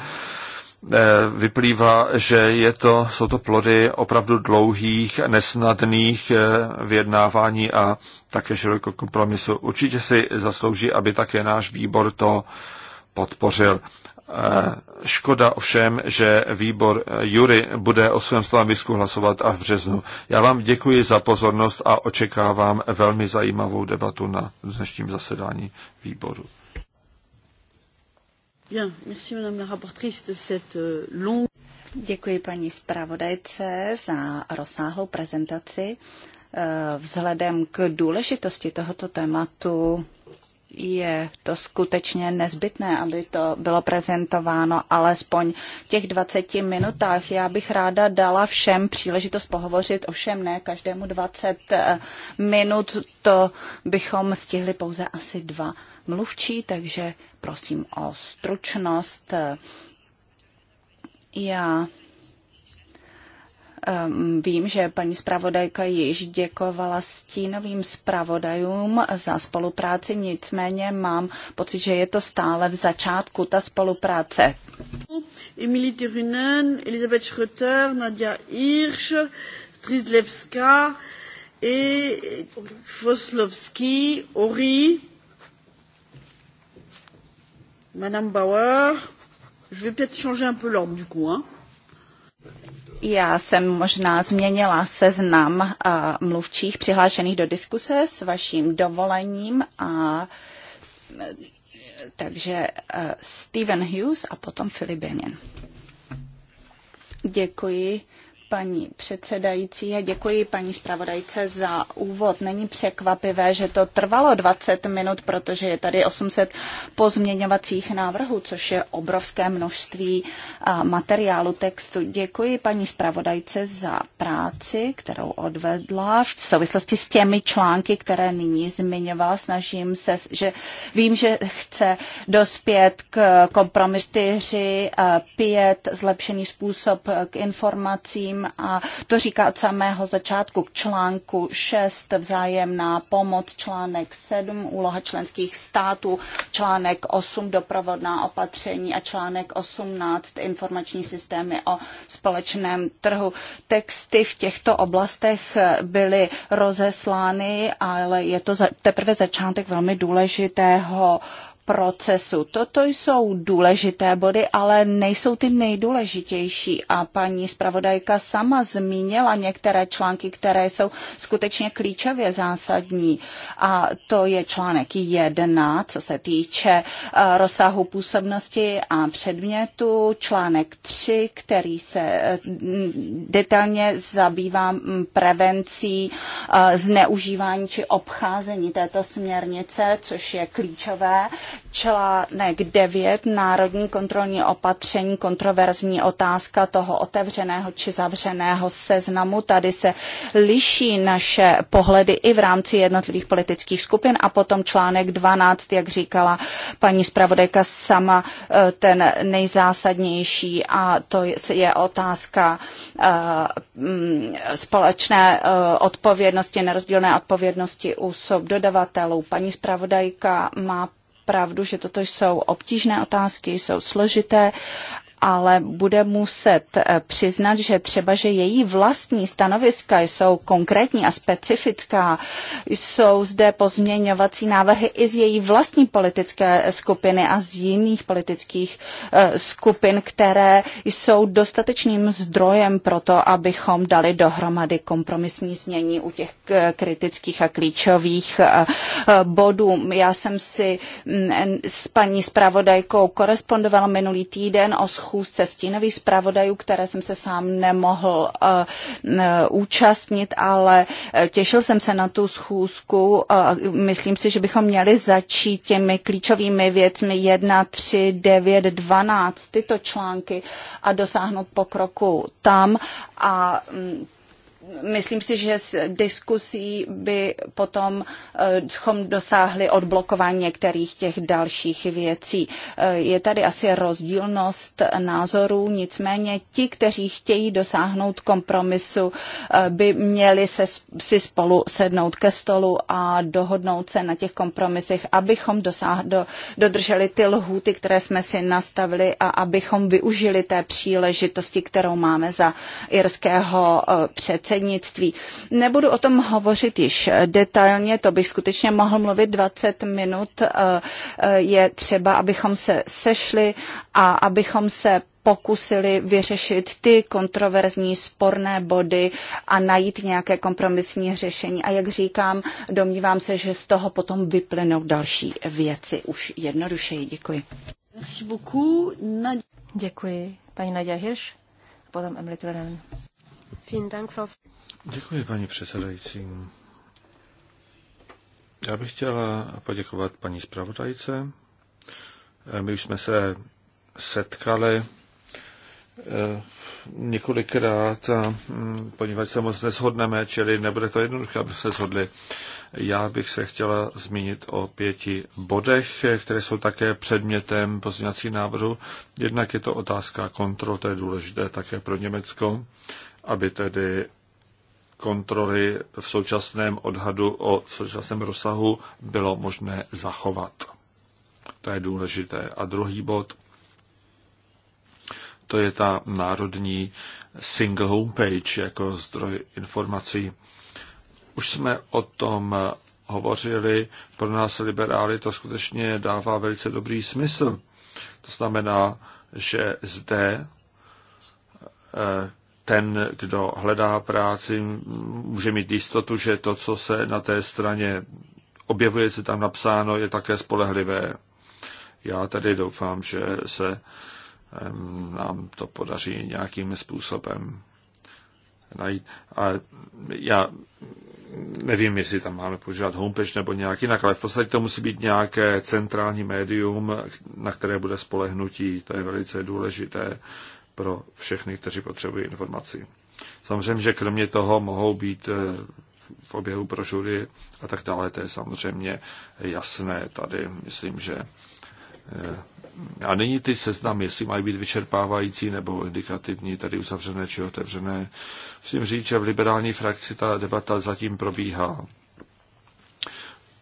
Speaker 2: Eh, vyplývá, že je to, jsou to plody opravdu dlouhých, nesnadných eh, vyjednávání a také široko kompromisu. Určitě si zaslouží, aby také náš výbor to podpořil. Eh, škoda ovšem, že výbor Jury bude o svém stanovisku hlasovat a v březnu. Já vám děkuji za pozornost a očekávám velmi zajímavou debatu na dnešním zasedání výboru. Euh,
Speaker 3: Děkuji paní zpravodajce za rozsáhlou prezentaci. Eh, vzhledem k důležitosti tohoto tématu je to skutečně nezbytné, aby to bylo prezentováno alespoň v těch 20 minutách. Já bych ráda dala všem příležitost pohovořit, ovšem ne každému 20 eh, minut, to bychom stihli pouze asi dva mluvčí, takže prosím o stručnost. Já ehm, Vím, že paní zpravodajka již děkovala stínovým zpravodajům za spolupráci, nicméně mám pocit, že je to stále v začátku ta spolupráce. Emilie Turunen, Elizabeth Schröter, Nadia Hirsch, Strizlevská, et Foslovsky, Ori, Madame Bauer, je vais peut-être changer un peu l'ordre du coup, hein. Já jsem možná změnila seznam uh, mluvčích přihlášených do diskuse s vaším dovolením a takže uh, eh, Stephen Hughes a potom Filip Benin. Děkuji paní předsedající a děkuji paní zpravodajce za úvod. Není překvapivé, že to trvalo 20 minut, protože je tady 800 pozměňovacích návrhů, což je obrovské množství materiálu textu. Děkuji paní zpravodajce za práci, kterou odvedla v souvislosti s těmi články, které nyní zmiňovala. Snažím se, že vím, že chce dospět k kompromisu 4, 5, zlepšený způsob k informacím, a to říká od samého začátku k článku 6 vzájemná pomoc, článek 7 úloha členských států, článek 8 doprovodná opatření a článek 18 informační systémy o společném trhu. Texty v těchto oblastech byly rozeslány, ale je to teprve začátek velmi důležitého procesu. Toto jsou důležité body, ale nejsou ty nejdůležitější. A paní zpravodajka sama zmínila některé články, které jsou skutečně klíčově zásadní. A to je článek 1, co se týče eh, rozsahu působnosti a předmětu, článek 3, který se eh, detailně zabývá mm, prevencí eh, zneužívání či obcházení této směrnice, což je klíčové. Článek 9, národní kontrolní opatření, kontroverzní otázka toho otevřeného či zavřeného seznamu. Tady se liší naše pohledy i v rámci jednotlivých politických skupin a potom článek 12, jak říkala paní zpravodajka sama, eh, ten nejzásadnější a to je otázka eh, mm, společné eh, odpovědnosti, nerozdílné odpovědnosti u dodavatelů. Paní zpravodajka má pravdu, že toto jsou obtížné otázky, jsou složité ale bude muset eh, přiznat, že třeba, že její vlastní stanoviska jsou konkrétní a specifická. Jsou zde pozměňovací návrhy i z její vlastní politické skupiny a z jiných politických eh, skupin, které jsou dostatečným zdrojem pro to, abychom dali dohromady kompromisní změní u těch eh, kritických a klíčových bodů. Já jsem si mm, s paní zpravodajkou korespondovala minulý týden o schůzi schůzce stínových zpravodajů, které jsem se sám nemohl uh, účastnit, ale uh, těšil jsem se na tu schůzku. Uh, Myslím si, že bychom měli začít těmi klíčovými věcmi 1, 3, 9, 12, tyto články a dosáhnout pokroku tam a um, myslím si, že s diskusí by potom eh, chom dosáhli odblokování některých těch dalších věcí. Eh, je tady asi rozdílnost názorů, nicméně ti, kteří chtějí dosáhnout kompromisu, eh, by měli se, si spolu sednout ke stolu a dohodnout se na těch kompromisech, abychom dosáh, do, dodrželi ty lhůty, které jsme si nastavili a abychom využili té příležitosti, kterou máme za irského předsednictví předsednictví. Nebudu o tom hovořit již detailně, to bych skutečně mohl mluvit 20 minut. Eh, eh, je třeba, abychom se sešli a abychom se pokusili vyřešit ty kontroverzní sporné body a najít nějaké kompromisní řešení. A jak říkám, domnívám se, že z toho potom vyplynou další věci už jednodušeji. Děkuji.
Speaker 2: Merci beaucoup.
Speaker 1: Děkuji. Paní Nadia Hirsch, potom Emily Turenen.
Speaker 2: Děkuji, paní předsedající. Já bych chtěla poděkovat paní zpravodajce. My už jsme se setkali eh, několikrát, hm, poněvadž se moc neshodneme, čili nebude to jednoduché, aby se shodli. Já bych se chtěla zmínit o pěti bodech, které jsou také předmětem pozměňovacích návrhu. Jednak je to otázka kontrol, to je důležité také pro Německo, aby tedy kontroly v současném odhadu o současném rozsahu bylo možné zachovat. To je důležité. A druhý bod, to je ta národní single homepage jako zdroj informací. Už jsme o tom hovořili, pro nás liberály to skutečně dává velice dobrý smysl. To znamená, že zde eh, ten, kdo hledá práci, může mít jistotu, že to, co se na té straně objevuje, co tam napsáno, je také spolehlivé. Já tady doufám, že se nám to podaří nějakým způsobem najít. A já nevím, jestli tam máme používat homepage nebo nějak jinak, ale v podstatě to musí být nějaké centrální médium, na které bude spolehnutí. To je velice důležité pro všechny, kteří potřebují informaci. Samozřejmě, že kromě toho mohou být eh, v oběhu brožury a tak dále, to je samozřejmě jasné tady, myslím, že eh, a nyní ty seznamy, jestli mají být vyčerpávající nebo indikativní, tady uzavřené či otevřené. Musím říct, že v liberální frakci ta debata zatím probíhá.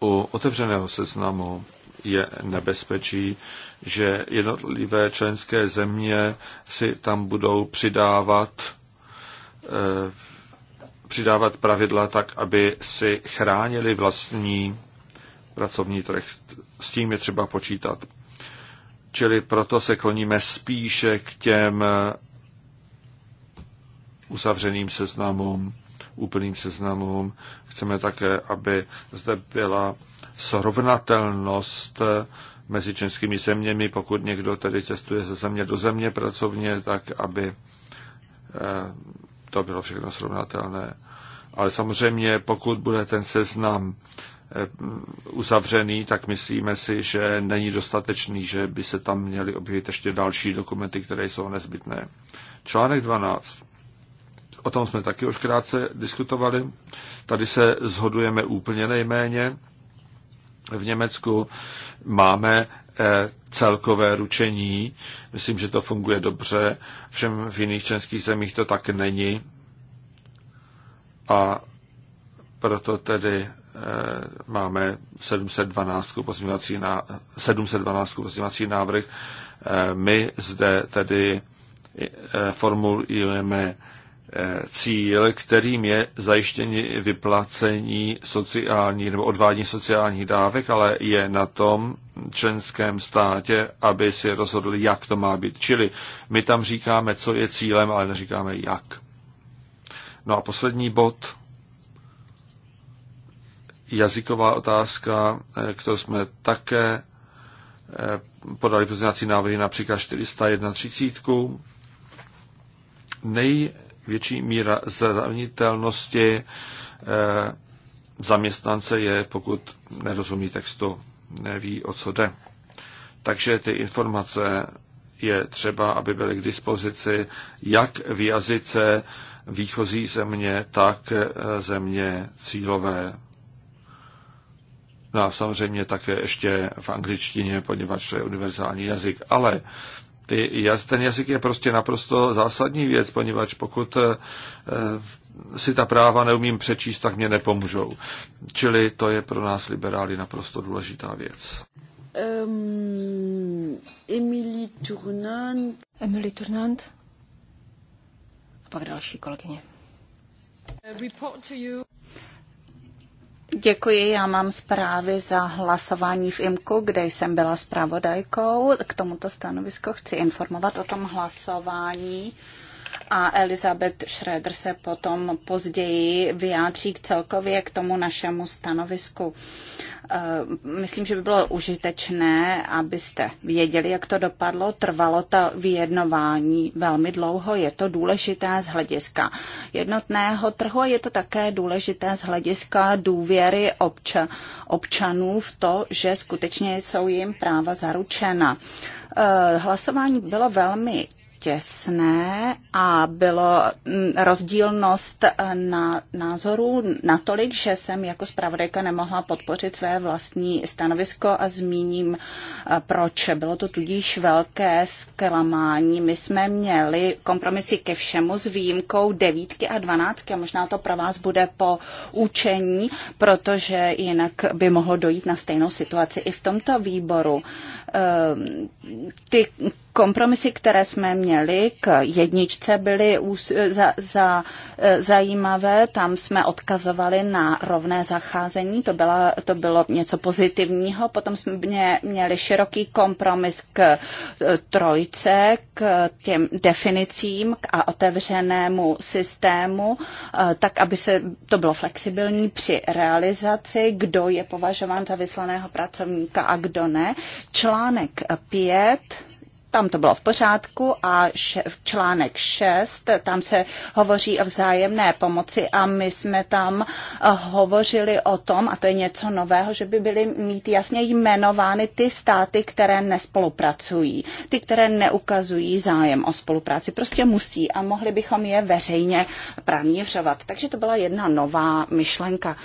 Speaker 2: U otevřeného seznamu je nebezpečí, že jednotlivé členské země si tam budou přidávat eh, přidávat pravidla tak, aby si chránili vlastní pracovní trh. S tím je třeba počítat. Čili proto se kloníme spíše k těm uzavřeným seznamům, úplným seznamům. Chceme také, aby zde byla srovnatelnost mezi českými zeměmi, pokud někdo tedy cestuje ze země do země pracovně, tak aby eh, to bylo všechno srovnatelné. Ale samozřejmě, pokud bude ten seznam eh, uzavřený, tak myslíme si, že není dostatečný, že by se tam měly objevit ještě další dokumenty, které jsou nezbytné. Článek 12. O tom jsme taky už krátce diskutovali. Tady se zhodujeme úplně nejméně v Německu máme eh, celkové ručení. Myslím, že to funguje dobře. Všem v jiných českých zemích to tak není. A proto tedy eh, máme 712 pozměňovací, na, 712 pozměňovací návrh. Eh, my zde tedy formulujeme cíl, kterým je zajištění vyplacení sociální nebo odvádění sociálních dávek, ale je na tom členském státě, aby si rozhodli, jak to má být. Čili my tam říkáme, co je cílem, ale neříkáme jak. No a poslední bod, jazyková otázka, eh, kterou jsme také eh, podali pozměňovací návrhy například 431 30 nej, větší míra zranitelnosti eh, zaměstnance je, pokud nerozumí textu, neví, o co jde. Takže ty informace je třeba, aby byly k dispozici jak v jazyce výchozí země, tak eh, země cílové. No a samozřejmě také ještě v angličtině, poněvadž to je univerzální jazyk. Ale ty, ten jazyk je prostě naprosto zásadní věc, poněvadž pokud eh, si ta práva neumím přečíst, tak mě nepomůžou. Čili to je pro nás liberály naprosto důležitá věc.
Speaker 1: Um, Emily Turnant. Emily Turnant. A pak další kolegyně. Report to you.
Speaker 3: Děkuji, já mám zprávy za hlasování v IMKU, kde jsem byla zpravodajkou. K tomuto stanovisku chci informovat o tom hlasování a Elizabeth Schroeder se potom později vyjádří k celkově k tomu našemu stanovisku. Eh, myslím, že by bylo užitečné, abyste věděli, jak to dopadlo. Trvalo to vyjednování velmi dlouho. Je to důležité z hlediska jednotného trhu a je to také důležité z hlediska důvěry obča, občanů v to, že skutečně jsou jim práva zaručena eh, hlasování bylo velmi těsné a bylo mm, rozdílnost eh, na názoru natolik, že jsem jako zpravodajka nemohla podpořit své vlastní stanovisko a zmíním eh, proč. Bylo to tudíž velké zklamání. My jsme měli kompromisy ke všemu s výjimkou devítky a dvanáctky a možná to pro vás bude po učení, protože jinak by mohlo dojít na stejnou situaci i v tomto výboru. Ehm, ty Kompromisy, které jsme měli k jedničce, byly ús, za, za, eh, zajímavé. Tam jsme odkazovali na rovné zacházení, to, byla, to bylo něco pozitivního. Potom jsme mě, měli široký kompromis k eh, trojce, k těm definicím a otevřenému systému, eh, tak aby se to bylo flexibilní při realizaci, kdo je považován za vyslaného pracovníka a kdo ne. Článek 5 tam to bylo v pořádku a článek 6, tam se hovoří o vzájemné pomoci a my jsme tam eh, hovořili o tom, a to je něco nového, že by byly mít jasně jmenovány ty státy, které nespolupracují, ty, které neukazují zájem o spolupráci. Prostě musí a mohli bychom je veřejně pranířovat. Takže to byla jedna nová myšlenka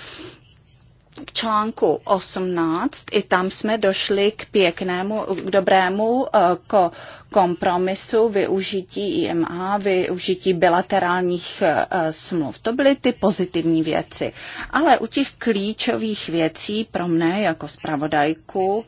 Speaker 3: k článku 18, i tam jsme došli k pěknému, k dobrému eh, ko, kompromisu využití IMA, využití bilaterálních eh, smluv. To byly ty pozitivní věci. Ale u těch klíčových věcí pro mne jako zpravodajku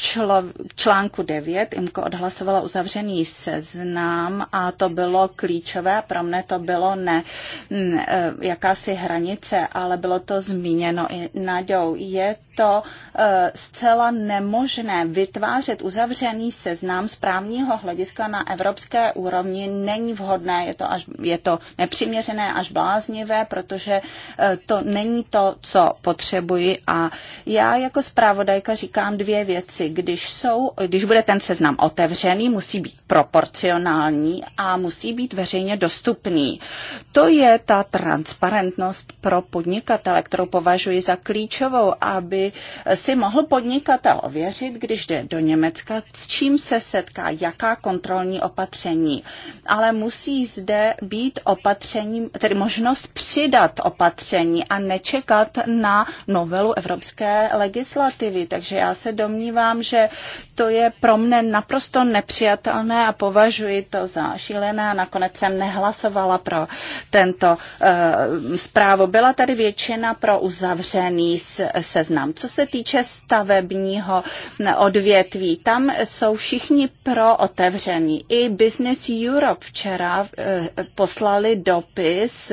Speaker 3: člo, článku 9 IMKO odhlasovala uzavřený seznam a to bylo klíčové, pro mne to bylo ne, ne jakási hranice, ale bylo to zmíněno i Naďou. Je to eh, zcela nemožné vytvářet uzavřený seznam z právního hlediska na evropské úrovni není vhodné, je to, až, je to nepřiměřené až bláznivé, protože eh, to není to, co potřebuji a já jako zpravodajka říkám dvě věci. Když, jsou, když bude ten seznam otevřený, musí být proporcionální a musí být veřejně dostupný. To je ta transparentnost pro podnikatele, kterou považuji za klíčovou, aby si mohl podnikatel ověřit, když jde do Německa, s čím se setká, jaká kontrolní opatření. Ale musí zde být opatření, tedy možnost přidat opatření a nečekat na novelu evropské legislativy. Takže já se domnívám, že to je pro mne naprosto nepřijatelné a považuji to za šílené a nakonec jsem nehlasovala pro tento uh, zprávu. Byla tady většina pro uzavřený seznam. Co se týče stavebního odvětví, tam jsou všichni pro otevření. I Business Europe včera eh, poslali dopis,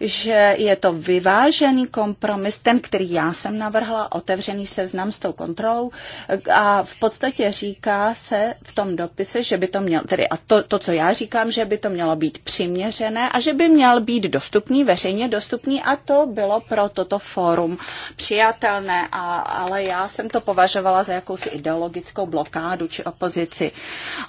Speaker 3: že je to vyvážený kompromis, ten, který já jsem navrhla, otevřený seznam s tou kontrolou eh, a v podstatě říká se v tom dopise, že by to mělo, tedy a to, to, co já říkám, že by to mělo být přiměřené a že by měl být dostupný, veřejně dostupný a to bylo pro toto fórum přijatelné a, ale já jsem to považovala za jakousi ideologickou blokádu či opozici.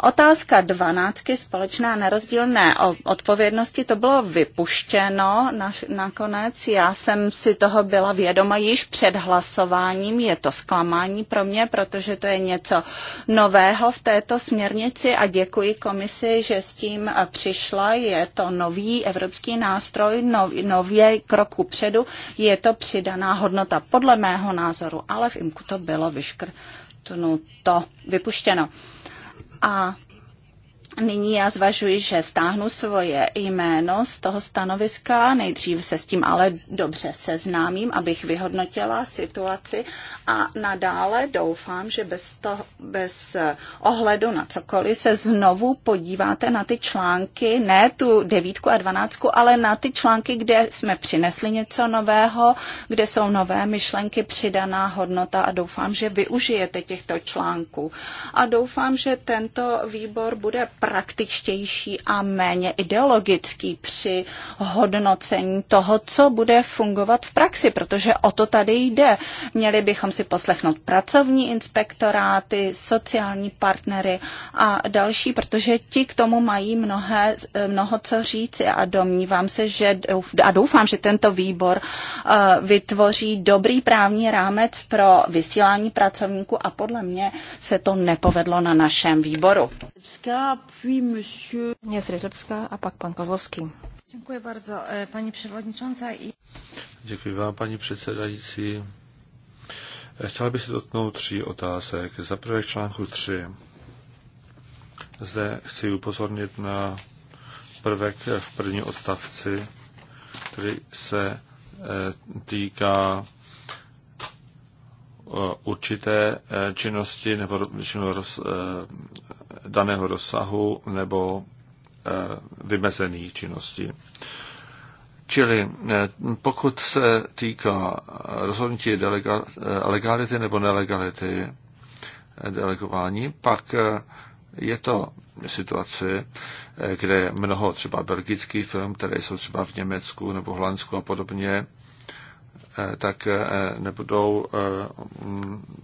Speaker 3: Otázka dvanáctky společná na rozdílné odpovědnosti, to bylo vypuštěno na, nakonec. Já jsem si toho byla vědoma již před hlasováním. Je to zklamání pro mě, protože to je něco nového v této směrnici a děkuji komisi, že s tím přišla. Je to nový evropský nástroj, nov, nově kroku předu. Je to přidaná hodnota. Podle mého názoru názoru, ale v IMKU to bylo vyškrtnuto, vypuštěno. A Nyní já zvažuji, že stáhnu svoje jméno z toho stanoviska, nejdřív se s tím ale dobře seznámím, abych vyhodnotila situaci a nadále doufám, že bez, toho, bez eh, ohledu na cokoliv se znovu podíváte na ty články, ne tu devítku a dvanáctku, ale na ty články, kde jsme přinesli něco nového, kde jsou nové myšlenky, přidaná hodnota a doufám, že využijete těchto článků. A doufám, že tento výbor bude praktičtější a méně ideologický při hodnocení toho, co bude fungovat v praxi, protože o to tady jde. Měli bychom si poslechnout pracovní inspektoráty, sociální partnery a další, protože ti k tomu mají mnohé, mnoho co říci a domnívám se, že a doufám, že tento výbor eh, vytvoří dobrý právní rámec pro vysílání pracovníků a podle mě se to nepovedlo na našem výboru. Evropská puis monsieur... a pak pan Kozlovský.
Speaker 1: Děkuji bardzo, eh, paní předsedající.
Speaker 2: Děkuji eh, bych se dotknout tří otázek. Za prvé článku 3. Zde chci upozornit na prvek v první odstavci, který se eh, týká určité činnosti nebo daného rozsahu nebo eh, vymezených činností. Čili eh, pokud se týká rozhodnutí delega, eh, legality nebo nelegality delegování, pak je to situace, kde mnoho třeba belgických firm, které jsou třeba v Německu nebo Holandsku a podobně, tak nebudou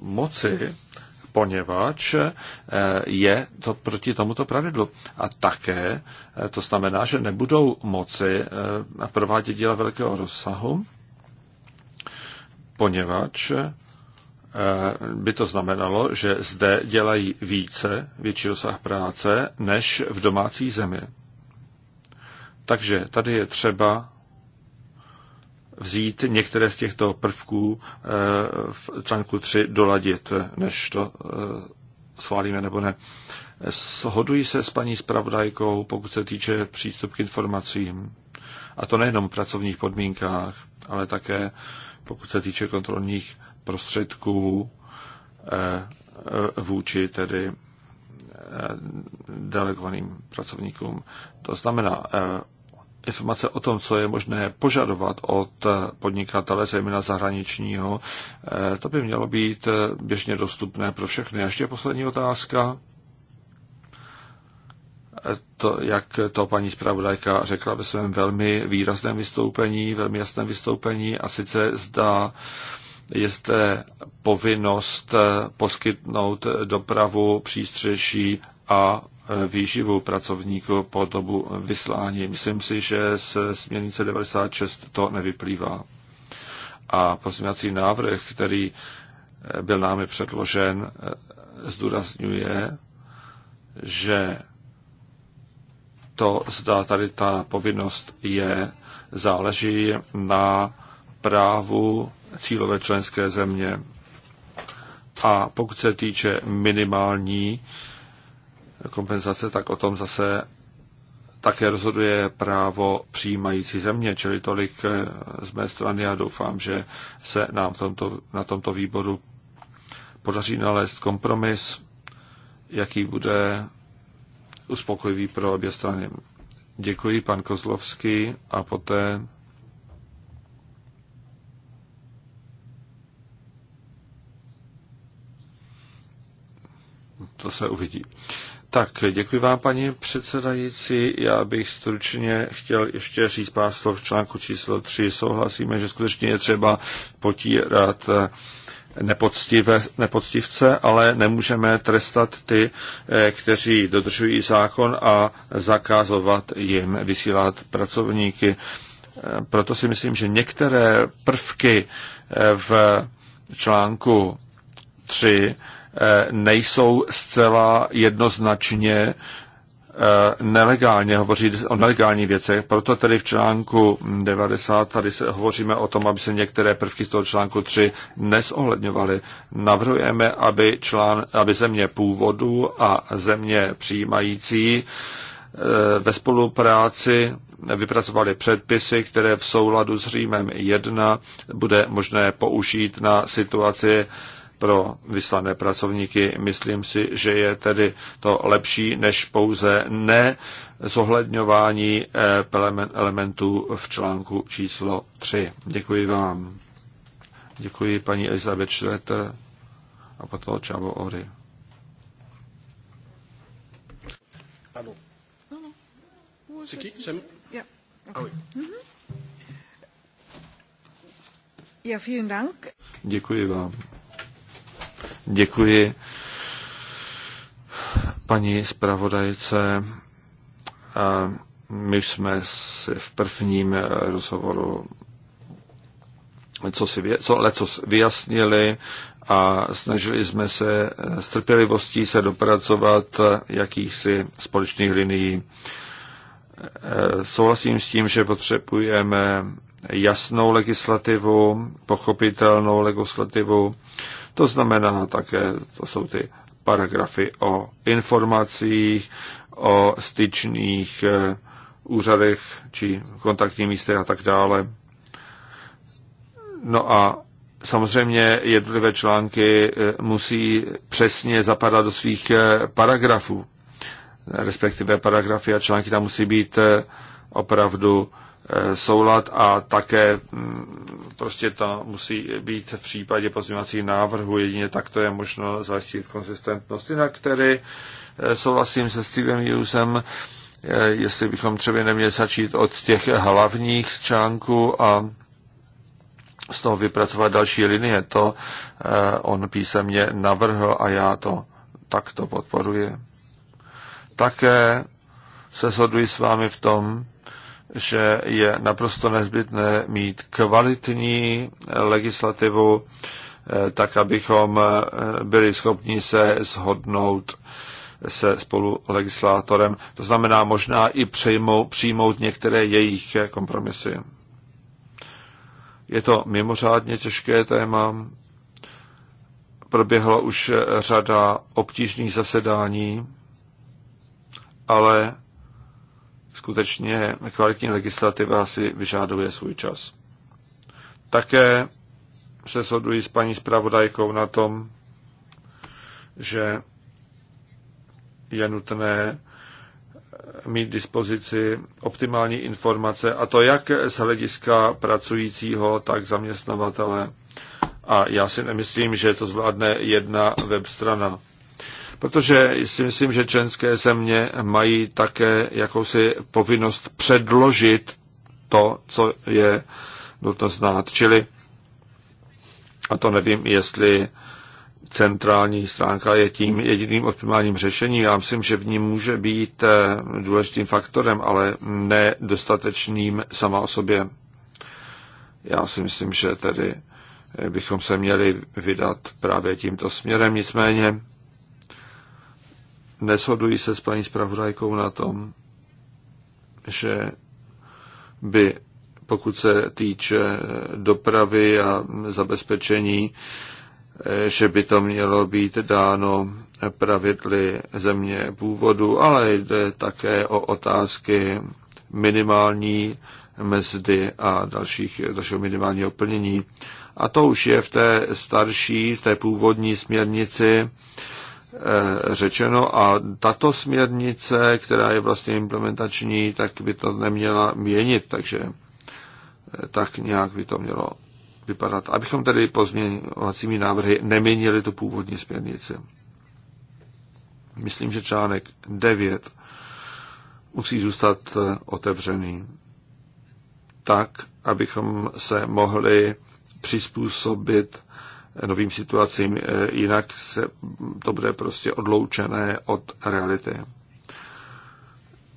Speaker 2: moci poněvadž eh, je to proti tomuto pravidlu. A také eh, to znamená, že nebudou moci eh, provádět díla velkého rozsahu, poněvadž by to znamenalo, že zde dělají více, větší rozsah práce, než v domácí zemi. Takže tady je třeba vzít některé z těchto prvků eh, v článku 3 doladit, než to eh, schválíme nebo ne. Shoduji se s paní zpravodajkou, pokud se týče přístup k informacím. A to nejenom v pracovních podmínkách, ale také pokud se týče kontrolních prostředků eh, vůči tedy delegovaným pracovníkům. To znamená informace o tom, co je možné požadovat od podnikatele, zejména zahraničního, eh, to by mělo být eh, běžně dostupné pro všechny. ještě poslední otázka. Eh, to, jak to paní zpravodajka řekla ve svém velmi výrazném vystoupení, velmi jasném vystoupení, a sice zdá, je zde povinnost poskytnout dopravu přístřeší a výživu pracovníků po dobu vyslání. Myslím si, že z směrnice 96 to nevyplývá. A pozměňovací návrh, který eh, byl námi předložen, eh, zdůrazňuje, že to, zda tady ta povinnost je, záleží na právu cílové členské země. A pokud se týče minimální kompenzace, tak o tom zase také rozhoduje právo přijímající země, čili tolik eh, z mé strany a doufám, že se nám tomto, na tomto výboru podaří nalézt kompromis, jaký bude uspokojivý pro obě strany. Děkuji, pan Kozlovský, a poté to se uvidí. Tak, děkuji vám, paní předsedající. Já bych stručně chtěl ještě říct pár slov v článku číslo 3. Souhlasíme, že skutečně je třeba potírat eh, nepoctivé, nepoctivce, ale nemůžeme trestat ty, eh, kteří dodržují zákon a zakázovat jim vysílat pracovníky. Eh, proto si myslím, že některé prvky v článku 3 Eh, nejsou zcela jednoznačně eh, nelegálně, hovoří o nelegální věcech. Proto tedy v článku 90 tady se hovoříme o tom, aby se některé prvky z toho článku 3 nezohledňovaly. Navrhujeme, aby, člán, aby země původu a země přijímající eh, ve spolupráci vypracovali předpisy, které v souladu s Římem 1 bude možné použít na situaci pro vyslané pracovníky. Myslím si, že je tedy to lepší než pouze ne zohledňování eh, elementů v článku číslo 3. Děkuji vám. Děkuji paní Elizabeth Schroeter a potom Čavo Ory.
Speaker 3: Pardon. No, no. Ja, mhm. vielen Dank.
Speaker 2: Děkuji vám. Děkuji paní zpravodajce. My jsme si v prvním rozhovoru co si co lecos vyjasnili a snažili jsme se s trpělivostí se dopracovat jakýchsi společných linií. Souhlasím s tím, že potřebujeme jasnou legislativu, pochopitelnou legislativu, to znamená také, to jsou ty paragrafy o informacích, o styčných eh, úřadech či kontaktních místech a tak dále. No a samozřejmě jednotlivé články eh, musí přesně zapadat do svých eh, paragrafů, respektive paragrafy a články tam musí být opravdu Eh, soulad a také mm, prostě to musí být v případě pozměňovacích návrhů. Jedině tak to je možno zajistit konzistentnost. Jinak tedy eh, souhlasím se Stevem Hughesem, eh, jestli bychom třeba neměli začít od těch hlavních článků a z toho vypracovat další linie. To on písemně navrhl a já to takto podporuji. Také se shoduji s vámi v tom, že je naprosto nezbytné mít kvalitní legislativu, eh, tak abychom eh, byli schopni se shodnout se legislátorem. To znamená možná i přijmout, přijmout některé jejich kompromisy. Je to mimořádně těžké téma. Proběhla už řada obtížných zasedání, ale skutečně kvalitní legislativa si vyžáduje svůj čas. Také se shoduji s paní zpravodajkou na tom, že je nutné mít dispozici optimální informace, a to jak z hlediska pracujícího, tak zaměstnavatele. A já si nemyslím, že to zvládne jedna web strana protože si myslím, že členské země mají také jakousi povinnost předložit to, co je nutno znát. Čili, a to nevím, jestli centrální stránka je tím jediným optimálním řešením. Já myslím, že v ní může být eh, důležitým faktorem, ale ne dostatečným sama o sobě. Já si myslím, že tedy eh, bychom se měli vydat právě tímto směrem. Nicméně neshoduji se s paní zpravodajkou na tom, že by, pokud se týče dopravy a zabezpečení, že by to mělo být dáno pravidly země původu, ale jde také o otázky minimální mzdy a dalších, dalšího minimálního plnění. A to už je v té starší, v té původní směrnici, Eh, řečeno a tato směrnice, která je vlastně implementační, tak by to neměla měnit, takže eh, tak nějak by to mělo vypadat. Abychom tedy pozměňovacími návrhy neměnili tu původní směrnici. Myslím, že článek 9 musí zůstat eh, otevřený tak, abychom se mohli přizpůsobit novým situacím, e, jinak se to bude prostě odloučené od reality.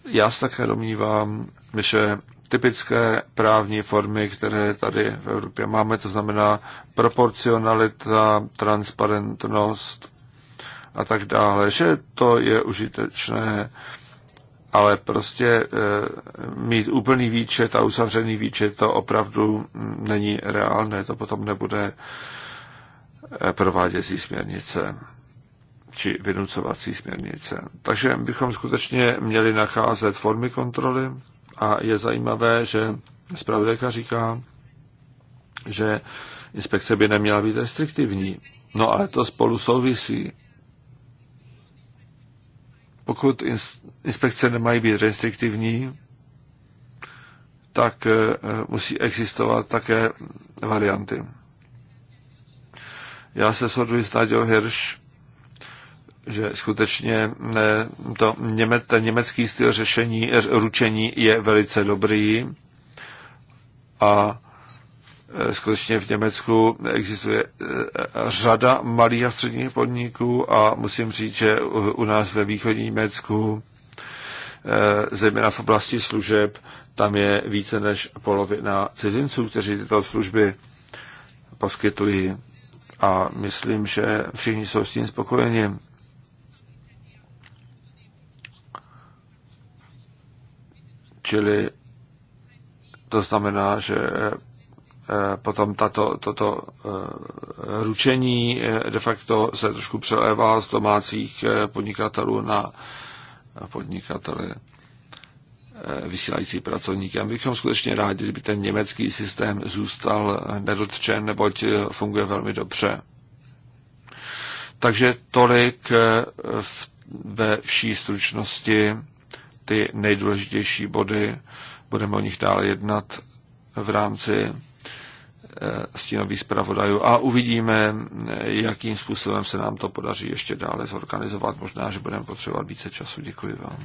Speaker 2: Já se také domnívám, že typické právní formy, které tady v Evropě máme, to znamená proporcionalita, transparentnost a tak dále, že to je užitečné, ale prostě e, mít úplný výčet a uzavřený výčet, to opravdu mm, není reálné, to potom nebude prováděcí směrnice či vynucovací směrnice. Takže bychom skutečně měli nacházet formy kontroly a je zajímavé, že zpravodajka říká, že inspekce by neměla být restriktivní. No ale to spolu souvisí. Pokud inspekce nemají být restriktivní, tak eh, musí existovat také varianty. Já se shoduji s Nadějou Hirsch, že skutečně eh, to něme, ten německý styl řešení, ručení je velice dobrý a eh, skutečně v Německu existuje eh, řada malých a středních podniků a musím říct, že u nás ve východní Německu, zejména v oblasti služeb, tam je více než polovina cizinců, kteří tyto služby poskytují a myslím, že všichni jsou s tím spokojeni. Čili to znamená, že eh, potom tato, toto eh, ručení eh, de facto se trošku přelévá z domácích podnikatelů na podnikatele. Eh, vysílající pracovníky. A my bychom skutečně rádi, kdyby ten německý systém zůstal eh, nedotčen, neboť eh, funguje velmi dobře. Takže tolik v, ve vší stručnosti ty nejdůležitější body. Budeme o nich dále jednat v rámci stínových zpravodajů a uvidíme, jakým způsobem se nám to podaří ještě dále zorganizovat. Možná, že budeme potřebovat více času. Děkuji vám.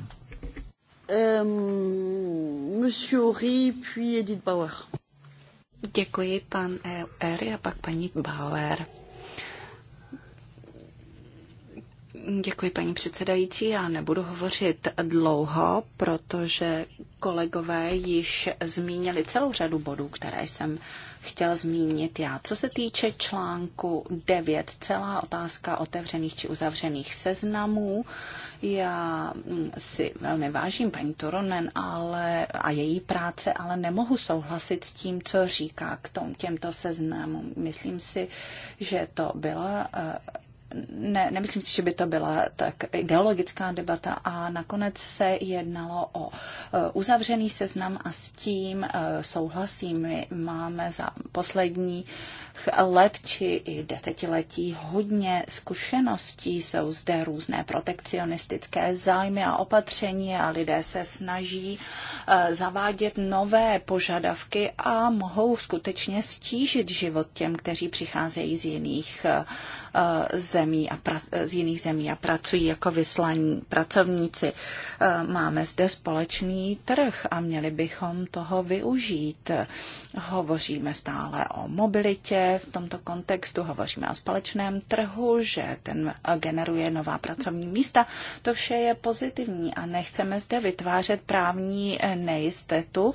Speaker 3: Euh, Monsieur Horry, puis Edith Bauer. Děkuji, pan e- Ery a pak paní Bauer. Děkuji, paní předsedající. Já nebudu hovořit dlouho, protože kolegové již zmínili celou řadu bodů, které jsem chtěl zmínit já. Co se týče článku 9, celá otázka otevřených či uzavřených seznamů, já mm, si velmi vážím paní Toronen ale, a její práce, ale nemohu souhlasit s tím, co říká k tom, těmto seznamům. Myslím si, že to byla eh, ne, nemyslím si, že by to byla tak ideologická debata a nakonec se jednalo o e, uzavřený seznam a s tím e, souhlasím. My máme za poslední let či i desetiletí hodně zkušeností. Jsou zde různé protekcionistické zájmy a opatření a lidé se snaží e, zavádět nové požadavky a mohou skutečně stížit život těm, kteří přicházejí z jiných Eh, zemí a pra, eh, z jiných zemí a pracují jako vyslaní pracovníci. Eh, máme zde společný trh a měli bychom toho využít. Hovoříme stále o mobilitě v tomto kontextu, hovoříme o společném trhu, že ten generuje nová pracovní místa. To vše je pozitivní a nechceme zde vytvářet právní nejistotu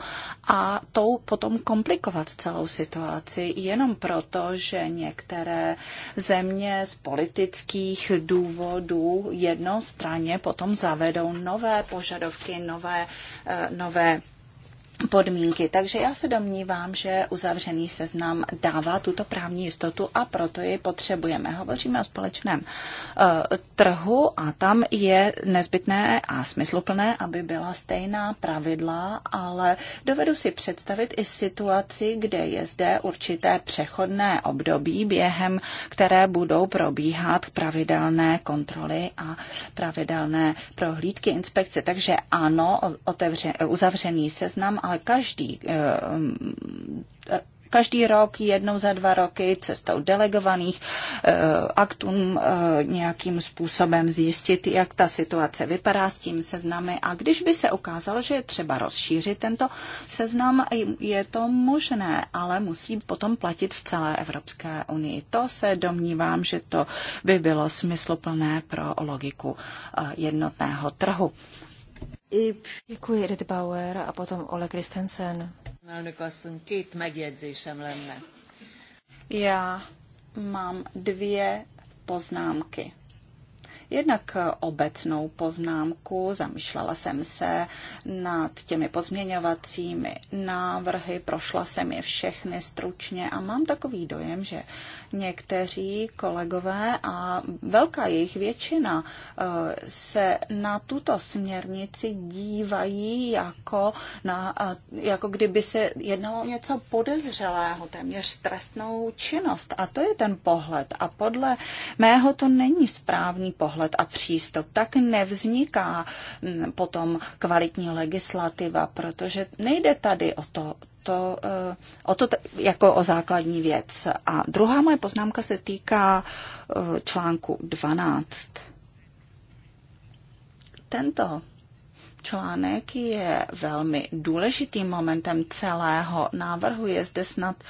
Speaker 3: a tou potom komplikovat celou situaci jenom proto, že některé země z politických důvodů jednostranně potom zavedou nové požadavky, nové, eh, nové podmínky. Takže já se domnívám, že uzavřený seznam dává tuto právní jistotu a proto ji potřebujeme. Hovoříme o společném uh, trhu a tam je nezbytné a smysluplné, aby byla stejná pravidla, ale dovedu si představit i situaci, kde je zde určité přechodné období, během které budou probíhat pravidelné kontroly a pravidelné prohlídky inspekce. Takže ano, otevře, uzavřený seznam, ale ale každý ehm, každý rok, jednou za dva roky, cestou delegovaných eh, aktům eh, nějakým způsobem zjistit, jak ta situace vypadá s tím seznamy. A když by se ukázalo, že je třeba rozšířit tento seznam, je to možné, ale musí potom platit v celé Evropské unii. To se domnívám, že to by bylo smysluplné pro logiku eh, jednotného trhu. Děkuji Edith Bauer a potom Ole Kristensen.
Speaker 1: Két megjegyzésem lenne.
Speaker 3: Já mám dvě poznámky. Jednak obecnou poznámku, zamýšlela jsem se nad těmi pozměňovacími návrhy, prošla jsem je všechny stručně a mám takový dojem, že někteří kolegové a velká jejich většina eh, se na tuto směrnici dívají jako, na, eh, jako kdyby se jednalo o něco podezřelého, téměř trestnou činnost. A to je ten pohled. A podle mého to není správný pohled pohled a přístup, tak nevzniká mm, potom kvalitní legislativa, protože nejde tady o to, to, eh, o to jako o základní věc. A druhá moje poznámka se týká eh, článku 12. Tento článek je velmi důležitým momentem celého návrhu. Je zde snad uh,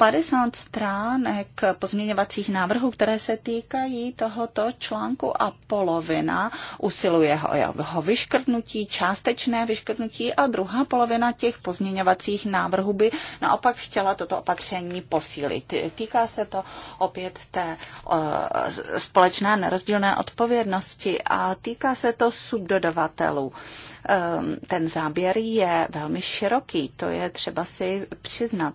Speaker 3: 50 stránek pozměňovacích návrhů, které se týkají tohoto článku a polovina usiluje ho jeho vyškrtnutí, částečné vyškrtnutí a druhá polovina těch pozměňovacích návrhů by naopak chtěla toto opatření posílit. Týká se to opět té uh, společné nerozdílné odpovědnosti a týká se to subdodavatelů ehm, ten záběr je velmi široký, to je třeba si přiznat.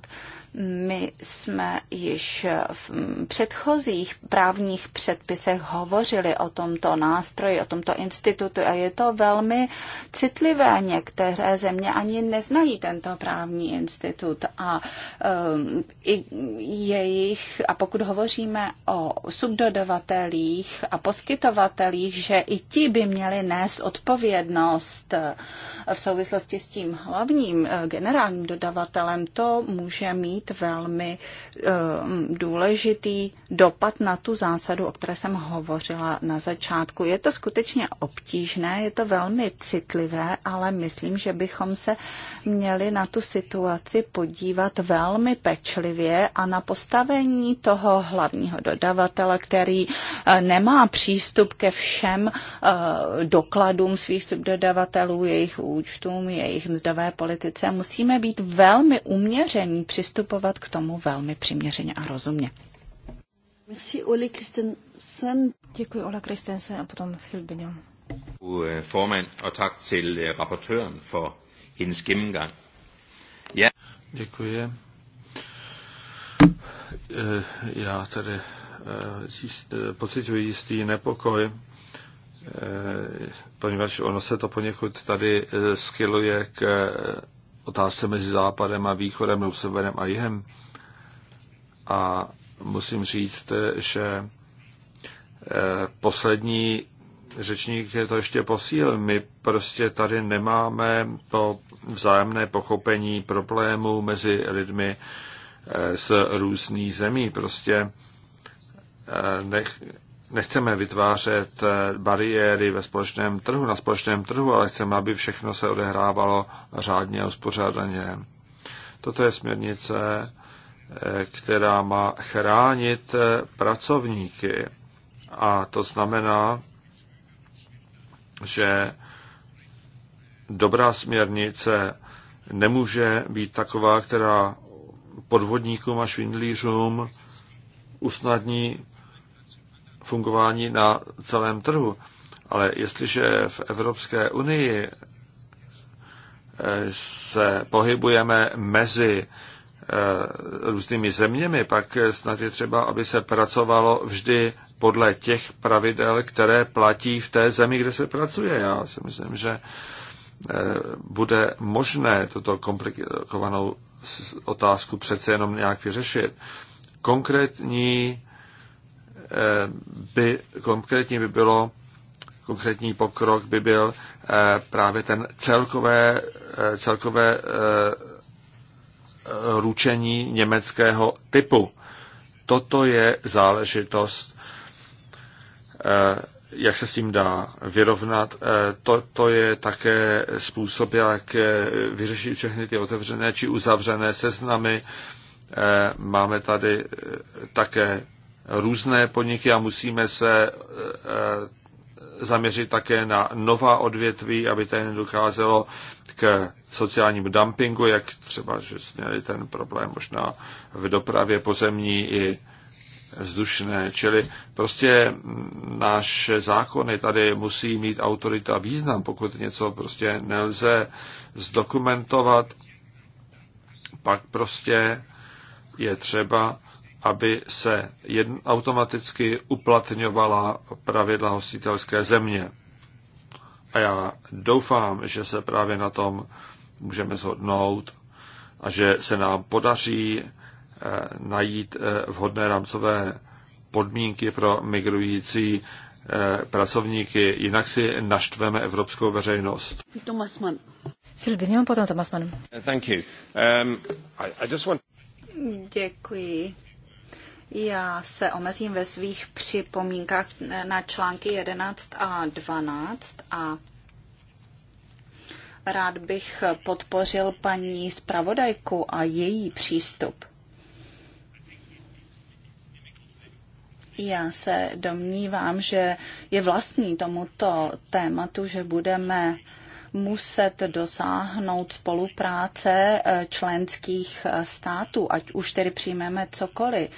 Speaker 3: My jsme již v předchozích právních předpisech hovořili o tomto nástroji, o tomto institutu a je to velmi citlivé. Některé země ani neznají tento právní institut a um, i jejich, a pokud hovoříme o subdodavatelích a poskytovatelích, že i ti by měli nést odpovědnost uh, v souvislosti s tím hlavním uh, generálním dodavatelem, to může mít mít velmi eh, důležitý dopad na tu zásadu, o které jsem hovořila na začátku. Je to skutečně obtížné, je to velmi citlivé, ale myslím, že bychom se měli na tu situaci podívat velmi pečlivě a na postavení toho hlavního dodavatele, který eh, nemá přístup ke všem eh, dokladům svých subdodavatelů, jejich účtům, jejich mzdové politice. Musíme být velmi uměření, přistupovat přistupovat k tomu velmi přiměřeně a rozumně. Merci Ole Christensen. Děkuji
Speaker 1: Ola Christensen a potom Phil
Speaker 2: eh, Formand, og tak til eh, rapportøren for hendes gennemgang. Ja. Děkuji. Eh, já tady pocituji jistý nepokoj, poněvadž ono se to poněkud tady skiluje k otázce mezi západem a východem, nebo severem a jihem. A musím říct, že eh, poslední řečník je to ještě posíl. My prostě tady nemáme to vzájemné pochopení problémů mezi lidmi eh, z různých zemí. Prostě eh, nech, nechceme vytvářet eh, bariéry ve společném trhu, na společném trhu, ale chceme, aby všechno se odehrávalo řádně a uspořádaně. Toto je směrnice, eh, která má chránit eh, pracovníky. A to znamená, že dobrá směrnice nemůže být taková, která podvodníkům a švindlířům usnadní fungování na celém trhu. Ale jestliže v Evropské unii eh, se pohybujeme mezi eh, různými zeměmi, pak snad je třeba, aby se pracovalo vždy podle těch pravidel, které platí v té zemi, kde se pracuje. Já si myslím, že eh, bude možné tuto komplikovanou otázku přece jenom nějak vyřešit. Konkrétní by konkrétní by bylo konkrétní pokrok by byl eh, právě ten celkové, eh, celkové eh, ručení německého typu. Toto je záležitost, jak se s tím dá vyrovnat. Toto je také způsob, jak vyřešit všechny ty otevřené či uzavřené seznamy. Máme tady také různé podniky a musíme se e, e, zaměřit také na nová odvětví, aby tady nedocházelo k sociálnímu dumpingu, jak třeba, že měli ten problém možná v dopravě pozemní i vzdušné. Čili prostě náš zákony tady musí mít autorita význam, pokud něco prostě nelze zdokumentovat, pak prostě je třeba aby se jedn, automaticky uplatňovala pravidla hostitelské země. A já doufám, že se právě na tom můžeme shodnout a že se nám podaří eh, najít eh, vhodné rámcové podmínky pro migrující eh, pracovníky, jinak si naštveme evropskou veřejnost.
Speaker 1: Filip, potom
Speaker 3: Tomasman.
Speaker 2: Thank you. Um, I, I just want...
Speaker 3: Děkuji. Já se omezím ve svých připomínkách na články 11 a 12 a rád bych podpořil paní zpravodajku a její přístup. Já se domnívám, že je vlastní tomuto tématu, že budeme muset dosáhnout spolupráce eh, členských eh, států, ať už tedy přijmeme cokoliv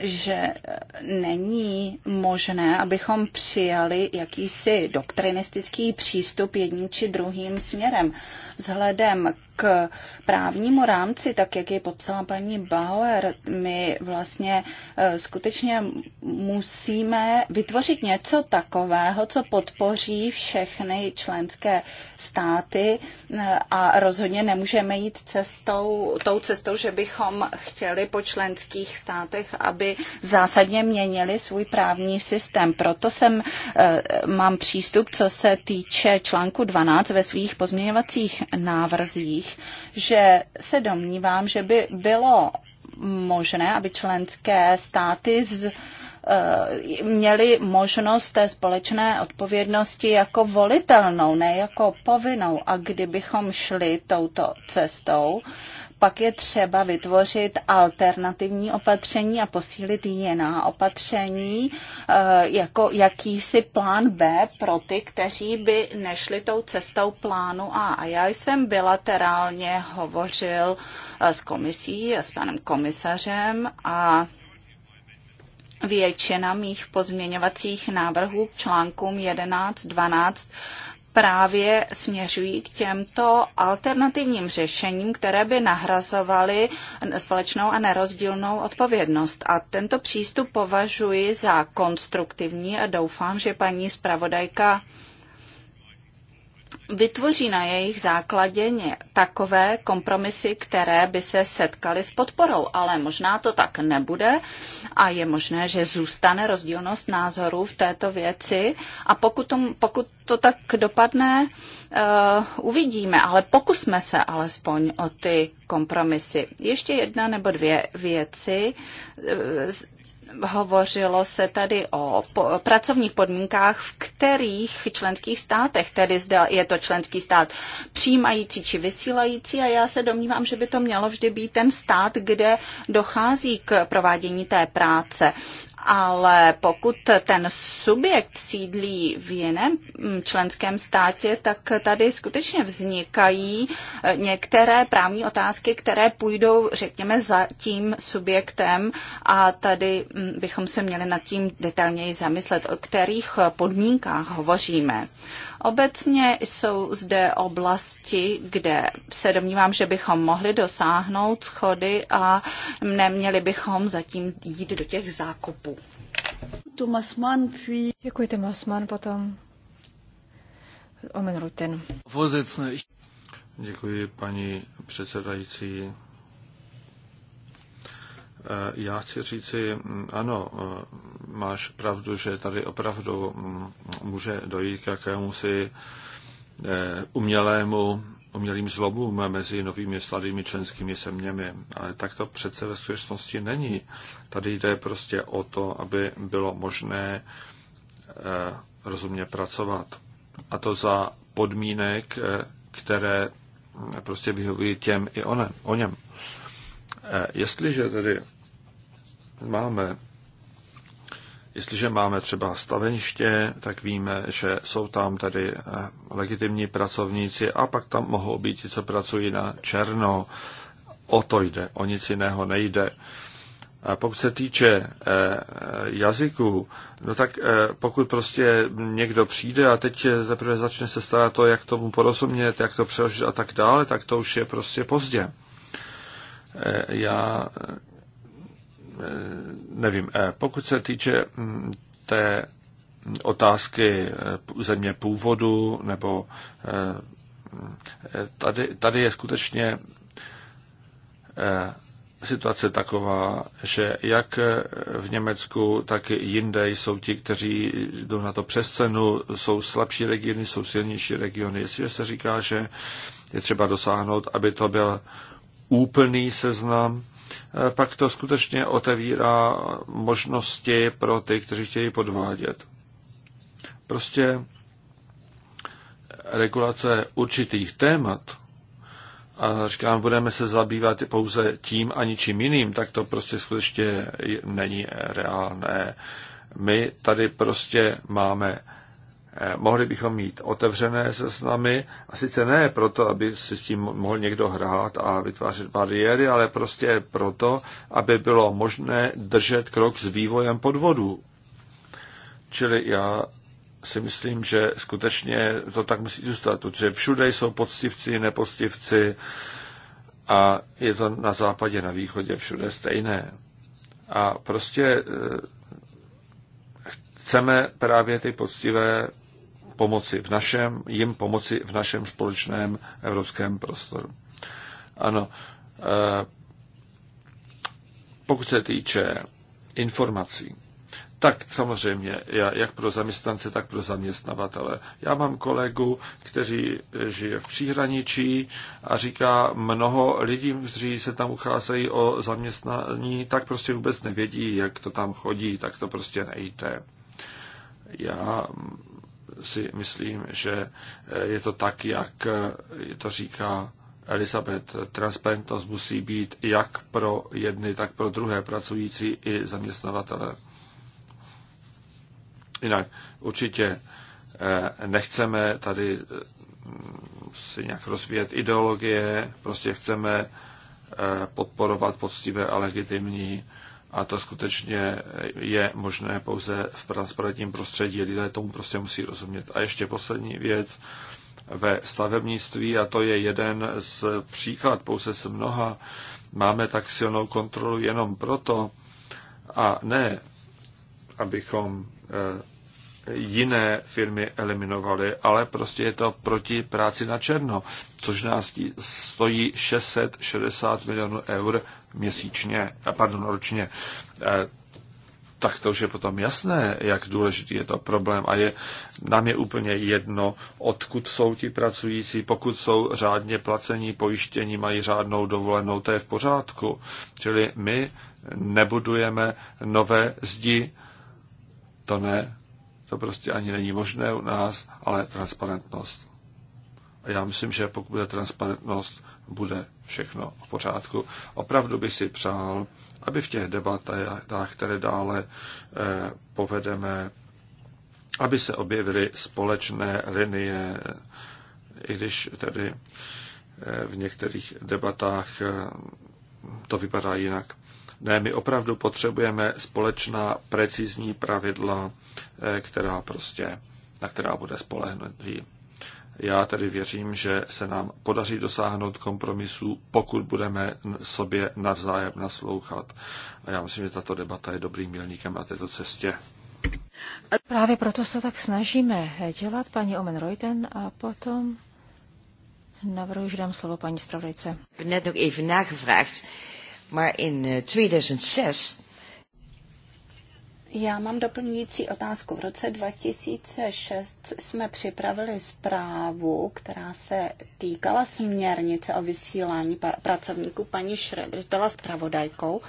Speaker 3: že eh, není možné, abychom přijali jakýsi doktrinistický přístup jedním či druhým směrem. Vzhledem k právnímu rámci, tak jak je popsala paní Bauer, my vlastně eh, skutečně musíme vytvořit něco takového, co podpoří všechny členské státy eh, a rozhodně nemůžeme jít cestou, tou cestou, že bychom chtěli po členských státech, aby zásadně měnili svůj právní systém. Proto jsem, eh, mám přístup, co se týče článku 12 ve svých pozměňovacích návrzích, zemích, že se domnívám, že by bylo možné, aby členské státy z, eh, měli možnost té společné odpovědnosti jako volitelnou, ne jako povinnou. A kdybychom šli touto cestou, pak je třeba vytvořit alternativní opatření a posílit jiná opatření, eh, jako jakýsi plán B pro ty, kteří by nešli tou cestou plánu A. A já jsem bilaterálně hovořil eh, s komisí, s panem komisařem a většina mých pozměňovacích návrhů k článkům 11, 12 právě směřují k těmto alternativním řešením, které by nahrazovaly společnou a nerozdílnou odpovědnost. A tento přístup považuji za konstruktivní a doufám, že paní zpravodajka vytvoří na jejich základě takové kompromisy, které by se setkaly s podporou, ale možná to tak nebude a je možné, že zůstane rozdílnost názorů v této věci a pokud, to, pokud to tak dopadne, uh, uvidíme, ale pokusme se alespoň o ty kompromisy. Ještě jedna nebo dvě věci. Eh, Hovořilo se tady o po, pracovních podmínkách, v kterých členských státech, tedy zde je to členský stát přijímající či vysílající a já se domnívám, že by to mělo vždy být ten stát, kde dochází k provádění té práce ale pokud ten subjekt sídlí v jiném mm, členském státě, tak tady skutečně vznikají e, některé právní otázky, které půjdou, řekněme, za tím subjektem a tady mm, bychom se měli nad tím detailněji zamyslet, o kterých podmínkách hovoříme. Obecně jsou zde oblasti, kde se domnívám, že bychom mohli dosáhnout schody a neměli bychom zatím jít do těch zákupů. Děkuji, Tomas Mann, potom Omen Rutten.
Speaker 2: Děkuji, paní předsedající. Eh, já chci říci, mm, ano, eh, máš pravdu, že tady opravdu může dojít k si eh, umělému, umělým zlomům mezi novými sladými členskými zeměmi. Ale tak to přece ve skutečnosti není. Tady jde prostě o to, aby bylo možné eh, rozumně pracovat. A to za podmínek, eh, které hm, prostě vyhovují těm i onem, o něm. Jestliže tedy máme Jestliže máme třeba staveniště, tak víme, že jsou tam tady eh, legitimní pracovníci a pak tam mohou být ti, co pracují na černo. O to jde, o nic jiného nejde. A pokud se týče eh, eh, jazyků, no tak pokud prostě někdo přijde a teď zaprvé začne se starat to, jak tomu porozumět, jak to přeložit a tak dále, tak to už je prostě pozdě. já Eh, nevím, eh, pokud se týče mm, té otázky eh, země původu, nebo mm, tady, tady je skutečně situace taková, že jak v Německu, tak i jinde jsou ti, kteří jdou na to přes cenu, jsou slabší regiony, jsou silnější regiony. Jestliže se říká, že je třeba dosáhnout, aby to byl úplný seznam, Eh, pak to skutečně otevírá možnosti pro ty, kteří chtějí podvádět. Prostě regulace určitých témat a říkám, budeme se zabývat pouze tím a ničím jiným, tak to prostě skutečně není reálné. My tady prostě máme Eh, mohli bychom mít otevřené seznamy, a sice ne proto, aby si s tím mohl někdo hrát a vytvářet bariéry, ale prostě proto, aby bylo možné držet krok s vývojem podvodů. Čili já si myslím, že skutečně to tak musí zůstat, protože všude jsou poctivci, nepoctivci a je to na západě, na východě všude stejné. A prostě eh, chceme právě ty poctivé pomoci v našem, jim pomoci v našem společném evropském prostoru. Ano, eh, pokud se týče informací, tak samozřejmě, jak pro zaměstnance, tak pro zaměstnavatele. Já mám kolegu, který žije v příhraničí a říká, mnoho lidí, kteří se tam ucházejí o zaměstnání, tak prostě vůbec nevědí, jak to tam chodí, tak to prostě nejde. Já si myslím, že eh, je to tak, jak eh, to říká Elizabeth. Transparentnost musí být jak pro jedny, tak pro druhé pracující i zaměstnavatele. Jinak určitě eh, nechceme tady si nějak rozvíjet ideologie, prostě chceme podporovat poctivé a legitimní a to skutečně je možné pouze v transparentním prostředí. Lidé tomu prostě musí rozumět. A ještě poslední věc ve stavebnictví, a to je jeden z příklad pouze z mnoha, máme tak silnou kontrolu jenom proto, a ne, abychom eh, jiné firmy eliminovali, ale prostě je to proti práci na černo, což nás stojí 660 milionů eur měsíčně, pardon, ročně, e, tak to už je potom jasné, jak důležitý je to problém. A je, nám je úplně jedno, odkud jsou ti pracující, pokud jsou řádně placení, pojištění, mají řádnou dovolenou, to je v pořádku. Čili my nebudujeme nové zdi, to ne, to prostě ani není možné u nás, ale transparentnost. A já myslím, že pokud bude transparentnost, bude všechno v pořádku. Opravdu bych si přál, aby v těch debatách, které dále eh, povedeme, aby se objevily společné linie, i když tedy eh, v některých debatách eh, to vypadá jinak. Ne, my opravdu potřebujeme společná precizní pravidla, která prostě, na která bude spolehnutí. Já tedy věřím, že se nám podaří dosáhnout kompromisu, pokud budeme sobě navzájem naslouchat. A já myslím, že tato debata je dobrým milníkem na této cestě.
Speaker 1: Právě proto se tak snažíme dělat, paní Omen Reuten, a potom
Speaker 3: navrhuji, že dám slovo paní zpravodajce.
Speaker 2: net nog even nagevraagd, maar in
Speaker 3: 2006 eh, já mám doplňující otázku. V roce 2006 jsme připravili zprávu, která se týkala směrnice o vysílání pracovníků. Paní Šredr byla zpravodajkou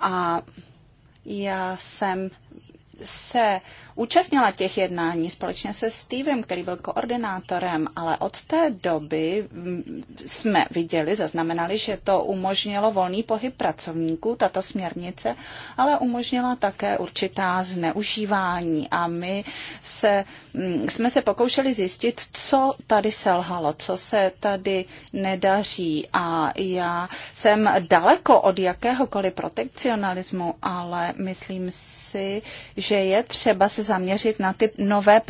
Speaker 3: a já jsem se účastnila těch jednání společně se Stevem, který byl koordinátorem, ale od té doby mm, jsme viděli, zaznamenali, že to umožnilo volný pohyb pracovníků, tato směrnice, ale umožnila také určitá zneužívání a my se, mm, jsme se pokoušeli zjistit, co tady selhalo, co se tady nedaří a já jsem daleko od jakéhokoliv protekcionalismu, ale myslím si, že že je třeba se zaměřit na ty nové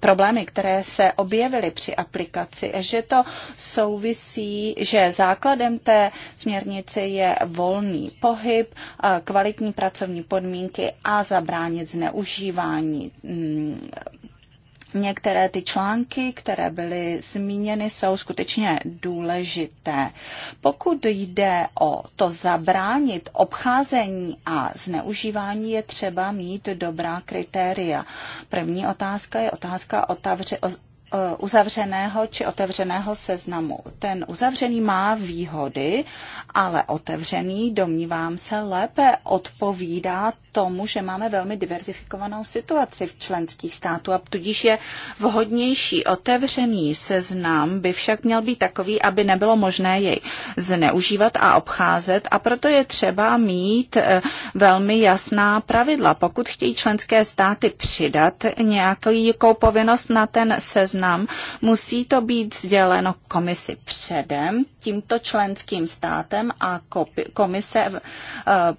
Speaker 3: problémy, které se objevily při aplikaci, že to souvisí, že základem té směrnice je volný pohyb, kvalitní pracovní podmínky a zabránit zneužívání mm, Některé ty články, které byly zmíněny, jsou skutečně důležité. Pokud jde o to zabránit obcházení a zneužívání, je třeba mít dobrá kritéria. První otázka je otázka otavře, Eh, uzavřeného či otevřeného seznamu. Ten uzavřený má výhody, ale otevřený, domnívám se, lépe odpovídá tomu, že máme velmi diverzifikovanou situaci v členských států a tudíž je vhodnější. Otevřený seznam by však měl být takový, aby nebylo možné jej zneužívat a obcházet a proto je třeba mít eh, velmi jasná pravidla. Pokud chtějí členské státy přidat nějakou povinnost na ten seznam, seznam, musí to být sděleno komisi předem, tímto členským státem a komise eh,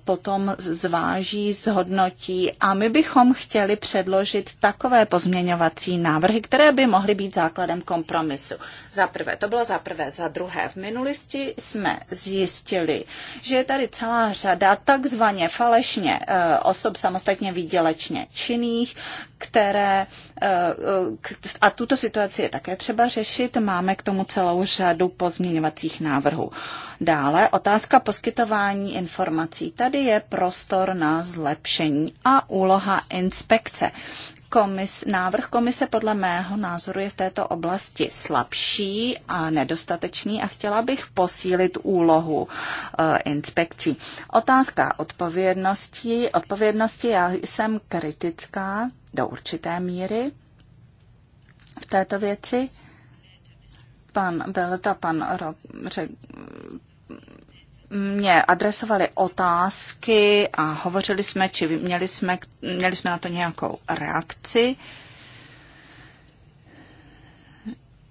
Speaker 3: potom zváží, zhodnotí a my bychom chtěli předložit takové pozměňovací návrhy, které by mohly být základem kompromisu. Za prvé, to bylo za prvé. Za druhé, v minulosti jsme zjistili, že je tady celá řada takzvaně falešně eh, osob samostatně výdělečně činných, které, eh, eh, a tuto situaci je také třeba řešit, máme k tomu celou řadu pozměňovacích návrhů. Dále otázka poskytování informací. Tady je prostor na zlepšení a úloha inspekce komis, návrh komise podle mého názoru je v této oblasti slabší a nedostatečný a chtěla bych posílit úlohu e, inspekcí. Otázka odpovědnosti. Odpovědnosti já jsem kritická do určité míry v této věci. Pan Belta, pan Ro, ře, mě adresovali otázky a hovořili jsme, či měli jsme, měli jsme na to nějakou reakci. Uh,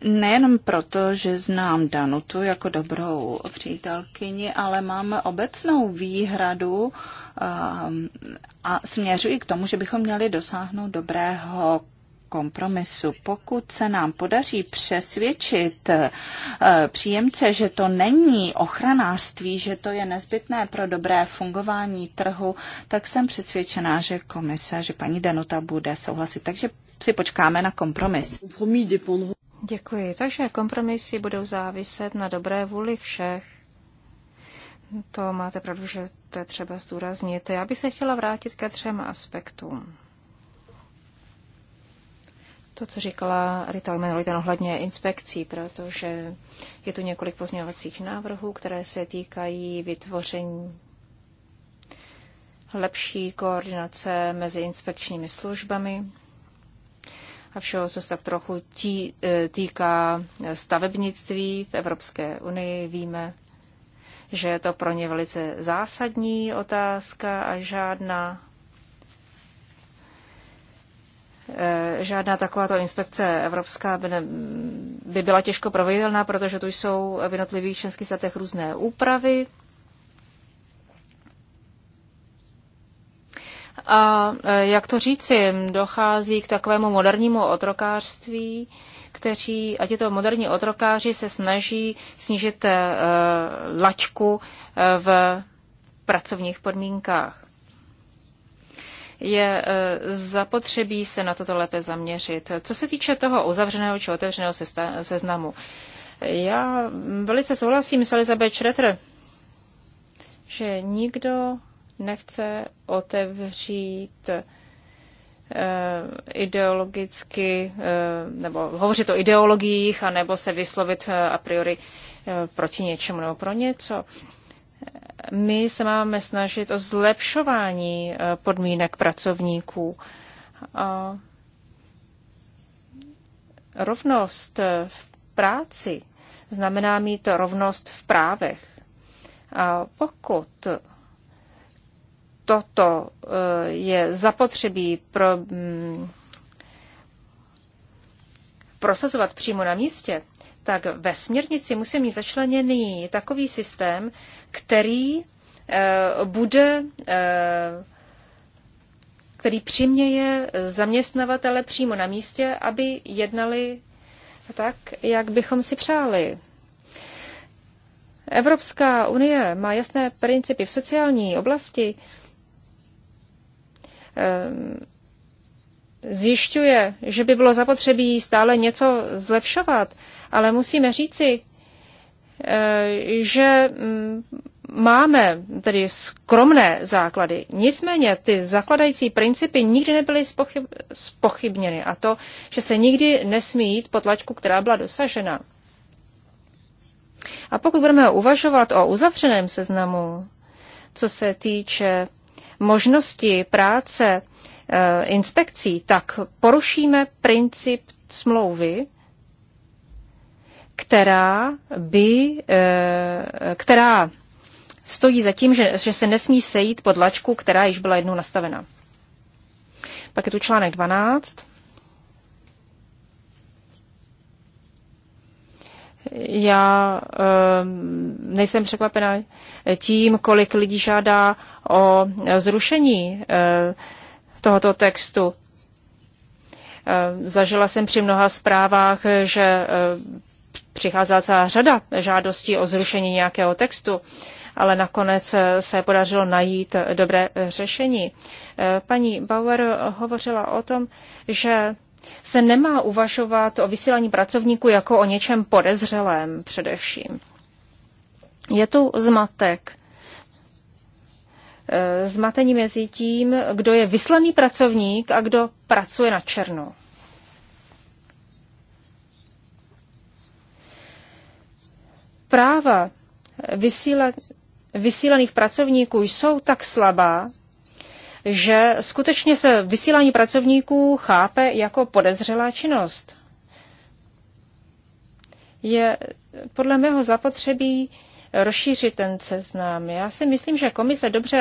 Speaker 3: nejenom proto, že znám Danutu jako dobrou přítelkyni, ale mám obecnou výhradu um, a směřuji k tomu, že bychom měli dosáhnout dobrého kompromisu. Pokud se nám podaří přesvědčit uh, příjemce, že to není ochranářství, že to je nezbytné pro dobré fungování trhu, tak jsem přesvědčená, že komise, že paní Danuta bude souhlasit. Takže si počkáme na kompromis.
Speaker 1: Děkuji. Takže kompromisy budou záviset na dobré vůli všech. To máte pravdu, že to je třeba zdůraznit. Já bych se chtěla vrátit ke třem aspektům. To, co říkala Rita Menolitan ohledně inspekcí, protože je tu několik pozměňovacích návrhů, které se týkají vytvoření lepší koordinace mezi inspekčními službami a všeho, co se tak trochu tí, e, týká stavebnictví v Evropské unii, víme, že je to pro ně velice zásadní otázka a žádná e, žádná takováto inspekce evropská by, ne, by byla těžko proveditelná, protože tu jsou v jednotlivých členských státech různé úpravy A e, jak to říci, dochází k takovému modernímu otrokářství, kteří, ať je to moderní otrokáři, se snaží snížit uh, e, lačku e, v pracovních podmínkách. Je zapotřebí se na toto lépe zaměřit. Co se týče toho uzavřeného či otevřeného seznamu, já velice souhlasím s Elizabeth Schroeder, že nikdo nechce otevřít eh, ideologicky, eh, nebo hovořit o ideologiích, anebo se vyslovit eh, a priori proti něčemu nebo pro něco. My se máme snažit o zlepšování podmínek pracovníků. A rovnost v práci znamená mít rovnost v právech. A pokud toto eh, je zapotřebí pro, mm, prosazovat přímo na místě, tak ve směrnici musí mít začleněný takový systém, který eh, bude, eh, který přiměje zaměstnavatele přímo na místě, aby jednali tak, jak bychom si přáli. Evropská unie má jasné principy v sociální oblasti, Ehm, zjišťuje, že by bylo zapotřebí stále něco zlepšovat, ale musíme říci, ehm, že mm, máme tedy skromné základy. Nicméně ty zakladající principy nikdy nebyly spochyb, spochybněny a to, že se nikdy nesmí jít po tlačku, která byla dosažena. A pokud budeme uvažovat o uzavřeném seznamu, co se týče možnosti práce eh, inspekcí, tak porušíme princip smlouvy, která by, eh, která stojí za tím, že, že se nesmí sejít pod lačku, která již byla jednou nastavena. Pak je tu článek 12. já ehm, nejsem překvapená tím, kolik lidí žádá o zrušení eh, tohoto textu. Ehm, zažila jsem při mnoha zprávách, že eh, přicházela celá řada žádostí o zrušení nějakého textu, ale nakonec eh, se podařilo najít dobré řešení. Paní Bauer hovořila o tom, že se nemá uvažovat o vysílání pracovníků jako o něčem podezřelém především. Je tu zmatek. E, Zmatení mezi tím, kdo je vyslaný pracovník a kdo pracuje na černo. Práva vysílaných pracovníků jsou tak slabá, že skutečně se vysílání pracovníků chápe jako podezřelá činnost. Je podle mého zapotřebí rozšířit ten seznam. Já si myslím, že komise dobře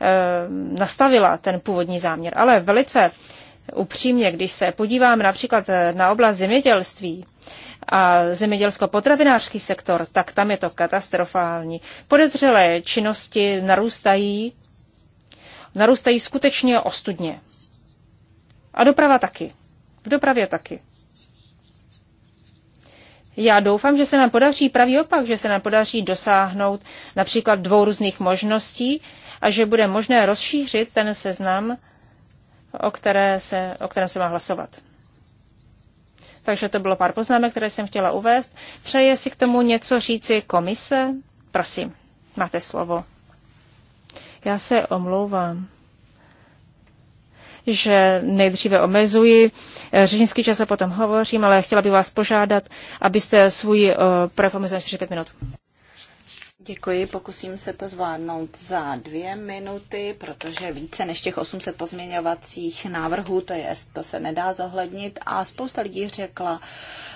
Speaker 1: eh, nastavila ten původní záměr, ale velice upřímně, když se podíváme například eh, na oblast zemědělství a zemědělsko-potravinářský sektor, tak tam je to katastrofální. Podezřelé činnosti narůstají narůstají skutečně ostudně. A doprava taky. V dopravě taky. Já doufám, že se nám podaří pravý opak, že se nám podaří dosáhnout například dvou různých možností a že bude možné rozšířit ten seznam, o, které se, o kterém se má hlasovat. Takže to bylo pár poznámek, které jsem chtěla uvést. Přeje si k tomu něco říci komise? Prosím, máte slovo. Já se omlouvám že nejdříve omezuji eh, řečnický čas a potom hovořím, ale chtěla bych vás požádat, abyste svůj projev omezili 45 minut.
Speaker 3: Děkuji, pokusím se to zvládnout za dvě minuty, protože více než těch 800 pozměňovacích návrhů, to, je, to se nedá zohlednit a spousta lidí řekla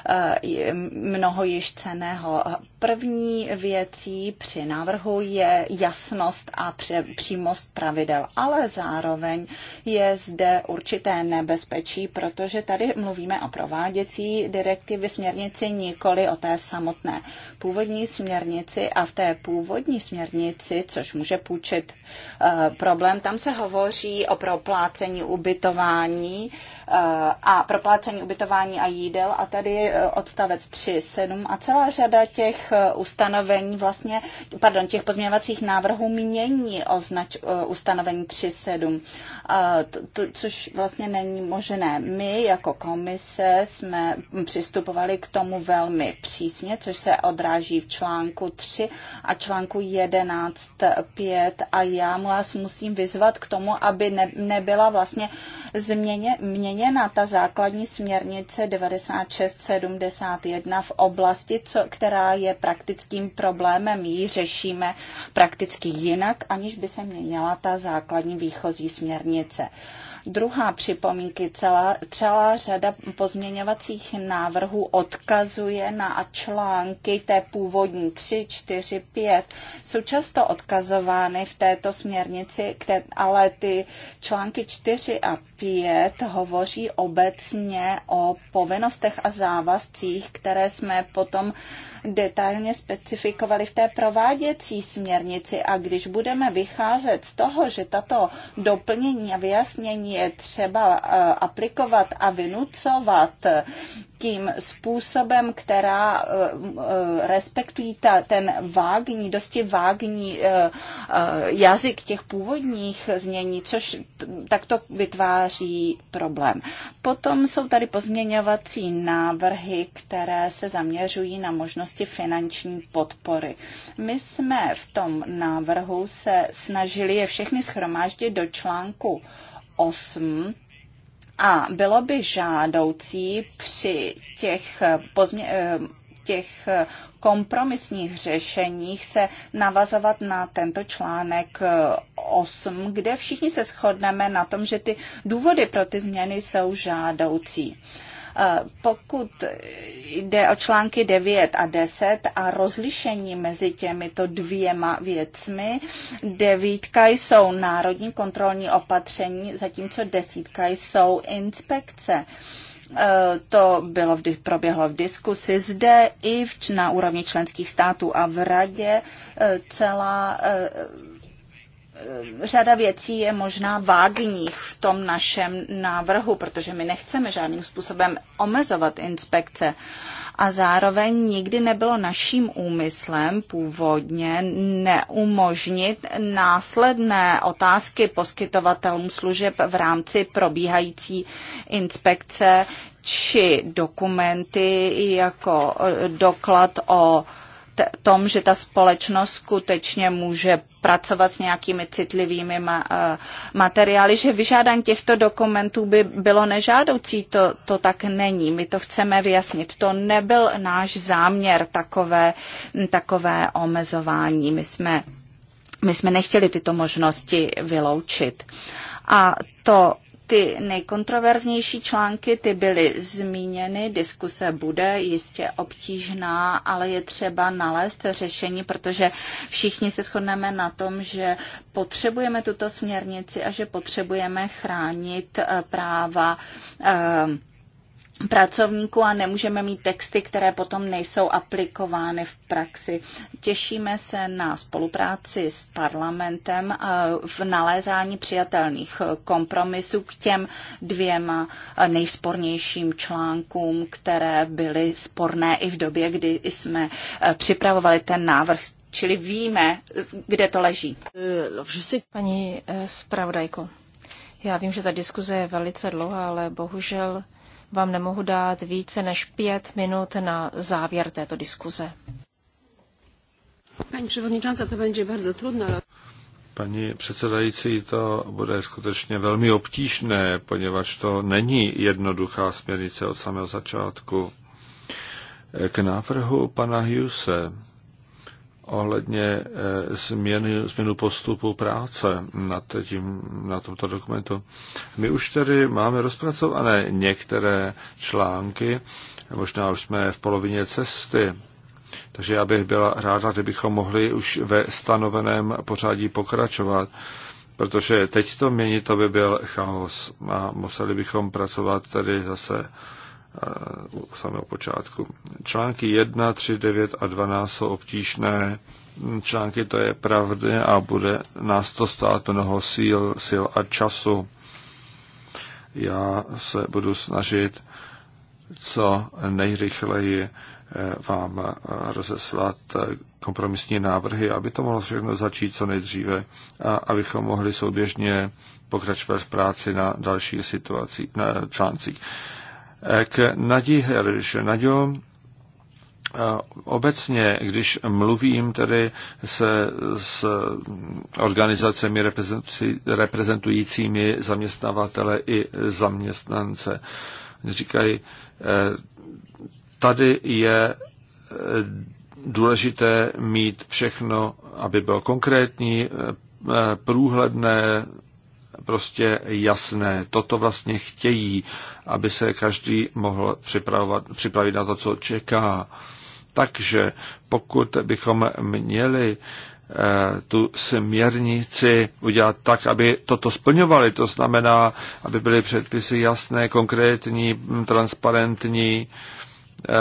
Speaker 3: eh, mnoho již ceného. První věcí při návrhu je jasnost a přímost pravidel, ale zároveň je zde určité nebezpečí, protože tady mluvíme o prováděcí direktivy směrnici, nikoli o té samotné původní směrnici a v té původní směrnici, což může půjčit eh, problém, tam se hovoří o proplácení ubytování a proplácení ubytování a jídel a tady e, odstavec 7 a celá řada těch e, ustanovení vlastně, pardon, těch pozměňovacích návrhů mění označ, e, ustanovení to což vlastně není možné. My jako komise jsme přistupovali k tomu velmi přísně, což se odráží v článku 3 a článku 5 a já vás musím vyzvat k tomu, aby ne, nebyla vlastně změně, měně změněna ta základní směrnice 9671 v oblasti, co, která je praktickým problémem. Ji řešíme prakticky jinak, aniž by se měnila ta základní výchozí směrnice. Druhá připomínky, celá, celá řada pozměňovacích návrhů odkazuje na články té původní 3, 4, 5. Jsou často odkazovány v této směrnici, ale ty články 4 a 5 hovoří obecně o povinnostech a závazcích, které jsme potom uh, detailně specifikovali v té prováděcí směrnici. A když budeme vycházet z toho, že tato doplnění a vyjasnění je třeba eh, aplikovat a vynucovat, tím způsobem, která eh, eh, respektují ta, ten vágní, dosti vágní eh, jazyk těch původních znění, což tak to vytváří problém. Potom jsou tady pozměňovací návrhy, které se zaměřují na možnosti finanční podpory. My jsme v tom návrhu se snažili je všechny schromáždit do článku 8 a bylo by žádoucí při těch pozmě, eh, těch kompromisních řešeních se navazovat na tento článek 8, eh, kde všichni se shodneme na tom, že ty důvody pro ty změny jsou žádoucí. Pokud jde o články 9 a 10 a rozlišení mezi těmito dvěma věcmi, devítka jsou národní kontrolní opatření, zatímco desítka jsou inspekce. E, to bylo v, proběhlo v diskusi zde i v, na úrovni členských států a v radě e, celá e, Eh, řada věcí je možná vágních v tom našem návrhu, protože my nechceme žádným způsobem omezovat inspekce. A zároveň nikdy nebylo naším úmyslem původně neumožnit následné otázky poskytovatelům služeb v rámci probíhající inspekce či dokumenty jako doklad o tom, že ta společnost skutečně může pracovat s nějakými citlivými ma- eh, materiály, že vyžádání těchto dokumentů by bylo nežádoucí, to, to tak není. My to chceme vyjasnit. To nebyl náš záměr takové, takové omezování. My jsme, my jsme nechtěli tyto možnosti vyloučit. A to ty nejkontroverznější články, ty byly zmíněny, diskuse bude jistě obtížná, ale je třeba nalézt řešení, protože všichni se shodneme na tom, že potřebujeme tuto směrnici a že potřebujeme chránit eh, práva eh, pracovníků a nemůžeme mít texty, které potom nejsou aplikovány v praxi. Těšíme se na spolupráci s parlamentem eh, v nalézání přijatelných kompromisů k těm dvěma eh, nejspornějším článkům, které byly sporné i v době, kdy jsme eh, připravovali ten návrh. Čili víme, kde to leží. Paní zpravodajko, já vím, že ta diskuze je velice dlouhá, ale bohužel
Speaker 1: vám nemohu dát více než pět minut na závěr této diskuze. Paní předsedající, to bude bardzo trudno.
Speaker 2: Paní předsedající, to bude skutečně velmi obtížné, poněvadž to není jednoduchá směrnice od samého začátku. K návrhu pana Hughese ohledně eh, změny, změnu postupu práce nad, tím, na tomto dokumentu. My už tedy máme rozpracované některé články, možná už jsme v polovině cesty, takže já bych byla ráda, kdybychom mohli už ve stanoveném pořádí pokračovat, protože teď to měnit, to by byl chaos a museli bychom pracovat tedy zase u samého počátku. Články 1, 3, 9 a 12 jsou obtížné. Články to je pravdy a bude nás to stát mnoho síl, sil a času. Já se budu snažit co nejrychleji eh, vám eh, rozeslat eh, kompromisní návrhy, aby to mohlo všechno začít co nejdříve a abychom mohli souběžně pokračovat v práci na dalších situacích, na článcích. K Nadí Hirš. Nadio, obecně, když mluvím tedy se s organizacemi reprezentujícími zaměstnavatele i zaměstnance, říkají, e, tady je e, důležité mít všechno, aby bylo konkrétní, e, průhledné, prostě jasné. Toto vlastně chtějí, aby se každý mohl připravovat, připravit na to, co čeká. Takže pokud bychom měli eh, tu směrnici udělat tak, aby toto splňovali. To znamená, aby byly předpisy jasné, konkrétní, transparentní, eh,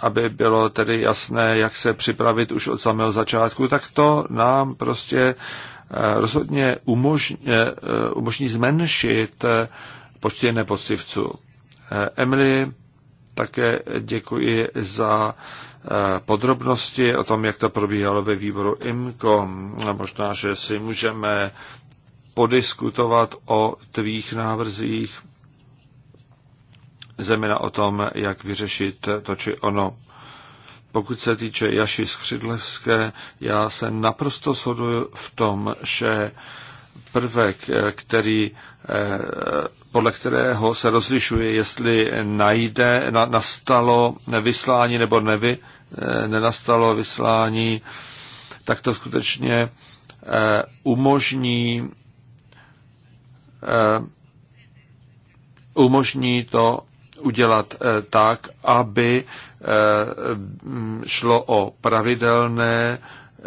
Speaker 2: aby bylo tedy jasné, jak se připravit už od samého začátku, tak to nám prostě Eh, rozhodně umožní, eh, umožní zmenšit eh, počty nepostivců. Emily, také děkuji za podrobnosti o tom, jak to probíhalo ve výboru IMCO. Možná, že si můžeme podiskutovat o tvých návrzích, zejména o tom, jak vyřešit to či ono. Pokud se týče Jaši Skřidlevské, já se naprosto shoduju v tom, že prvek, který, eh, podle kterého se rozlišuje, jestli najde, na, nastalo vyslání nebo nevy, eh, nenastalo vyslání, tak to skutečně eh, umožní umožní to udělat eh, tak, aby eh, šlo o pravidelné eh,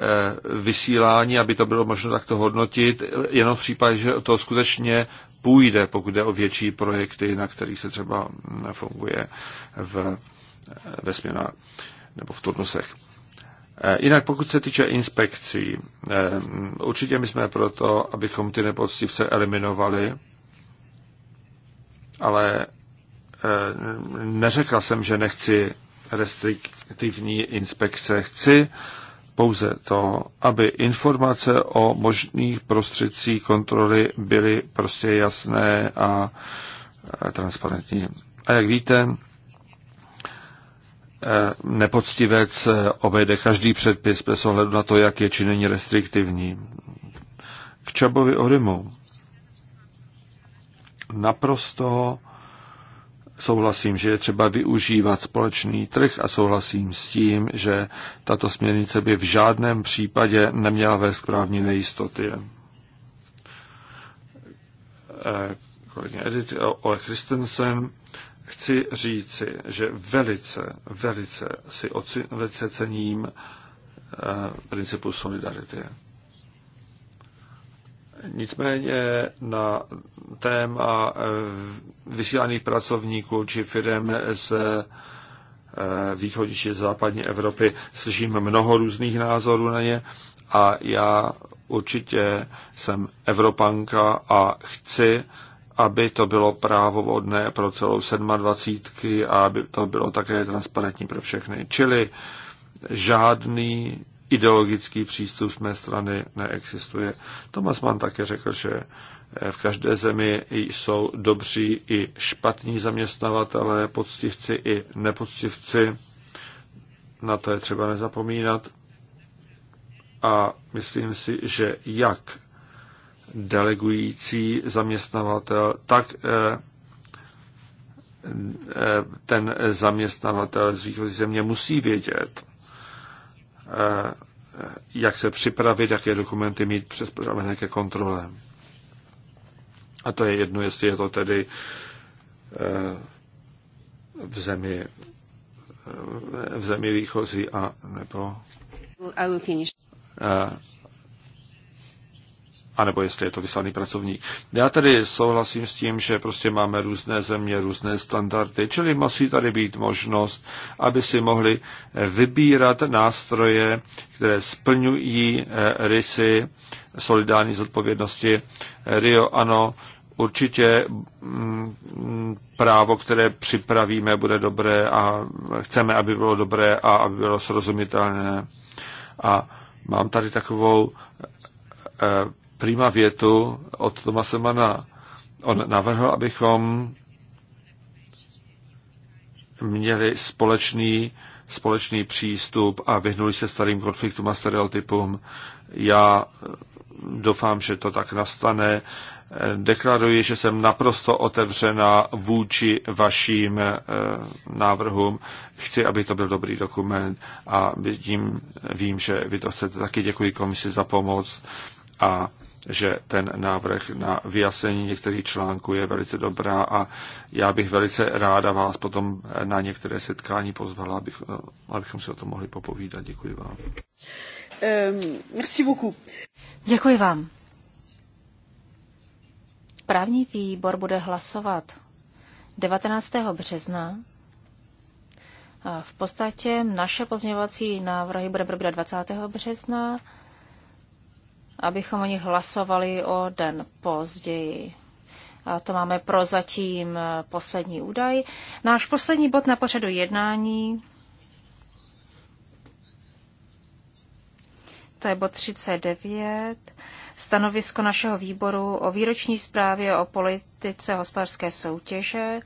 Speaker 2: vysílání, aby to bylo možno takto hodnotit, jenom v případě, že to skutečně půjde, pokud jde o větší projekty, na kterých se třeba mm, funguje v, ve směnách nebo v turnusech. Jinak pokud se týče inspekcí, určitě my jsme proto, abychom ty nepoctivce eliminovali, ale neřekl jsem, že nechci restriktivní inspekce. Chci pouze to, aby informace o možných prostředcích kontroly byly prostě jasné a transparentní. A jak víte, e, nepoctivec obejde každý předpis bez ohledu na to, jak je či není restriktivní. K Čabovi Orymu. Naprosto souhlasím, že je třeba využívat společný trh a souhlasím s tím, že tato směrnice by v žádném případě neměla vést k právní nejistotě. Eh, kolegyně Edith O. Christensen, chci říci, že velice, velice si oci, velice cením eh, principu solidarity. Nicméně na téma eh, vysílaných pracovníků či firm z eh, východní či západní Evropy slyším mnoho různých názorů na ně a já určitě jsem Evropanka a chci, aby to bylo právovodné pro celou 27 a aby to bylo také transparentní pro všechny. Čili žádný ideologický přístup z mé strany neexistuje. Thomas Mann také řekl, že eh, v každé zemi jsou dobří i špatní zaměstnavatelé, poctivci i nepoctivci. Na to je třeba nezapomínat. A myslím si, že jak delegující zaměstnavatel, tak eh, eh, ten zaměstnavatel z východní země musí vědět, Eh, jak se připravit, jaké dokumenty mít připravené ke kontrole. A to je jedno, jestli je to tedy eh, v zemi, eh, v zemi výchozí a nebo anebo jestli je to vyslaný pracovník. Já tedy souhlasím s tím, že prostě máme různé země, různé standardy, čili musí tady být možnost, aby si mohli vybírat nástroje, které splňují eh, rysy solidární zodpovědnosti. Rio, ano, určitě mm, právo, které připravíme, bude dobré a chceme, aby bylo dobré a aby bylo srozumitelné. A mám tady takovou eh, prýma větu od Tomase Mana. On navrhl, abychom měli společný, společný přístup a vyhnuli se starým konfliktům a stereotypům. Já doufám, že to tak nastane. Deklaruji, že jsem naprosto otevřená vůči vaším eh, návrhům. Chci, aby to byl dobrý dokument a vidím, vím, že vy to chcete. Taky děkuji komisi za pomoc a že ten návrh na vyjasnění některých článků je velice dobrá a já bych velice ráda vás potom na některé setkání pozvala, abych, abychom se o tom mohli popovídat. Děkuji vám.
Speaker 1: Ehm, merci beaucoup. Děkuji vám. Právní výbor bude hlasovat 19. března. A v podstatě naše pozměňovací návrhy bude probírat 20. března abychom o nich hlasovali o den později. A to máme prozatím eh, poslední údaj. Náš poslední bod na pořadu jednání to je bod 39, stanovisko našeho výboru o výroční zprávě o politice hospodářské soutěže.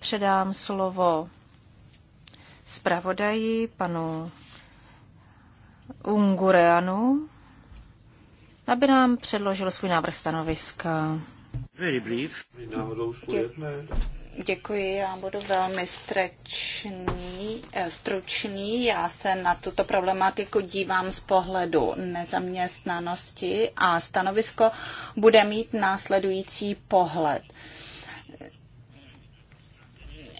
Speaker 1: Předám slovo zpravodaji panu Ungureanu aby nám předložil svůj návrh stanoviska.
Speaker 2: Very brief.
Speaker 3: Děkuji, já budu velmi strečný, eh, stručný. Já se na tuto problematiku dívám z pohledu nezaměstnanosti a stanovisko bude mít následující pohled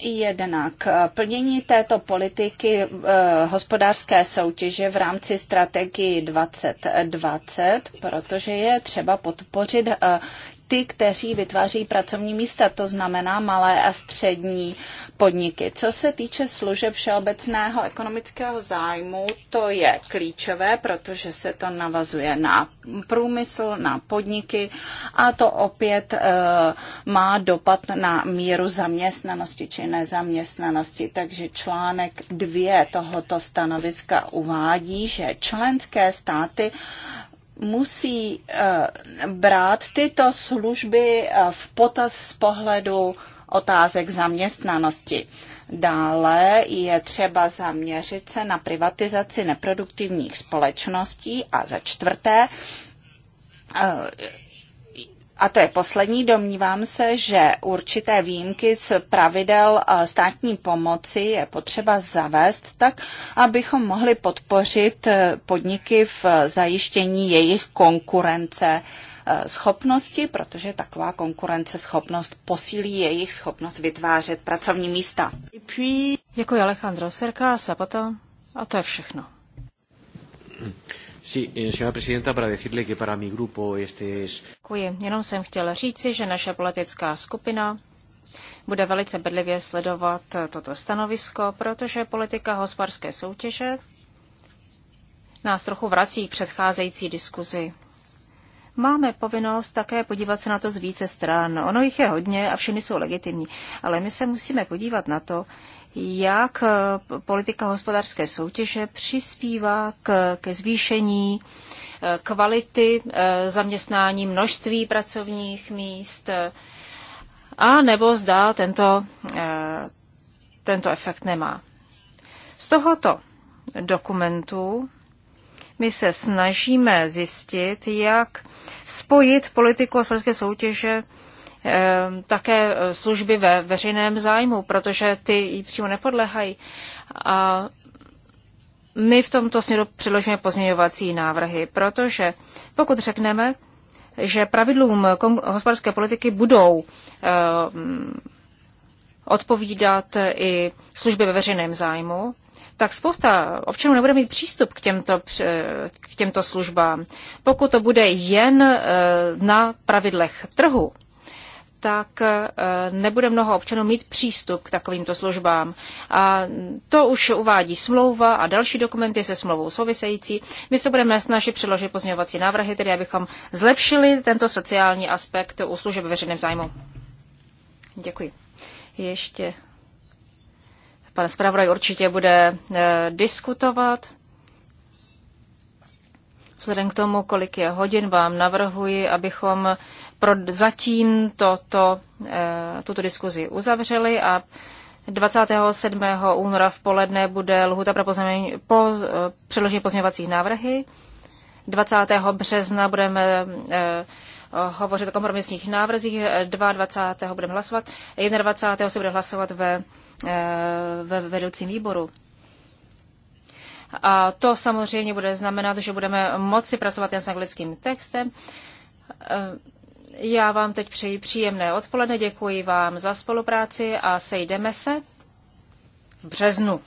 Speaker 3: jednak plnění této politiky eh, hospodářské soutěže v rámci strategii 2020, protože je třeba podpořit eh, ty, kteří vytváří pracovní místa, to znamená malé a střední podniky. Co se týče služeb všeobecného ekonomického zájmu, to je klíčové, protože se to navazuje na průmysl, na podniky a to opět e, má dopad na míru zaměstnanosti či nezaměstnanosti. Takže článek dvě tohoto stanoviska uvádí, že členské státy musí eh, brát tyto služby eh, v potaz z pohledu otázek zaměstnanosti. Dále je třeba zaměřit se na privatizaci neproduktivních společností a za čtvrté eh, a to je poslední, domnívám se, že určité výjimky z pravidel eh, státní pomoci je potřeba zavést tak, abychom mohli podpořit eh, podniky v eh, zajištění jejich konkurence schopnosti, protože taková konkurence schopnost posílí jejich schopnost vytvářet pracovní místa.
Speaker 1: Děkuji Alejandro Serka a potom a to je všechno.
Speaker 3: Sí, eh, señora presidenta, para decirle que para mi grupo este es...
Speaker 1: Děkuji. Jenom jsem chtěla říci, že naše politická skupina bude velice bedlivě sledovat toto stanovisko, protože politika hospodářské soutěže nás trochu vrací k předcházející diskuzi. Máme povinnost také podívat se na to z více stran. Ono jich je hodně a všechny jsou legitimní, ale my se musíme podívat na to, jak eh, politika hospodářské soutěže přispívá k, ke zvýšení eh, kvality eh, zaměstnání, množství pracovních míst, a nebo zdá tento, tento efekt nemá. Z tohoto dokumentu my se snažíme zjistit, jak spojit politiku hospodářské soutěže Ehm, také eh, služby ve veřejném zájmu, protože ty jí přímo nepodléhají. A my v tomto směru předložíme pozměňovací návrhy, protože pokud řekneme, že pravidlům hospodářské politiky budou ehm, odpovídat i služby ve veřejném zájmu, tak spousta občanů nebude mít přístup k těmto, k těmto službám. Pokud to bude jen eh, na pravidlech trhu, tak eh, nebude mnoho občanů mít přístup k takovýmto službám. A to už uvádí smlouva a další dokumenty se smlouvou související. My se budeme snažit předložit pozměňovací návrhy, tedy abychom zlepšili tento sociální aspekt u služeb veřejném zájmu. Děkuji. Ještě pan zpravodaj určitě bude eh, diskutovat. Vzhledem k tomu, kolik je hodin, vám navrhuji, abychom pro zatím to eh, tuto diskuzi uzavřeli a 27. února v poledne bude lhuta pro, pozemění, po eh, předložení pozměňovacích návrhy. 20. března budeme eh, hovořit o kompromisních návrzích, 22. budeme hlasovat, 21. se bude hlasovat ve, ve vedoucím výboru. A to samozřejmě bude znamenat, že budeme moci pracovat jen s anglickým textem. Já vám teď přeji příjemné odpoledne, děkuji vám za spolupráci a sejdeme se v březnu.